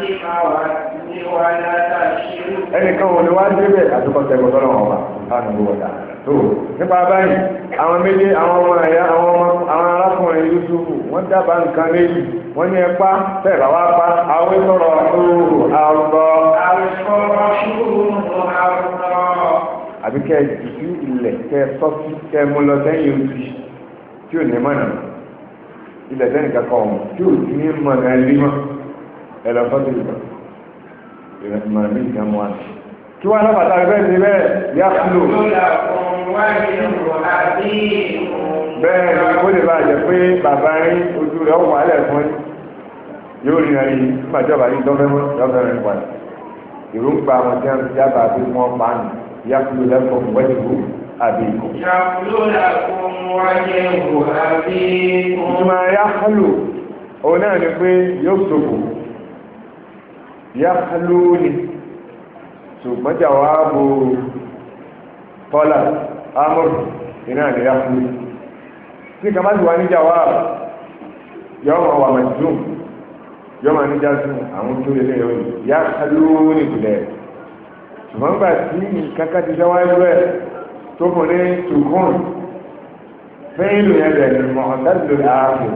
nípa wà ní wàlá tàṣírù. ẹnìkan ò ní wá débẹ̀ àtúkọ̀tẹ̀ gbọ́dọ̀ wọn wà láti bó wọ̀dà. tó nípa báyìí àwọn méjì àwọn ọmọ ẹ̀yà àwọn arákùnrin yusufu wọ́n dábàá nǹkan léyìí wọ́n ní ẹpá bẹ́ẹ̀ bá wá pa àwọn ìtọ́rọ̀ ọ̀rọ̀ àrùbọ̀. àrùbọ̀ ṣùgbọ́n àrùbọ̀ àbí kẹ́ ẹ jù sí ilẹ̀ kẹ́ ẹ sọ́sí kẹ́ ẹ mú lọ sẹ́yìn ojú tí ò ní mọ̀nà ilẹ̀ sẹ́yìn kankan ọ̀hún tí ò sí ní mọ̀nà ẹlí mọ̀ ẹ lọ sọ́sí ìgbà ìrẹsìmọ̀ ìjà mọ́ àná. kí wọ́n lọ́pàá tá a fẹ́ ṣe bẹ́ẹ̀ yá kúlò. bẹ́ẹ̀ ni ó lè bá jẹ pé bàbá yín ojú rẹ̀ ó wà á lẹ̀ fún yín yóò rí ẹni nígbà tí dọ́fẹ́ mọ́ dọ́fẹ́ rẹ̀ wà ìrúgbà wọn tí wọ́n wọ́n pa nù yàtúlù lẹ́kọ̀ọ́ wẹ́jú àbíkù. yàtúlù lẹ́kọ̀ọ́ wẹ́jú àbíkù. ìmọ̀ yàtúlù òun náà ni pé yóò sòkò yàtúlù ni ṣùgbọ́n jà wá bo tọ́lá amúrù iná ni yàtúlù. tí kàmá ti wà níjà wá yọ ọmọ wà mà dùn yọ ọmọ níjà dùn àwọn tó lè lè yọ yàtúlù ni kùdẹ́ẹ̀ ṣùgbọ́n gbà tí nǹkan ká ti dáwájú ẹ̀ tó kò ní tùkún fẹ́yìn ìlú yẹn bẹ̀rẹ̀ ní mọ̀ ọ̀tẹ́lù ààbò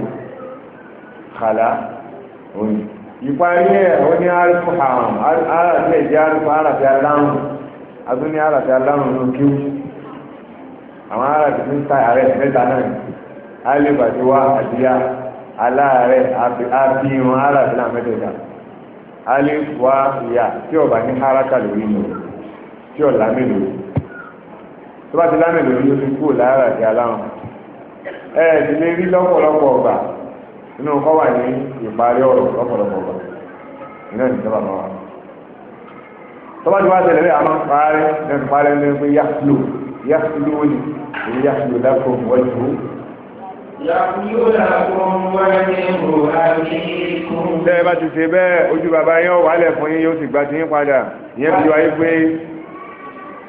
kàlá òní ìparí ẹ̀ ó ní àrùkù àrùn àràfi ẹ̀jẹ̀ àrùkù àràfi aláhùn adún ní àràfi aláhùn ló kíw àwọn àràfi ń ta ààrẹ mẹ́ta náà alébàtí wá àdíyá aláàrẹ àfi irun náà mẹ́tẹ̀ẹ̀ta alé wá ìyá tí ọba ní haraka lórí nù tí ọ̀la mélòó tó bá ti lá mélòó yóò fi kúrò lára àti aláwọn ẹ ẹ ti lè rí lọ́pọ̀lọpọ̀ ọgbà inú kọ́ wà ní ìparí ọ̀rọ̀ lọ́pọ̀lọpọ̀ ọgbà iná ní sábà máa wà tó bá ti wá tẹ̀lé àmọ́ parí náà parí ní pé yàtúlò yàtúlò ní èyí yàtúlò dákò wọ́jú. yàtúlò dákò wọ́jú àbíkú. tẹ́ ẹ bá ti ṣe bẹ́ẹ̀ ojú bàbá yẹn wà lẹ̀ fún yín yóò sì gbà tí yín padà ìyẹn fi wáyé pé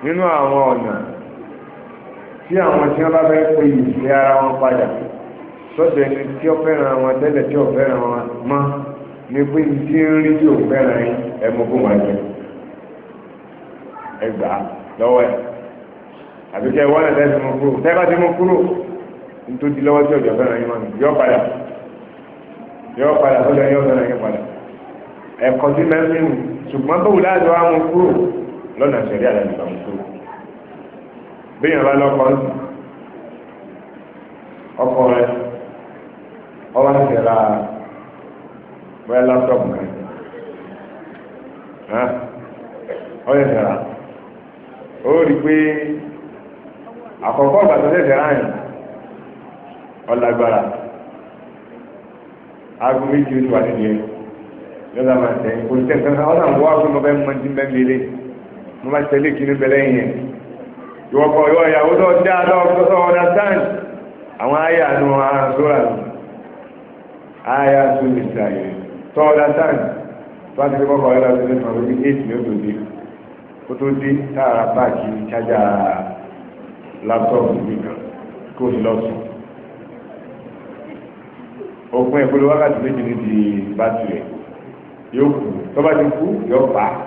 nínú àwọn ọ̀nà tí àwọn tí wọ́n bá fẹ́ pe ìfẹ́ ara wọn padà sọ́dọ̀ ẹni tí ó fẹ́ràn wọn tẹ́lẹ̀ tí ó fẹ́ràn wọn mọ́ ni pé tí ń rí tí ò fẹ́ràn yín ẹmu kó máa jẹ ẹgbà lọ́wọ́ ẹ̀ àbí kẹ́ wọ́n náà tẹ́sí mú kúrò tẹ́ bá ti mú kúrò nítorí lọ́wọ́ tí ọ̀jọ̀ fẹ́ràn yín mọ́ yọ padà yọ padà sọ́dọ̀ yín ọ̀fẹ́ràn yín padà ẹ̀kọ́ sí mẹ́rin ṣùgbọ́n bóun láti wá mú kúrò lọ́nà ṣẹ̀rí àlàyé ìgbà mú kúrò bí yàrá lọ́kọ́ ń ọkọ rẹ ọwọ́ ti ṣẹ̀ra bóyá láptọ̀pù kan ọyẹ ṣẹ̀ra ó rí pé àkọ́kọ́ ìgbà tó ṣẹ̀ṣẹ̀ ráyìn ọlágbára aago méjì ó ti wà nídìí ẹ lọ́dà máa tẹ̀ kò sí ẹ̀ka ọ̀sán wọ́n á fún ọmọ bẹ́ẹ̀ mọ́ ní bẹ́ẹ̀ mẹ́lẹ́ mo máa tẹ̀lé kí bẹ̀rẹ̀ yẹn ìwọ̀kọ̀ ìwọ̀ ìyàwó tó dá lọ́wọ́ understand àwọn ayé àánú ara sóra nù ayé àtú lè ṣàyè tó understand tó àti kíkọ́ kọ́ ẹ̀rọ ìdílé kan lórí eight ní oṣù dé kó tó dé sára páàkì chájà láptọ́ọ̀pù nìkan kó o sì lọ sùn òpin ìpolówó wákàtí méjì ní di bátìrì yóò kú tó bá ti kú yóò pa á.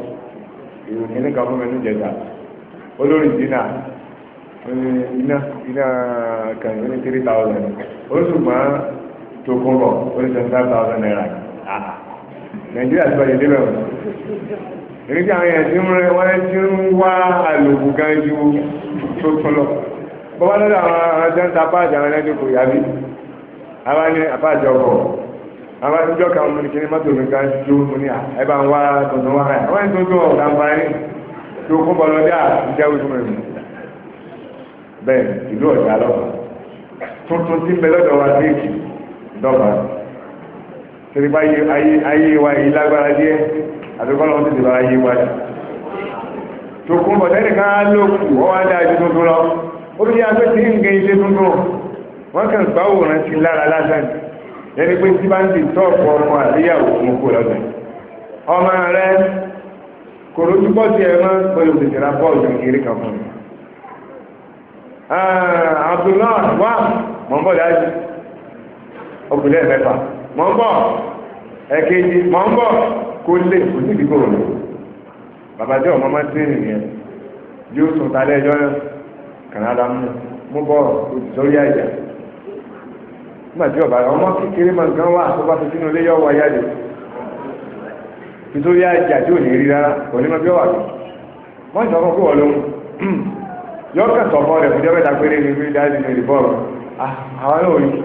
ìròyìn nìkan fún mi ní ìjẹta olórí dínà iná iná kan ní three thousand ó ṣùgbọ́n tó kún bọ̀ ó ní twenty five thousand naira ah, nàìjíríà ti bàjẹ́ débẹ̀ wọn èmi tí àwọn èèyàn ti ń rẹ wọn ti ń wá àlòkù gan ju tó kún lọ bọ́wá lọ́dọ̀ àwọn ọjọ́ ń ta páàdì àwọn ẹlẹ́dẹ̀kọ̀ yàbí àwọn ní àpáàdì ọkọ̀ àwọn àtijọ́ kan mú ní kí ní mọ́tò mi kan jó mú ní ẹ̀bá ń wá tuntun wá rẹ̀ wọ́n ń tuntun ọ̀gá ń parí tó kó bọ́ lọ́dẹ́ àtijọ́ ìtumọ̀ rẹ̀ bẹ́ẹ̀ ìlú ọ̀dà lọ́wọ́ tuntun tí ń bẹ lọ́dọ̀ wa sí èkì dọ́gba torí bá ayé wa yìí lágbára díẹ̀ àtúkọ́ lọ́wọ́ ti dìbò ayé wa yìí tó kún bọ̀ tẹ́lẹ̀ ká ló kù ọ́ wá dáa ju tuntun lọ ó fi yá tí ń gẹ ilé tuntun wọ́n kàn gbáwòrán sí lára lásán ẹni pé tí bá ń di tọ́ọ̀pù ọmọ àríyàwó mú kó lọ́dọ̀ ọmọ rẹ kò lójú pọ̀ sí ẹ máa ń pẹ́ lóṣù tẹ̀lá bọ́ọ̀lù kékeré kan fún mi. Ah, Abdullahi wà mọ̀ ń bọ̀ dájú ọkùnrin ẹ̀ mẹ́fà mọ̀ ń bọ̀ ẹ̀kejì mọ̀ ń bọ̀ kó lè kó sì bí kò lò bàbá tí ọmọ ń yóò sùn tálẹ́ ẹjọ́ mú sórí àjà. nígbàtí ọba ọmọ kékeré máa nǹkan wà tó bá fi sínú ilé yọ wá yáde nítorí àjà tí ò ní rí rárá kò ní máa bí ọwà tó wọ́n sọ fún kó lóhun yọ́kàn sọ fún ọ̀rẹ́ fún jẹ́mẹ́ta péré ní fi dájú ní ìdìbò ọ̀rọ̀ àwọn náà rí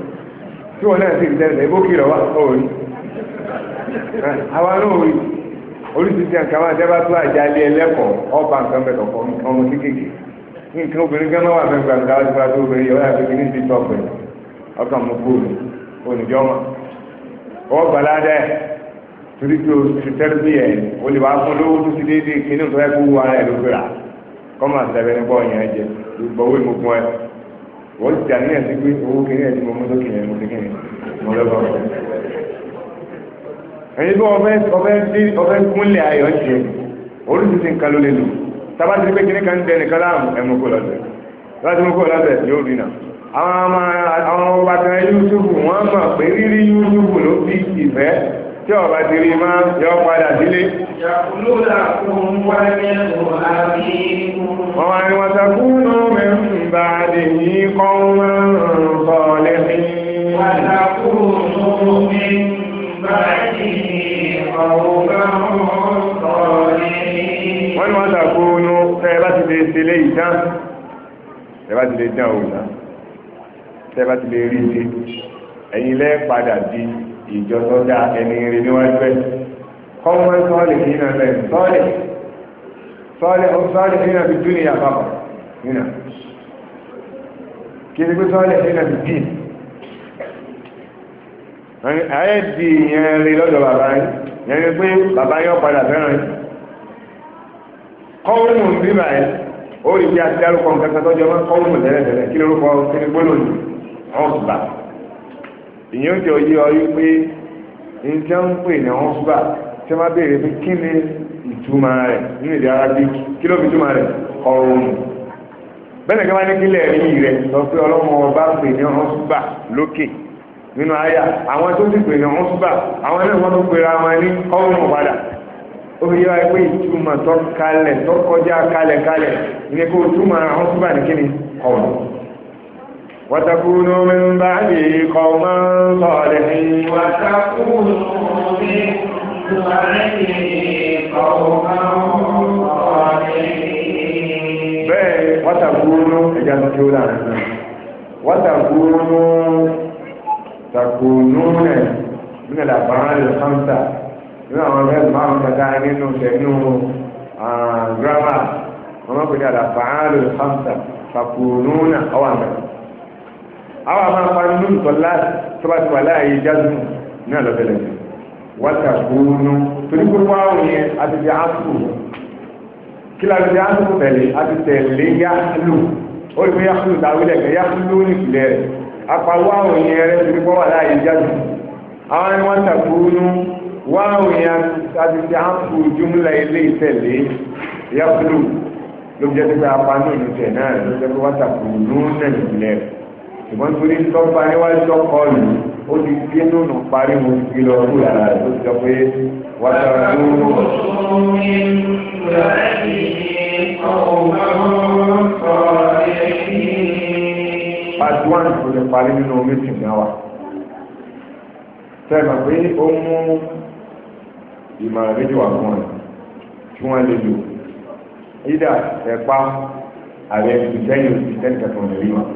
tí wọ́n náà sì ń tẹ́lẹ̀ ebó kìlọ̀ wá ó rí àwọn náà rí oríṣiríṣi nǹkan máa jẹ́ bá tó àjà ilé ẹlẹ́kọ̀ọ́ ọba nǹkan mẹ́kọ̀ ọmọ sí kéèké nǹkan obìnrin gánà wà mẹ́gbàgbà láti fúra tó obìnrin yọ ọkàn mú kúrò oníjọ́ mọ̀ ọ gbàládà ẹ̀ torí pé o ti tẹ́lẹ̀ bí ẹ̀ o lè wá fún lówó tó ti dédé kíní tó ẹ̀ kó wú ara ẹ̀ ló gbéra kọ́mà sẹ́fẹ́ ní bọ́ọ̀ yẹn jẹ gbogbo owó ìmọ̀gbọ́n ẹ̀ wọ́n ti dà níyàn sí pé owó kíní ẹ̀ ti mọ mọ́tò kíní ẹ̀ mọ́ sí kíní mọ́ lọ́gbọ́n ẹni bí ọbẹ̀ kúnlẹ̀ ayọ̀ ṣe oríṣiríṣi nǹkan ló lè lò tábàtì pé kíní kan ń dẹnìkan láàmú ẹ̀ mú lọ́sẹ̀ àwọn ọba kan Yúsúfù wọ́n mọ̀ pé rírí Yúsúfù ló bí ìfẹ́ tí ọba ti rí máa yọ padà sílé. wọ́n wá ní wọ́n sàkúnú mẹ́rin bá dè ní kọ́ńwá sọ lẹ́sìn. wọ́n sàkúnú mẹ́rin bá dè ní kọ́ńwá sọ lẹ́sìn. wọ́n ní wọ́n sàkúnú ẹ bá ti lè ṣe léyìí tán ẹ bá ti lè dán òun náà tẹ́bá ti lè rí ṣe ẹ̀yin lẹ́ padà di ìjọ tó dá ẹni rí níwájú ẹ̀ kọ́mọ́ sọ́ọ̀lì nínú ẹ̀ sọ́ọ̀lì sọ́ọ̀lì ó sọ́ọ̀lì nínú fi dún ìyá papọ̀ nínú kí ni pé sọ́ọ̀lì nínú fi dín ayé di ìyẹn rí lọ́dọ̀ bàbá yín yẹn ni pé bàbá yín ó padà fẹ́ràn yín kọ́wọ́mù bíbà yẹn ó rí bí a ti dárúkọ nǹkan kan tọ́jú ọmọ kọ́wọ́mù tẹ́lẹ̀ tẹ́lẹ̀ kí lórúkọ kí ni gbólóhùn ọ̀sùbà ìyẹn ó jẹ́ òye ọ yí pé nǹkan ń pè ní ọ̀sùbà tí wọ́n béèrè pé kí ni ìtumọ̀ rẹ̀ nínú èdè Arabic kí ló fi túmọ̀ rẹ̀ ọ̀rùn bẹ́ẹ̀ nìkan bá ní kílẹ̀ rí rẹ̀ sọ pé ọlọ́mọ ọba pè ní ọ̀sùbà lókè nínú àyà pera wọn ní padà ó fi وتكونوا من بعده قوما صالحين وتكونوا من بعده قوما صالحين بل وتكونوا إجابة لنا وتكونوا تكونون من الأفعال الخمسة من أعمال معهم تدعينه شأنه جرامة وما كنا الأفعال الخمسة تكونون أوامر àwọn àmà parí lórí tọ́lá tọ́bá ti wà láàyè jásùn náà lọ́bẹ̀lẹ̀ wáta kúrúnú torí pé wọ́n àwọn yẹn a ti di áṣù kí la ti di áṣù tẹ̀lé a ti tẹ̀lé yáàlù ó rí pé yáàlù tàwílẹ̀ kẹ́ yáàlù ní ìpìlẹ̀ rẹ̀ apawọ́ àwọn yẹn rẹ̀ torí pé wà láàyè jásùn àwọn ẹni wáta kúrúnú wọ́n jùmúlẹ̀ ilé ìtẹ̀lé yáàlù ló jẹ́ pé apá náà ní tẹ̀ náà ló jẹ́ pé wáta kúrúnú náà ìpìlẹ̀ rẹ̀ ṣùgbọ́n torí tọ́pa níwájú ọkọ yìí ó ti gbé nùnú parí mo ti gbé lọ kú lára rẹ̀ tó ti sọ pé wà á lọ sí wọn. part one kò lè parí nínú méjì náà wa sẹ́yìn mọ̀ pé ó mú ìmọ̀ràn méjì wà fún ẹ̀ tí wọ́n lè lò ìdá ẹ̀pá àrẹ ìdíjẹ́yìn òṣìṣẹ́ ìkẹtọ̀ rẹ̀ rí wọn.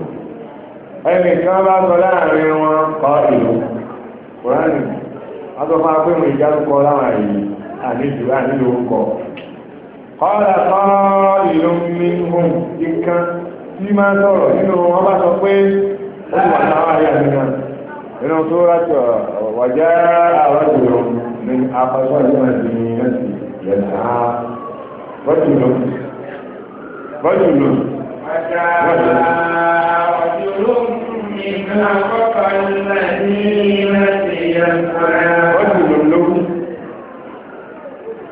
ẹnì kan bá sọ láàrin wọn kọ ìlú kùránì wọn tó fún apẹ́mù láwọn àyè àníjù àníjù orúkọ kọ́lá kọ́ ìlú tí máa nínú wọn bá sọ pé ó ti wà láwọn àyè nínú tó rájọ wàjá Ọjọ́ lórí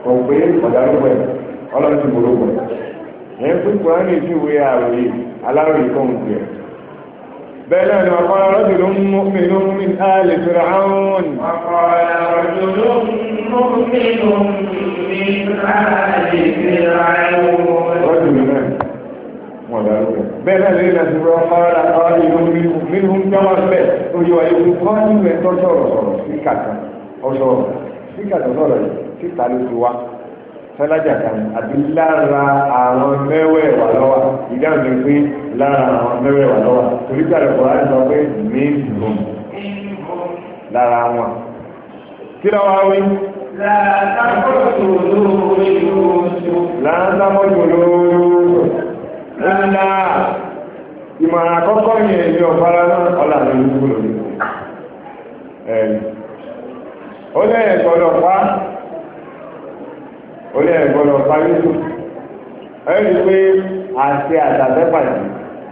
ọ̀pẹ́ ọ̀dárúgbẹ̀ ọlọ́run ti gbòrógbọ̀. Ẹ̀ fún Kùránì sí ìwé àròyé aláròyé kan jẹ́. Bẹ́ẹ̀ náà ni ọ̀pọ̀ ọlọ́dún ló ń mú mi ló ń mú ààlè fẹ́ra áwọn. Ọ̀pọ̀ ọlọ́dún ló ń mú mi ló ń mú mi ààlè fẹ́ra áwọn ọ̀dàlùfẹ́ bẹ́ẹ̀ náà lórí láti rọ fara àwọn ìlú nínú jọmọ bẹ́ẹ̀ tó yọ ewu kọ́ nínú ẹ̀ tọ́jú ọ̀rọ̀ sọ̀rọ̀ síkà kan ọ̀sọ̀ síkà tó sọ̀rọ̀ yìí síta ló ti wá sọ́lájà kan àti lára àwọn mẹ́wẹ̀ẹ̀wà lọ́wọ́ ìdáhùn ni pé lára àwọn mẹ́wẹ̀ẹ̀wà lọ́wọ́ torí pé àlọ́ kọ̀ọ̀rọ̀ sọ pé mìíràn lára wọn. kí lọ́wọ́ wí. láàtàmọ́jò lóòótọ́. láàtàmọ́jò lóòótọ́ rárá ìmọ̀ràn àkọ́kọ́ yẹn ilé ọ̀fárá náà ọ̀là ní ìlú ó lẹ́yìn gbọ́dọ̀ pa ó lẹ́yìn gbọ́dọ̀ pa yíṣù ẹni pé àti àtàtẹ́pàdé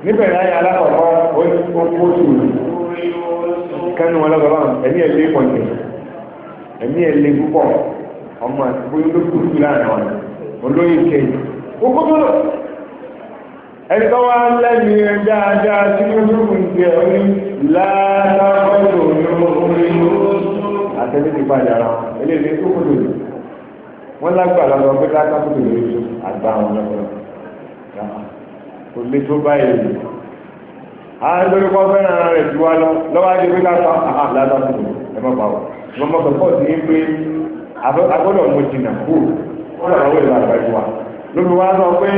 níbẹ̀ láyé alákọ̀ọ́kọ́ ó ní kó kóòtù kẹ́nu wọn lọ́gbọ̀n ẹ̀mí ẹ̀ lé pọ̀jù ẹ̀mí ẹ̀ lé púpọ̀ ọmọ àti bóyá olókùnkùn láàrin wọn olóyè kejì ó kó tó lọ ẹni tó wá lẹ́nu ẹ dáadáa tí ó dúró ti ẹ̀ ní láàárọ̀ lórí àtẹ́lẹ́ ti padà rà eléyìí tó kúrò lò wọ́n lágbàá lọ́wọ́ pé láàárọ̀ kúrò lórí àgbà wọn lọ́wọ́ kò lè tó báyìí àádọ́rí kọ́ fẹ́ràn rẹ̀ ju wa lọ lọ́wọ́ adé pé láta àhà láta tó ẹ má pawọ́ mọ́mọ́ sọ pọ́ọ̀tì yín pé agbọ́dọ̀ mo jìnnà kú ó lọ́wọ́ ìlú àgbà ìwà lórí wá sọ pé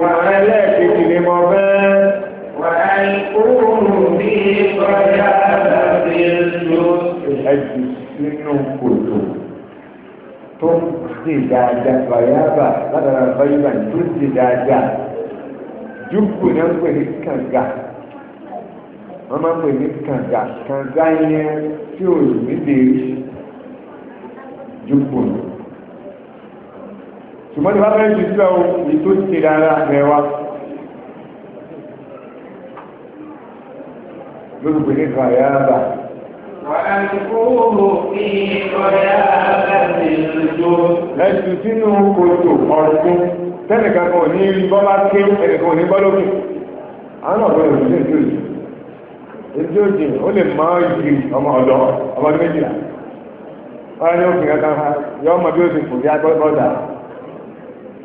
wà á ẹlẹ́ẹ̀kejì ni mo fẹ́. wà á ìkúrò bí kọjá àti èso. ẹ̀jú nínú kòtò tó ń ṣe dáadáa bàyábà látara báyìbà tó ń ṣe dáadáa wọ́n máa ń pè ní kànga kànga yẹn tí ò ní dèrè dúkù ṣùgbọ́n tí wọ́n fẹ́ jù sílẹ̀ o tó ti dára ya lórúkọ ní ìgbà yára bá. Ẹ̀sùn sínú kòtò ọ̀rùn tẹ́nìkan kan ní ibi bọ́ bá ké ẹnìkan ní bọ́ Àwọn ọ̀gbọ́n ò ní èdè ó lè ọmọ ọ̀dọ́ ọmọdé méjìlá. Wọ́n á ní kankan yọ bí agbọ́dọ̀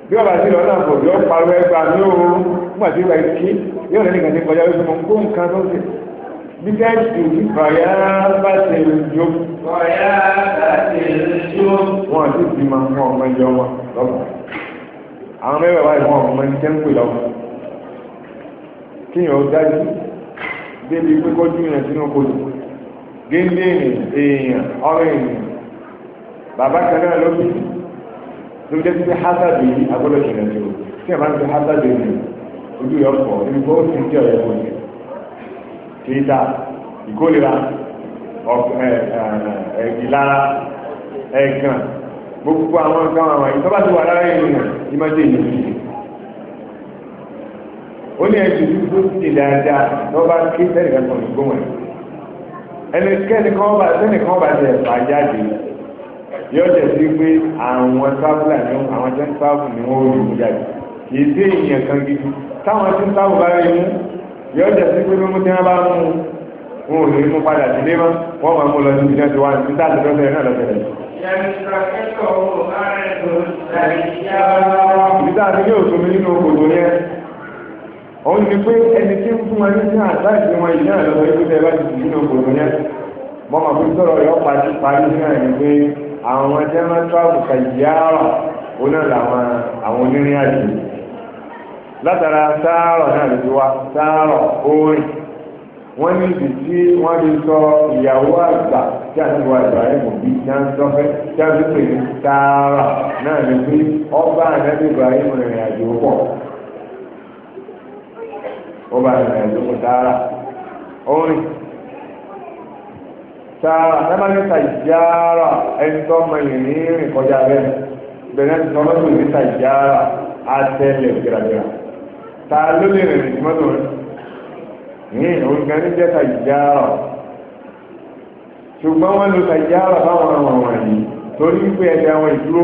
bí ọba sí lọ́nà àbò yọ parọ́ ẹgbà ní òun nígbà tí ìgbà ìkí yóò lẹ́nu ìgbà tí kọjá lóṣù mọ́ kó nǹkan tó ṣe bí tẹ́ẹ̀sì ọ̀yá bá ṣe lójó ọ̀yá bá ṣe lójó wọn àti ìgbìmọ̀ wọn ọmọ ẹjọ́ wọn lọ́wọ́ àwọn mẹ́wàá wáyé wọn ọmọ ẹni tẹ́ ń pè lọ́wọ́ kí ni ó dájú débi pé kọjú ìrìn sínú kodò géńdé èèyàn ọ̀rẹ́ èèyàn bàbá kan náà ló bí ló jẹ́ pé hazard agbọ́dọ̀ ṣẹlẹ̀ tó tí a bá ń fi hazard yìí ojú yọ pọ̀ ní bó ti ń jẹ́ ọ̀yẹ́ kò ní kéta ìkólera ìlara ẹ̀gàn gbogbo àwọn nǹkan àwọn àyíká bá ti wà lára ìlú náà ní má jẹ́ ìlú yìí ó ní ẹ̀sùn tí ó ti dáadáa lọ́ba ké sẹ́nìkan kan ní gbóhùn ẹ̀ ẹnìkẹ́ni kan bá sẹ́nìkan bá ti ẹ̀fà jáde yóò jẹ́ sí pé àwọn tábìlà ni àwọn jẹ́ tábù ni wọ́n rí mú jáde kì í sí èèyàn kan gidi táwọn tí tábù bá rí mú yóò jẹ́ sí pé mímú tí wọ́n bá mú wọn ò lè mú padà sílé mọ́ wọ́n máa mú lọ sí ìdíjọ́ ti wá ní títà àti lọ́sẹ̀ náà lọ́sẹ̀ rẹ̀. ìdíjọ́ àti ní òṣù mi nínú òkòtò yẹn òun ni pé ẹni tí ń fún wọn ní àtàkì wọn ìdí àlọ́ ìgbésẹ̀ bá ti sì nínú òkòtò yẹn mọ́ màá àwọn ẹjẹ́ máa tọ́wọ́ kàyàrá oná làwọn àwọn onírìn àjò látara sáárọ̀ náà lè fi wá sáárọ̀ orin wọ́n ní ibi tí wọ́n fi sọ ìyàwó àgbà tí a ti wá Ibrahim bí tí a ń sọfẹ́ tí a fi pè ní sáárà náà lè fi ọba ànábì Ibrahim rìnrìn àjò pọ̀ ọba ànábì Ibrahim sáárà orin sára sábà ní sàìjára ẹni tó mọ ìrìn rìn kọjá rẹ bẹ̀rẹ̀ tó lọ́dún ní sàìjára àtẹlẹ̀ gbìràgbìrà ta ló lè rìn rìn mọ́tò rẹ ní òǹkà ní jẹ́ sàìjára ṣùgbọ́n wọ́n lo sàìjára báwọn ọmọ wọn yìí torí pé ẹ̀dẹ̀ àwọn ìdúró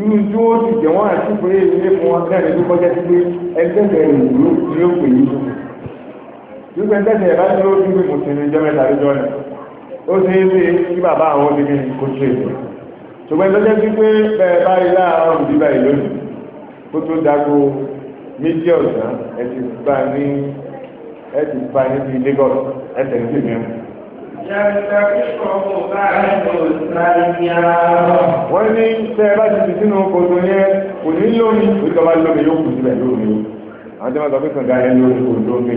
inú tí wọ́n ti jẹ̀ wọ́n àti pé ilé fún wọn kẹ́rin tó kọjá sí pé ẹgbẹ́ bẹ̀rẹ̀ ìdúró ni ó pè yìí wípé tẹ́sẹ̀ ẹ̀bá tí ó dúpé mo ti ní jẹ́ mẹ́ta lójọ́ rẹ̀ ó ṣe é ṣe kí bàbá àwọn obìnrin kò ṣe èdè ṣùgbọ́n ìtọ́jẹ́ sí pé bẹ́ẹ̀ bá rí òbí báyìí lónìí kó tó dago méjì ọ̀sán ẹ ti bá ní ẹ ti bá ní ti Lagos ẹ tẹ̀lé sí mi. wọ́n ní tẹ́ ẹ bá ti fi sínú kòtò yẹn kò ní lómi ìjọba lómi yóò kù sílẹ̀ lómi àwọn tí wọ́n sọ pé kànga yẹn lórí kòtò mi.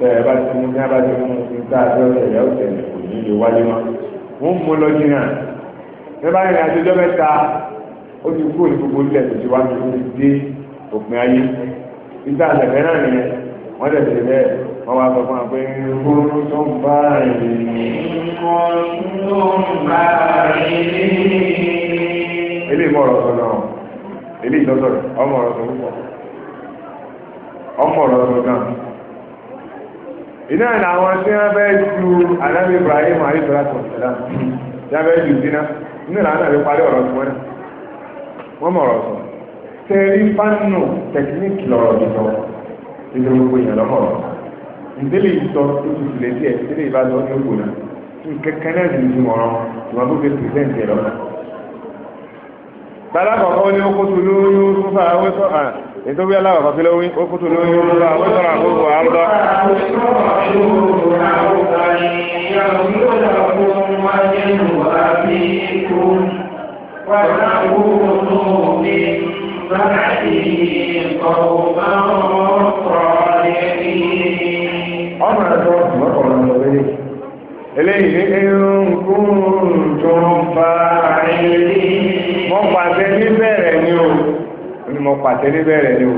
tẹ ẹ bá ti mú ní abájọ mú ní tá a tẹ́wọ́ ẹ̀yà kò ní lè wáyé wọn. wọ́n mú lọ jìnnà ẹ bá rìnrìn àjọjọ́ mẹ́ta ó ti kúrò ní gbogbo ilẹ̀ tó ti wá dé òpin ayé níta àtẹ̀fẹ́ náà nìyẹn wọ́n tẹ̀ bẹ́ẹ̀ wọ́n wá sọ fún wa pé ìrúkúrú tó ń bá iná ní àwọn tí wọ́n fẹ́ ju anábì Ibrahim alayisalaatu wasalaam tí wọ́n fẹ́ ju dínà nínú ìlànà àti parí ọ̀rọ̀ tí wọ́n náà wọ́n mọ̀ ọ̀rọ̀ sọ tẹ́rí fánù tẹkiníkì lọ́rọ̀ ìjọ ìjọ gbogbo èèyàn lọ́mọ̀ ọ̀rọ̀ ìdílé ìtọ́ tó ti fìlẹ̀ díẹ̀ ìdílé ìbátan ó ní òkú náà nǹkan kan náà ti ju ọ̀rọ̀ ìwọ́n tó fi pèsè ìjẹ́ lọ́nà tààlà kọ̀ọ̀kọ́ ní okútu lóyún súnfà awẹ́sọ̀ à ètò bí aláwọ̀kọ́ fi lówí okútu lóyún súnfà awẹ́sọ̀ àkókò àrùbá. ọmọ ẹ̀sọ́ mọ́kànlá eléyìí ní ẹ̀rùn kúrùn tó ń fa mo pàṣẹ níbẹ̀rẹ̀ ni o ni mo pàṣẹ níbẹ̀rẹ̀ ni o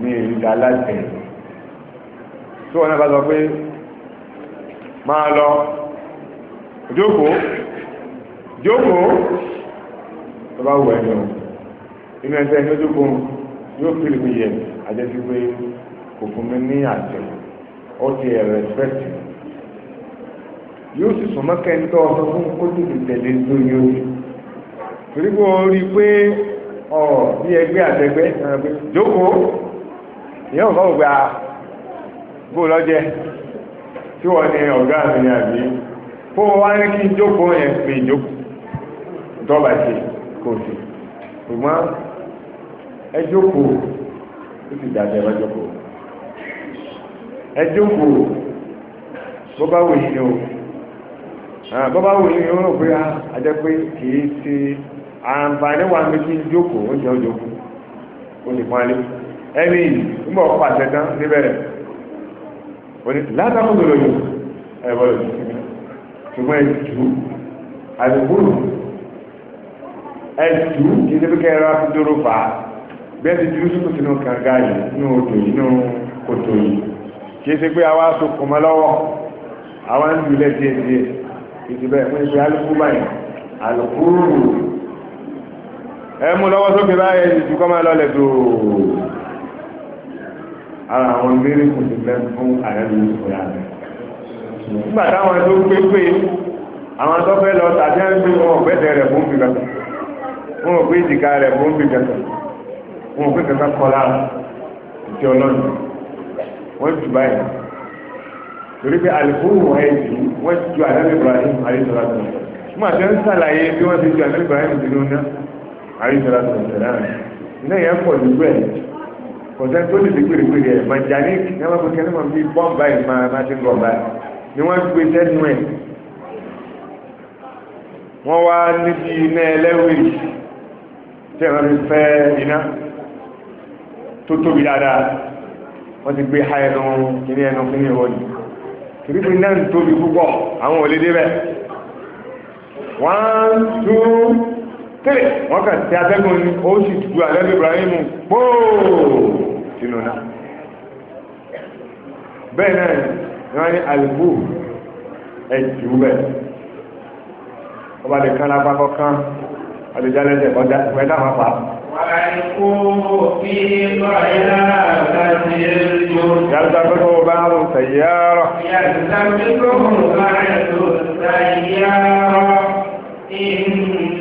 ní ìrìta láti ẹ̀ tí wọ́n náà bá sọ pé máa lọ jókòó jókòó tó bá wù ẹ̀yọ́ inú ẹsẹ̀ ní ojúkò yóò fi rí mi yẹ àjẹsí pé kò fún mi ní àjẹ ó ti ẹ̀ rẹ̀spẹ̀tì yóò sì sọ mọ́kẹ́ ń fún kó tètè tẹ̀lé lórí ojú torí pé wọ́n rí pé ọ̀ bí ẹgbẹ́ àtẹgbẹ́ jókòó ìyẹn ò bá wò gba bó lọ́jẹ́ tí wọ́n ní ọ̀gá mi ní àbí kó wọ́n wá ní kí n jókòó yẹn pé ìjókòó dọ́ba ṣe kò sí ṣùgbọ́n ẹ jókòó ó sì dàbẹ̀ ẹ jókòó ẹ jókòó bó bá wò yín o bó bá wò yín o rò pé ah, a pé kì ṣe. àǹfààní wa mi kí n jókòó ó jẹ́ òjòkó ó ẹni yìí pàṣẹ tán níbẹ̀rẹ̀ òní látàkùn tó lòyìn ẹ̀rọ lòyìn ṣùgbọ́n ẹ àdìgbòrò ẹ kí n tẹ́bí kẹ́ra fi fà á bẹ́ẹ̀ ti dúró sókè sínú kànga yìí nínú odò yìí nínú kòtò yìí kì í pé àwa lọ́wọ́ àwa ń ìdìbẹ̀ fún alùpùpù báyìí alùpùpù ẹmú lọ́wọ́ sókè báyẹ̀ ìjú kọ́ máa lọ́lẹ̀ tó ara àwọn mẹ́rin kò ti fẹ́ fún àyẹ̀lú ìfòyà rẹ̀ nígbà táwọn tó gbé pé àwọn tó fẹ́ lọ tàbí ẹ̀ ń gbé wọn ọ̀gbẹ́sẹ̀ rẹ̀ fún bìkan wọn ò gbé ìjìká rẹ̀ fún bìkan wọn ò gbé kankan kọ́ lára ìtì ọlọ́run wọ́n jù báyìí torí pé àlùfóònù ẹ̀ jù wọ́n ju àlẹ́ Ibrahim alẹ́ sọ̀rọ̀ àti wọn àti ẹ̀ ń Ibrahim sínú àríṣẹ́lá tó ṣẹlẹ̀ náà iná yẹn pọ̀ nígbà ẹ̀ kọ̀sẹ́ tó lè fi pèrèpèrè ẹ̀ màjàní ní wọ́n fi kẹ́lẹ́ mọ̀ bí bọ́ǹbà yìí máa máa ti ń gọ̀ báyìí ni wọ́n gbé sẹ́nu ẹ̀ wọ́n wá níbi iná ẹlẹ́wìrì tí ẹ̀rọ fi fẹ́ iná tó tóbi dáadáa wọ́n ti gbé ha ẹnu kíní ẹnu kíní ìwọ́ni kìrìkìrì náà ń tóbi púpọ̀ àwọn òlédè bẹ́ẹ̀ one two tèrè wọ́n kàn tí atẹ́gùn ni ó sì ju àlẹ́bí Ibrahim póò sínú náà bẹ́ẹ̀ náà ni wọ́n ní àlùkù ẹ̀jú bẹ́ẹ̀ ọba lè kán lápá kọ́kán àlùjálẹ́sẹ̀ kọjá ìpẹ́ náà wọ́n pa á. يلتقطه بعض سيارة يلتقطه بعض سيارة إن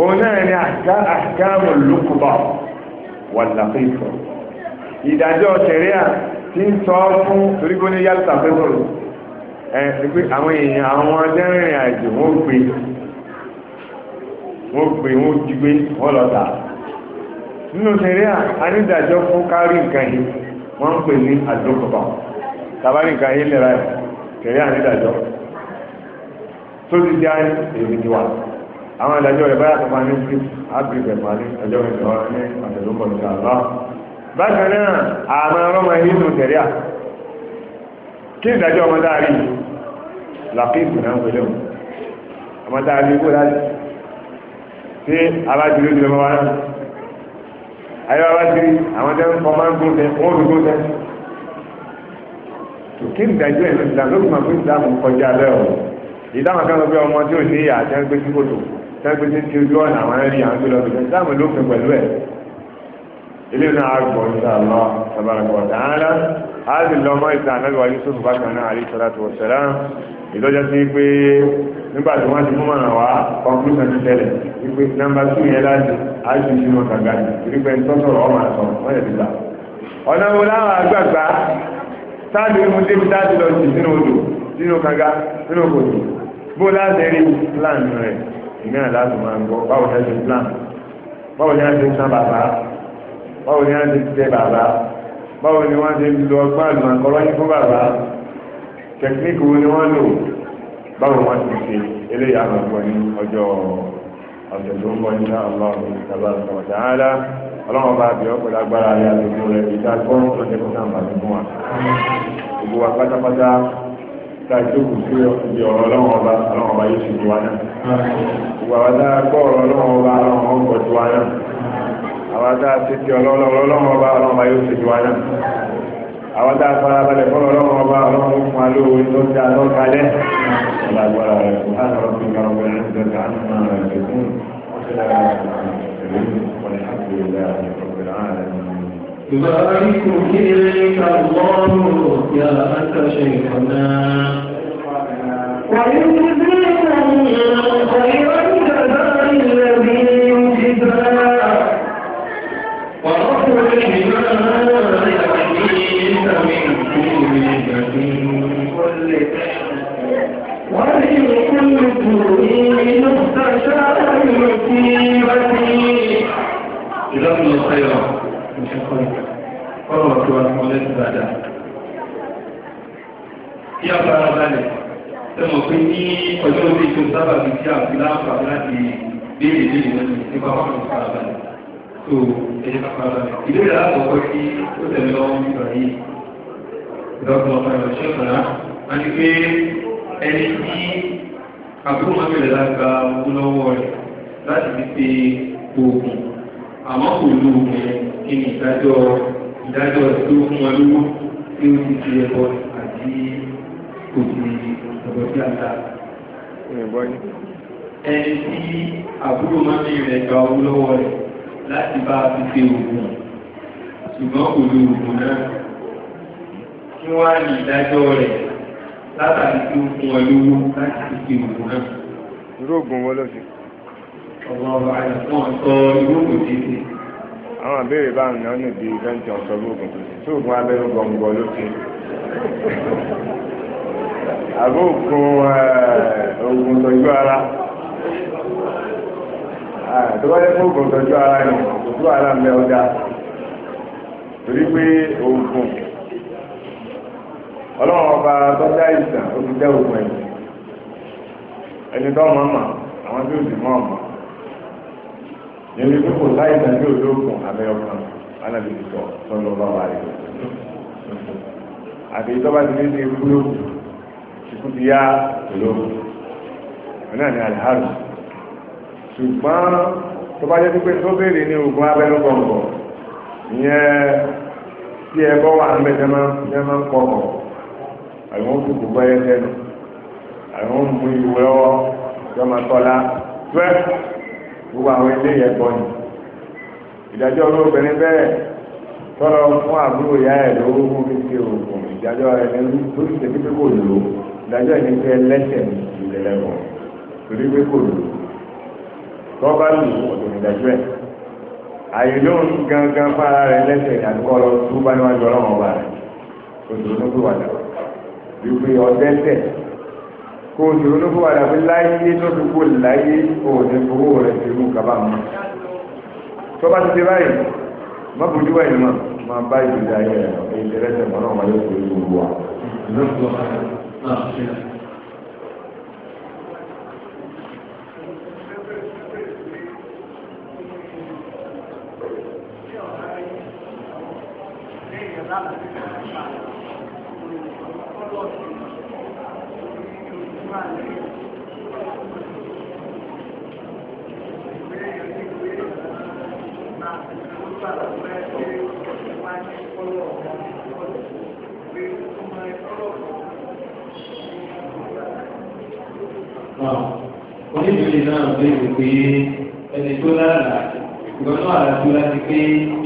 òun náà ni àkáàmù lókùbà wà lápẹ́fọ́ ìdájọ́ ṣẹ̀ríà tí ń sọ fún torígbó ní yálùtà pẹ́fọ́ ẹ̀ pé àwọn èèyàn àwọn lẹ́rìn àjò wọ́n gbé wọ́n gbé wọ́n jí gbé wọ́n lọ tà nínú ṣẹ̀ríà anídàjọ́ fún kárí nǹkan yìí wọ́n ń pè ní àdókùbà tàbárí nǹkan yìí lẹ́ra ṣẹ̀ríà anídàjọ́ tó ti jẹ́ èmi ni wà àwọn ìdájọ́ rẹ̀ báyà tó máa ní sí ábìrìbẹ̀ máa ní ọjọ́ rẹ̀ lọ́wọ́ ní àtẹ̀lómọ̀ ní àlọ́. bákan náà àmọ́ ọlọ́mọ ẹni nù tẹ̀lé à kí ìdájọ́ ọmọ dáàrí làkíkù náà ń pẹ̀lẹ́ wọn ọmọ dáàrí ikú láti tí abájúlé jùlọ máa náà ayé abájúlé àwọn tẹ́ ń kọ́ máa ń gún tẹ wọ́n ń gún tẹ kí ìdájọ́ ẹ̀ ló ti dá lókùnmọ̀ fún ìdáàmú kọjá bẹ́ẹ̀ o ìdáàmú akẹ́kọ̀ọ́ bí ọmọ tí ò ní ìyá àti ẹgbẹ́ sí kòtò tẹ́gbẹ́tẹ́ tí ojú ọ̀nà àwọn ẹ̀rí àwọn tó lọ bẹ̀rẹ̀ sáàmù ló fi pẹ̀lú ẹ̀ ilé náà àgbọ̀ ìṣàlọ́ ṣàbàràkọ̀ tààlà á sì lọ mọ́ ìta ànágbà Yusuf bákan náà àrí sọ́lá tó ṣẹlá ìlọ́jọ́ sí pé nígbà tí wọ́n ti mú mọ̀nà wá ọkùnrin kan ti tẹ́lẹ̀ wípé nọ́mbà tù yẹn láti á sì fi mọ̀ kàga ní torí pé tó ọmọ àtọ̀ wọ́n yẹ ti ọ̀nà wo láwọn àgbààgbà táàbì mú débi táàbì lọ sí sínú odò sínú kàga sínú kòtò bó láti rí plan rẹ̀ ìmí àlá tó máa ń gbọ́ báwo ni a ti plan báwo ni a ti san bàbá báwo ni a ti tẹ bàbá báwo ni wọ́n ti lo ọgbọ́n àlùmọ̀kọ́rọ́ yín fún bàbá tẹkíníkì wo ni wọ́n lò báwo wọ́n ti ṣe eléyà àwọn ọ̀gbọ́n ní ọjọ́ ọ̀sẹ̀ tó ń bọ̀ ní ọlọ́run ìtàbá ọ̀sẹ̀ àádá ọlọ́run bá bí ọ̀pọ̀ lágbára ayé àtòkù rẹ̀ ìta gbọ́n lọ́jọ́ kọ́ńtà àbàlẹ̀ fún wa gbogbo wa pátápátá tàjókù sí ibi ọ̀rọ̀ ọlọ́wọ́n ọba ọlọ́wọ́n ọba yóò sì ti wá náà ìwà wa dára kọ́ ọ̀rọ̀ ọlọ́wọ́n ọba ọlọ́wọ́n ọkọ̀ ti wá náà àwọn dáa ti ti ọlọ́wọ́n ọba ọlọ́wọ́n ọba yóò sì ti wá náà àwọn dáa fara balẹ̀ kọ́ ọba ọlọ́wọ́n fún alówó tó ń da lọ́kàlẹ́ ọ̀làgbọ́ra يبارك فيك الله يا أنت شيخنا ويجزيك خير الجزاء الذي يجزى ورب الحماية يحميك من كل ولكل كل مستشار مصيبتي جزاكم الله خيرا kọ́lọ̀ kọ́lọ̀ tó wà fún ọlẹ́sìn dáadáa. Bí a fara balẹ̀, ẹ mọ̀ pé ní ọjọ́ orí tó sábà fi tí a fi láǹfààní láti béèrè léèrè lẹ́nu nípa wọn kò fara balẹ̀. So ẹ̀yẹ ká fara balẹ̀. Ìbéèrè alákọ̀ọ́kọ́ tí ó tẹ̀lé lọ́wọ́ ń bíbà yìí. Ìdọ́gbọ̀n ọ̀pọ̀ ìrọ̀ṣẹ́ ọ̀nà a ní pé ẹni tí àbúrò máa bẹ̀rẹ̀ lága owó lọ́wọ́ rẹ̀ láti fi pe oògùn àmọ́ kò lo oògùn kí ni ìdájọ́ ìdájọ́ tó fún wọn lówó tí ó ti fi ẹbọ àti kò sí ọ̀bọ̀ tí a ta. ẹni tí àbúrò máa ń rẹ̀ gba owó lọ́wọ́ rẹ̀ láti bá a fi ṣe òògùn ṣùgbọ́n kò lo òògùn náà kí wọ́n á ní ìdájọ́ rẹ̀ látàrí tí fún wọn lówó láti fi ṣe òògùn náà. irú òògùn wo ló fi. ọ̀gbọ́n ọ̀rọ̀ àyẹ̀fọ́ ọ̀tọ̀ irú àwọn àbẹ̀rẹ̀ bá ń náà níbi ìfẹ́ǹtì ọ̀sọ́ lóògùn tó oògùn abẹ́rẹ́ gbọ̀ngbọ̀ ló ti àbó oògùn oògùn tọ́jú ara tó bá yẹ kó oògùn tọ́jú ara ni òtú ara mẹ́ ọjà torí pé oògùn ọlọ́run ọba tọ́jú àìsàn ó ti jẹ́ oògùn ẹ̀jẹ̀ ẹni tó mọ̀ mọ̀ àwọn tí ó sì mọ̀ mọ̀ èmi tó kò láì tàbí olóògùn abẹ́ ọkàn alábi ti sọ lọ́dọ̀ bá wà rẹ̀. àti ìtọ́ba ti ní ikú lóògùn ikú ti yá olóògùn ọ̀nà ni àdìhàrù ṣùgbọ́n tó bá jẹ́ pípé tó béèrè ní oògùn abẹ́nú gbọ̀ngàn ìyẹn tí ẹ bọ́ wà ń bẹ jẹ́ máa ń kọ̀ọ̀kọ̀ àwọn ó dùkú bọ́ yẹn tẹ́nu àwọn ó mú ìwé ọwọ́ jọ máa tọ́lá gbogbo àwọn ilé yẹn bọ́ ni ìdájọ́ olóbìnrin bẹ́ẹ̀ tọ́lọ fún àbúrò ìyá ẹ̀ lówó fún fífi oògùn ìdájọ́ rẹ̀ ní tó ti tẹ̀sí pé kò lò ó ìdájọ́ ẹ̀ ní pé ẹlẹ́sẹ̀ ìlẹ̀ lẹ́wọ̀n torí pé kò lò ó tọ́ bá lò ó ọ̀dọ̀ ìdájọ́ ẹ̀ àyè lóhùn gangan fara rẹ̀ lẹ́sẹ̀ ìdàgbọ́ lọ tó bá níwájú ọlọ́run ọba rẹ̀ òṣèlú ló gbé wàdà wípé ọdẹ́sẹ̀ kó o sì ronúkú wà láti láyé tó fi kó láyé òní owó rẹ̀ ti mú kaba mọ́ tó bá ti dé báyìí má bójú wáyé mọ́ bá ìdílé ayé rẹ̀ ìdílé rẹ̀ tẹ̀ mọ́ náà wáyé kó wù wá. pé ẹni tó lálàá ìgbọ́nú àlàjò láti pé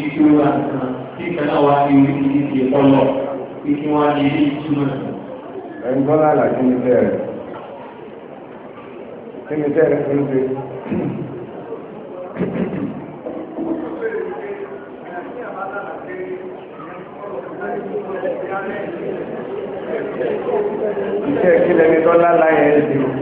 ikú wa nǹkan tí ìkan náà wá ní orí kìí ti ọlọ pé kí wọ́n á ní ilé ìtumọ̀. ẹni tó lálàá kí ni bẹ́ẹ̀ rẹ̀ kí ni bẹ́ẹ̀ rẹ̀ fún un ṣe. iṣẹ́ kí lẹni tó lálàá yẹn ti.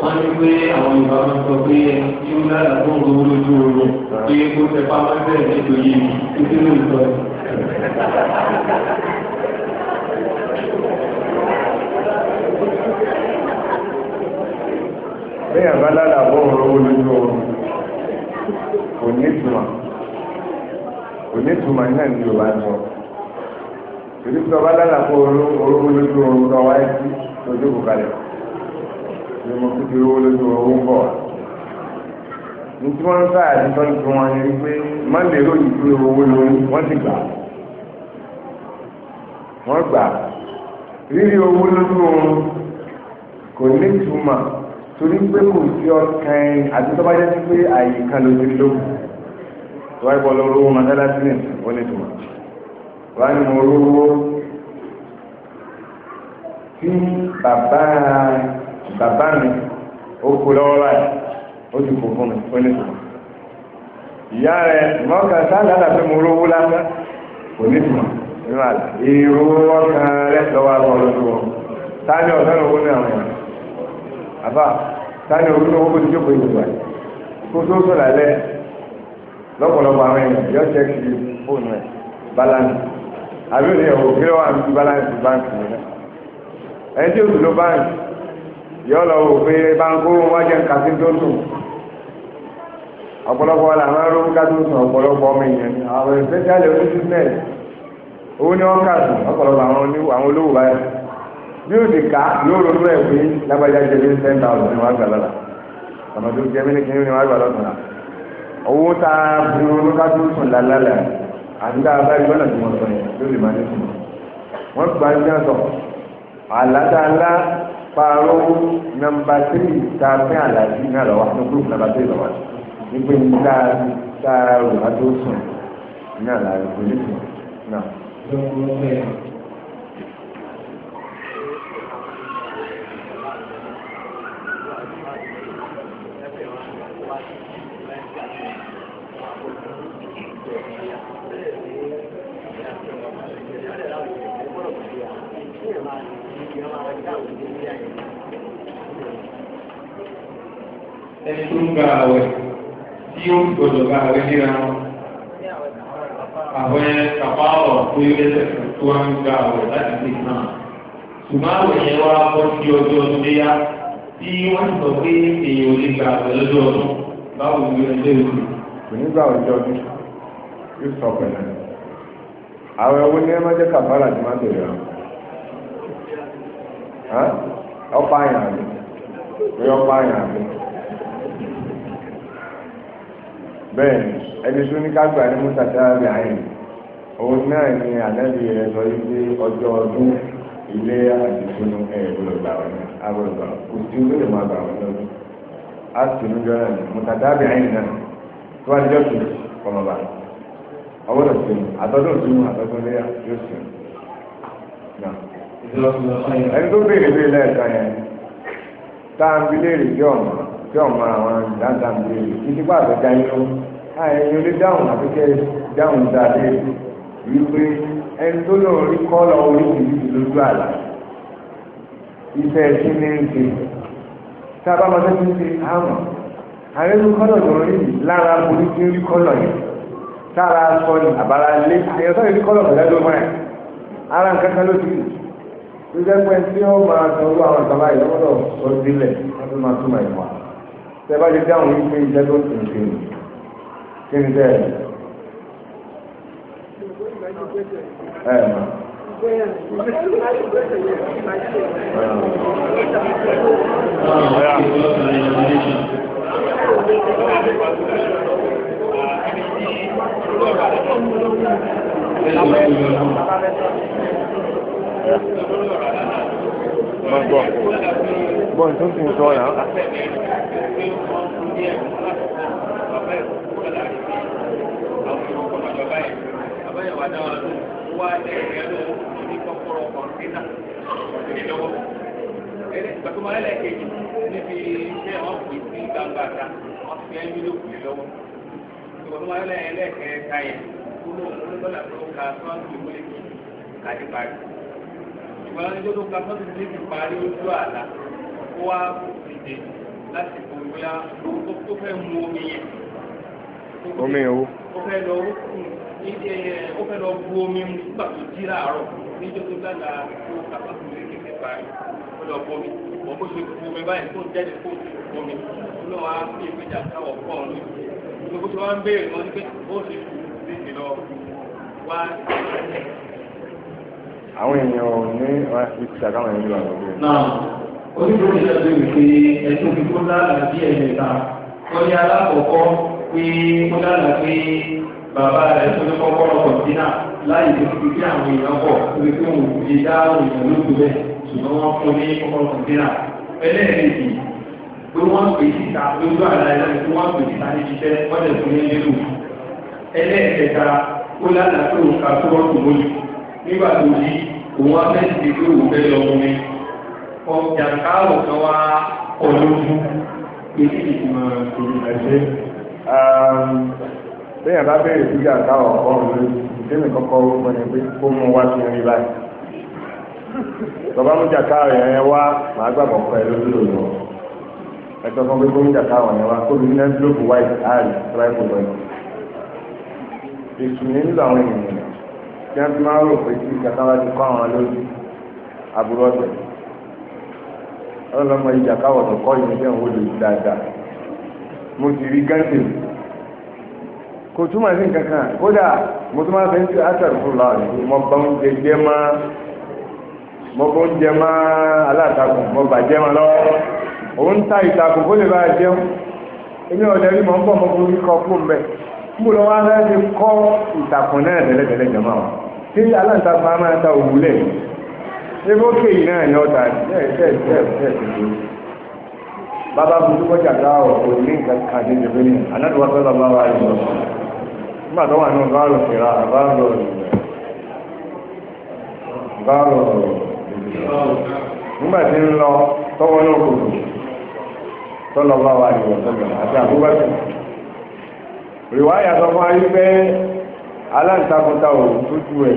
wọ́n ní pé àwọn Yorùbá máa ń sọ pé kí ó lára tó ń gbowó lójú oorun pé kó tẹ pápá bẹ́ẹ̀ nítorí títí ló ń sọ. bẹ́ẹ̀ bá lára bọ́ ọ̀rọ̀ owó lójú oorun kò ní ìtumọ̀ kò ní ìtumọ̀ náà ní Yorùbá sọ torí pé ọba lára bọ́ owó lójú oorun lọ́wọ́ ẹ̀ sí lójú kò ìrìnmọ̀ tó ti rówó lójú owó ń bọ̀ ní wọ́n ń sáà àti tọ́jú fún wọn ni wípé má lè ròyìn pé owó lórí wọ́n ti gbà wọ́n gbà rírí owó lójú oorun kò ní ìtumọ̀ torí pé kò sí ọkàn àti tó jẹ́ sí pé àyíká lójú lókù tó wáyé bọ́ lọ́wọ́ owó mọ́tálásí nì ó ní ìtumọ̀ wọ́n á ní mo rówó tí bàbá bàbá mi ó kú lọ́wọ́ báyìí ó ti kú fún mi ó ní tùmọ̀ ìyá rẹ̀ mọ́kàn sáńdà tàbí mo rówó lásán kò ní tùmọ̀ nínú àlà èrò ọkàn rẹ̀ lọ́wọ́ àbọ̀ lójú owó ní àwọn èèyàn àbá owó ní owó jókòó kó tó sọ lálẹ́ lọ́pọ̀lọpọ̀ àwọn èèyàn yọ ṣẹ́kì fóònù ẹ̀ balance àbí òní kí lọ́wọ́ balance báńkì tí yọ lọ wò pé báńkó wọn jẹ nǹkan tí tó sùn ọ̀pọ̀lọpọ̀ làwọn arúgbó ká tó sùn ọ̀pọ̀lọpọ̀ ọmọ èèyàn ni àwọn ìfẹsẹ̀lẹ̀ oníṣẹ́sẹ̀ owó ni wọ́n kà sùn ọ̀pọ̀lọpọ̀ àwọn olówó báyìí bí ó ti ká yóò ronú ẹ̀ pé lágbájá jẹ́ bí ten thousand ni wọ́n gbà lọ́la tọmọdé jẹ́ bí kí ni wọ́n gbà lọ́tọ̀ọ̀la owó tá a fi ronú ká tó sùn lálálẹ̀ àti tá a bá rí lá pààrọ̀ nọ́mbà tírì tá a fẹ́ àlàyé náà lọ́wọ́ ní gúrùpù nọ́mbà tírì lọ́wọ́ nígbè ní tá a tá a rò á tó sùn ní àlàyé kò ní sùn náà. ẹni tó ń gba àwẹ̀ tí ó gbọdọ̀ gba àwẹ̀ níra wọn. àwẹ̀ kàpáwọ̀ tó yẹ lẹ́sẹ̀ tó wá ń gba àwẹ̀ láti fi hàn. ṣùgbọ́n àwẹ̀ yẹn wá bọ́ sí ọjọ́ ọdún léyà tí wọ́n sọ pé èèyàn ò lè gba àwẹ̀ lọ́jọ́ ọdún báwo ni ẹgbẹ́ òkú. kò ní gba àwẹ̀ ọdún yóò sọ pẹ̀lú. àwẹ̀ owó ní ẹ má jẹ́ kàfàrà tí má tẹ̀lé wọn. ọ̀pá àyàn àbí ọ̀pá àyàn àbí. bẹ́ẹ̀ ẹni tó ní kágbà ní mùsàtàbí àyìn òun náà ni ànábì rẹ̀ sọ wípé ọjọ́ ọdún ilé àdìsúnú ẹ̀ gbọdọ̀gbà wọn agbọdọ̀gbà kò sí ó lè máa gbà wọn lọ́dún á sì ní jọ náà mùsàtàbí àyìn náà tó bá jọ sí ọmọba ọgbọdọ̀ sí àtọ́jú òsínú àtọ́jú léyà yóò sí ẹni tó béèrè béèrè lẹ́ẹ̀kan yẹn tá à ń bi léèrè bí ọ̀nà tí ọmọ àwọn ìdáǹdà ń béèrè títí bá àgbẹ̀ dá yín ló àyẹ̀yìn dáhùn àbíkẹ́ dáhùn dáadé wípé ẹni tó lọ rí kọ́lọ̀ oríṣiríṣi lójú àlá iṣẹ́ ẹtí ní ń ṣe tá a bá máa tẹ́tí ṣe àmọ̀ àrẹ́lú kọ́lọ̀ tó rí lára ara ló ti rí pé tí ó máa àwọn ìjọba tẹ́bá lè dáhùn yìí pé iṣẹ́ tó tún sí kí ni bẹ́ẹ̀ ẹ̀ tó ń sọ yàrá pé wọ́n ń fún ní ẹ̀kọ́ láti fún bàbá ẹ̀kọ́ kúrò láàrin bí àwọn ìwọ̀n kan lọ́jọ́ báyìí bàbá yẹn wà dáwà ló wá ẹ̀rẹ́ ló ní kọ́kọ́rọ́ kọ̀ǹpútà ìlọ́wọ́ ẹ̀rẹ́ ìgbàgbọ́ ẹlẹ́kẹ̀jì níbi iṣẹ́ ọ̀pìn sí gbangba ta wọ́n fi ẹ̀mí ló kù lọ́wọ́ ìgbàgbọ́ ẹlẹ́kẹ̀ẹ́ta yẹn kúrò olóńgbọ́lá tó ka sọ́ọ̀tù ìwé kàdí parí ìgbàgbọ́ ẹlẹ́kẹ̀ẹ́ta yẹn kúrò olóńgbọ́lá tó ka sọ́ọ̀tù ìwé kàdí parí láti kò bóyá ó fẹ́ mu omi yẹn. omi ìwú. ó fẹ́ lọ ó fẹ́ lọ bu omi mu nígbà tó jí láàárọ̀ níjọ́ tó dáná tó kàtà tó lè kéde parí ó lọ bu omi wọ́n kó ṣe bu omi báyìí tó jáde kó ṣe bu omi ó lọ́wọ́ á fi ìgbéjà káwọ̀ kọ́ ọ̀run lójú gbogbo tí wọ́n ń béèrè wọn ni pé ó ṣe ṣe lọ wá àwọn èèyàn ò ní ọ̀rẹ́ ti ṣàkàwọn èèyàn lọ́wọ́ oníbòmí náà lè wípé ẹ̀sùn fi kó lálàá bí ẹ̀mẹ̀ta wọ́n ní alákọ̀ọ́kọ́ pé kó lálàá pé bàbá rẹ̀ tó ní kọ́kọ́ lọ kọ̀ǹtínà láì tó fi kí àwọn èèyàn bọ̀ lórí pé òun kò lè dá àwọn èèyàn lóko bẹ́ẹ̀ ṣùgbọ́n wọ́n fún ní kọ́kọ́ lọ kọ̀ǹtínà ẹlẹ́ẹ̀kejì pé wọ́n pè síta lójú àlá ẹ̀rọ pé wọ́n pè síta ní ṣiṣẹ́ wọ́n lè fún ní lérò ẹlẹ́ẹ̀kẹta kó lálàá pé òun kà tó wọ́n kò mójú nígbà tó yí òun á fẹ́ ọjà káàrò kan wá olóògùn èyí ìgbìmọ̀ ìrìnà ṣe. Bẹ́ẹ̀ bá bẹ̀rẹ̀ sí gàgá ọ̀pọ̀ òun lórí kọ́kọ́ orúkọ ni pé kó mú wá sí orí báyìí. Bàbá mú jàkà rẹ̀ yẹn wá màá gbàgbọ́ pẹ̀ lójú lòlò. Ẹ̀tọ́ kan pé kó mú jàkà rẹ̀ yẹn wá kó lójú náà dúró fún wáìtì lọ́yìn. Èsù ní nílò àwọn ènìyàn. Kí wọ́n ti máa rò pé kí ìjàkà wá ti kọ́ àwọn lójú. Àbúrò ọ̀sẹ̀ ọlọ́mọ ìjà káwọ̀ tó kọ́ yìí fẹ́ wọlé dáadáa mo sì rí gáńtì kò túmọ̀ sí nǹkan kan kódà mo tún máa fẹ́ ń tí ásàrù fún lọ́wọ́ ni mo bá ń jẹjẹ mọ́ mo bó ń jẹ mọ́ alátakùn mo bàjẹ́ mọ́ lọ́wọ́ ebókè yìí náà ní ọ̀tà bàbá burú kọjá láwọ̀ kò ní nǹkan kan ní ìjọba ní anáduwa sọ́dọ̀ bá wà ní ọ̀sán nígbà tó wà ní báàrò fèrà báàrò báàrò nígbà tí ń lọ tọwọ́ náà kò lò sọ́dọ̀ bá wà ní ọ̀sán àti àbúgbàtì rìwáyà sọ fún ayé pé aláǹtakùn ta òun tó ju ẹ̀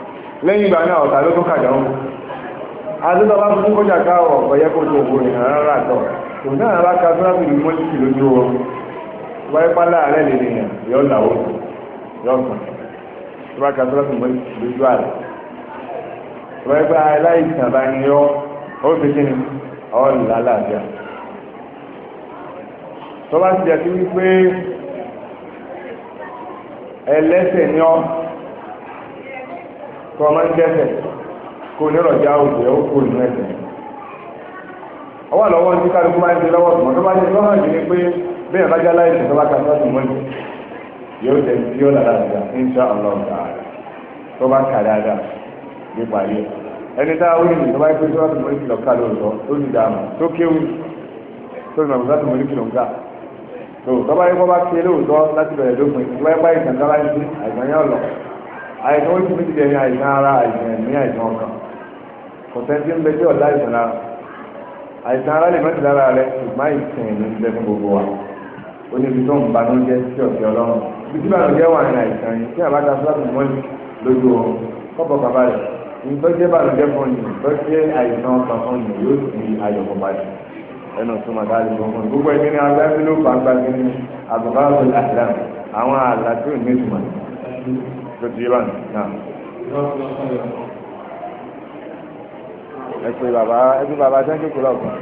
lẹ́yìn ìgbà náà ọ̀tà ló tún kàdánwò àdúgbò bá fún kọjá káwọ̀ ọ̀yẹ́ kó tó owó ìhàn rárá tọ̀ tó náà bá ka sọ́nàbì ní mọ́tìkì lójú wọn wáyé pálá ààrẹ lè yọ yọ tó bá ka sọ́nàbì mọ́tìkì lójú àlẹ́ wáyé aláìsàn bá ní yọ ó fi kí ni tó bá ti jẹ́ kọ́ ọmọ ń dẹ́sẹ̀ kó nírọ̀jà òjò ó kó inú ẹ̀sẹ̀ ọwọ́ àlọ́wọ́ ní kálukú máa ń ṣe lọ́wọ́ tó tó bá ṣe lọ́wọ́ jù ní pé bẹ́ẹ̀ bá já láìsí tó bá ka sọ́ọ̀tì mọ́ni yóò tẹ̀ sí yóò lára àgbà insha Allah ta'ala tó bá kà dáadáa nípa yìí ẹni tá a wí ní ìjọba ẹgbẹ́ sọ́ọ̀tì mọ́ni kìlọ̀ ká lóòótọ́ tó ti dààmú tó kéwù tó ti mọ̀ sọ́ọ̀tì mọ́ni kìlọ̀ ká tó tọ́ba yẹ kọ́ bá ké lóòótọ́ láti bẹ̀rẹ̀ lópin ìjọba ẹgbẹ́ àìsàn àìsàn ojú mi ti dẹ̀ ní àìsàn ara àìsàn ẹ̀mí àìsàn ọkàn kò sẹ́ńtì ń bẹ tí ọ̀la àìsàn lára àìsàn ara lè mẹ́tì lára rẹ ṣùgbọ́n àìsàn ẹ̀mí ń bẹ fún gbogbo wa ó ní ibi tó ń banú jẹ́ sí ọ̀sẹ̀ ọlọ́run ibi tí bàánú jẹ́ wà ní àìsàn yìí tí àbáta fúlàtì mọ́lì lójú oorun kọ́pọ̀ bàbá rẹ̀ ìtọ́jẹ́ bàánú jẹ́ fún yìí ìtọ́jẹ́ àìsàn ọkàn fún yìí yóò sì ayọ̀ fún bàjẹ́ ẹnu tó máa dáa lè fún un gbogbo ẹni ní agbábílò pàgbà ní àbùkárò àdàm àwọn àlàtò ní ìtumọ̀ tó ti bá nà. ẹ pé bàbá ẹ pé bàbá sẹ́ńkì kúrò ọ̀gbọ́n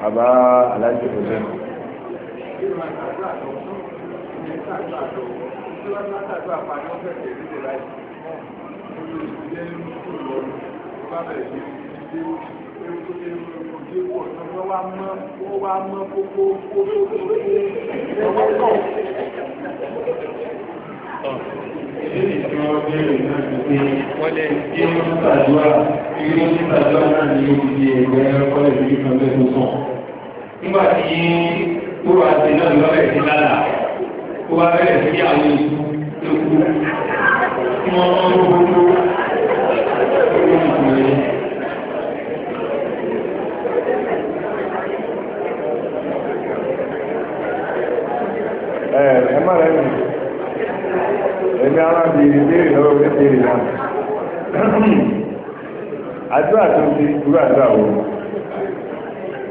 bàbá aláìsí kò lẹ́nu. Thank you Wọ́lẹ̀ ìdí ọmọ ìgbàdúrà, ìrí ìgbàdúrà náà ni ó ti ẹgbẹ́ ọlẹ̀ ìdí kan bẹ́ tó sàn. Nígbà tí ó wà sí náà lọ́rẹ̀ sí lálà, ó wá bẹ̀rẹ̀ sí àwọn ìlú tó kú. Tí wọ́n mọ́ ń gbogbo ìgbìyànjú. Eh, è male èmi ara bí ìbéèrè lọ́wọ́ ní ìbéèrè náà àdúrà tó ti dúró àdúrà wò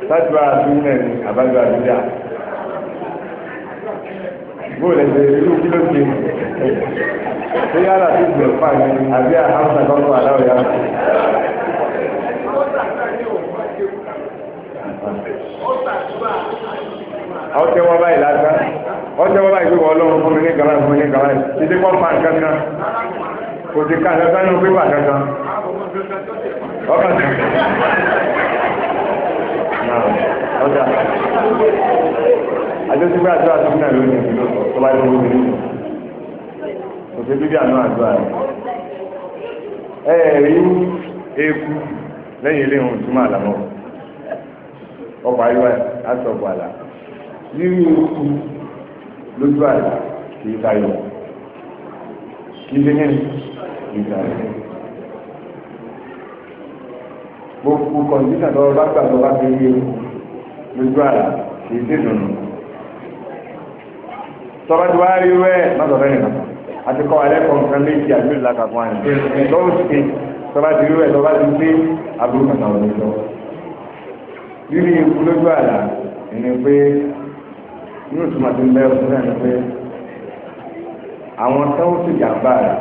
sádùá àdúrà ní àbádùá àdúrà bóòlù ẹ̀sẹ̀ irú kí ló ti ṣe yára tó gbẹ̀ fà ní àbí àhámsà kọ́kọ́ aláwọ̀ yára. ọ̀tẹ̀ wọn báyìí lásán. ọjọ́ wọlé ìgbé wọ lọ́wọ́ fún mi ní gàlá fún mi ní gàlá títí kọ́ pa nǹkan kan kò sí ká kankan ní pípa kankan ọkàn tó ọjà àjọṣepé àjọ ìlú eku lẹ́yìn ilé ohun ọkọ̀ ayé wa àlà lójú àlá kì í tayọ kì í léyìn kì í tayọ. gbogbo kọ̀ǹdíṣà lọ́wọ́ bá gbà lọ́wọ́ bá fi yé lójú àlá kì í tẹ̀sán nù. tọ́ba tí wàá rí wẹ́ má sọ̀rọ̀ yẹn kan àti kọ́ alẹ́ kọ́ nǹkan méjì àbí ìlà kankan yẹn lọ́wọ́ sí tọ́ba tí rí wẹ́ tọ́ba tí gbé àbúrò kàtàkùn lọ́wọ́. rírí ikú lójú àlá ẹni pé yóò túmọ̀ sí bẹ́ẹ̀ fún náà ni pé àwọn tó ń sì jàǹbá rẹ̀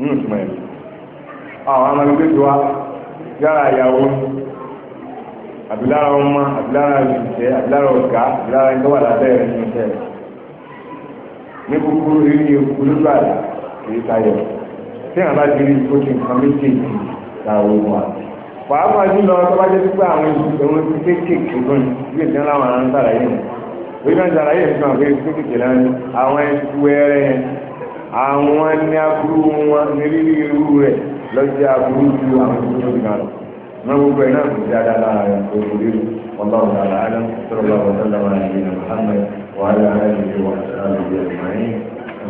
yóò túmọ̀ yìí àwọn ọmọ ẹgbẹ́ tó wá yára ìyàwó àbílára ọmọ àbílára ìṣẹ́ àbílára ọ̀gá àbílára ẹgbẹ́ wà lábẹ́ rẹ̀ ní ìṣẹ́ rẹ̀ ní kúkúrú rí ní olúgbà rẹ̀ kì í tayọ̀ tí àwọn rí kó ti nǹkan méjèèjì ta ogun àti pàápàá jùlọ tó bá jẹ́ pípẹ́ àwọn ìṣòro ti kéékèèké lónìí bí èdè ńlá wọn ń sàlàyé mu orí náà sàlàyé mi fún àwọn kéékèèké lánàá àwọn ẹtù ẹrẹ àwọn ní aburú wọn ní rírí irú rẹ lọ́jọ́ aburú ju àwọn tó ti kàn lọ náà gbogbo ẹ̀ náà kò sí dáadáa lára rẹ̀ kò sí rírù والله تعالى اعلم صلى الله وسلم على نبينا محمد وعلى اله وصحبه اجمعين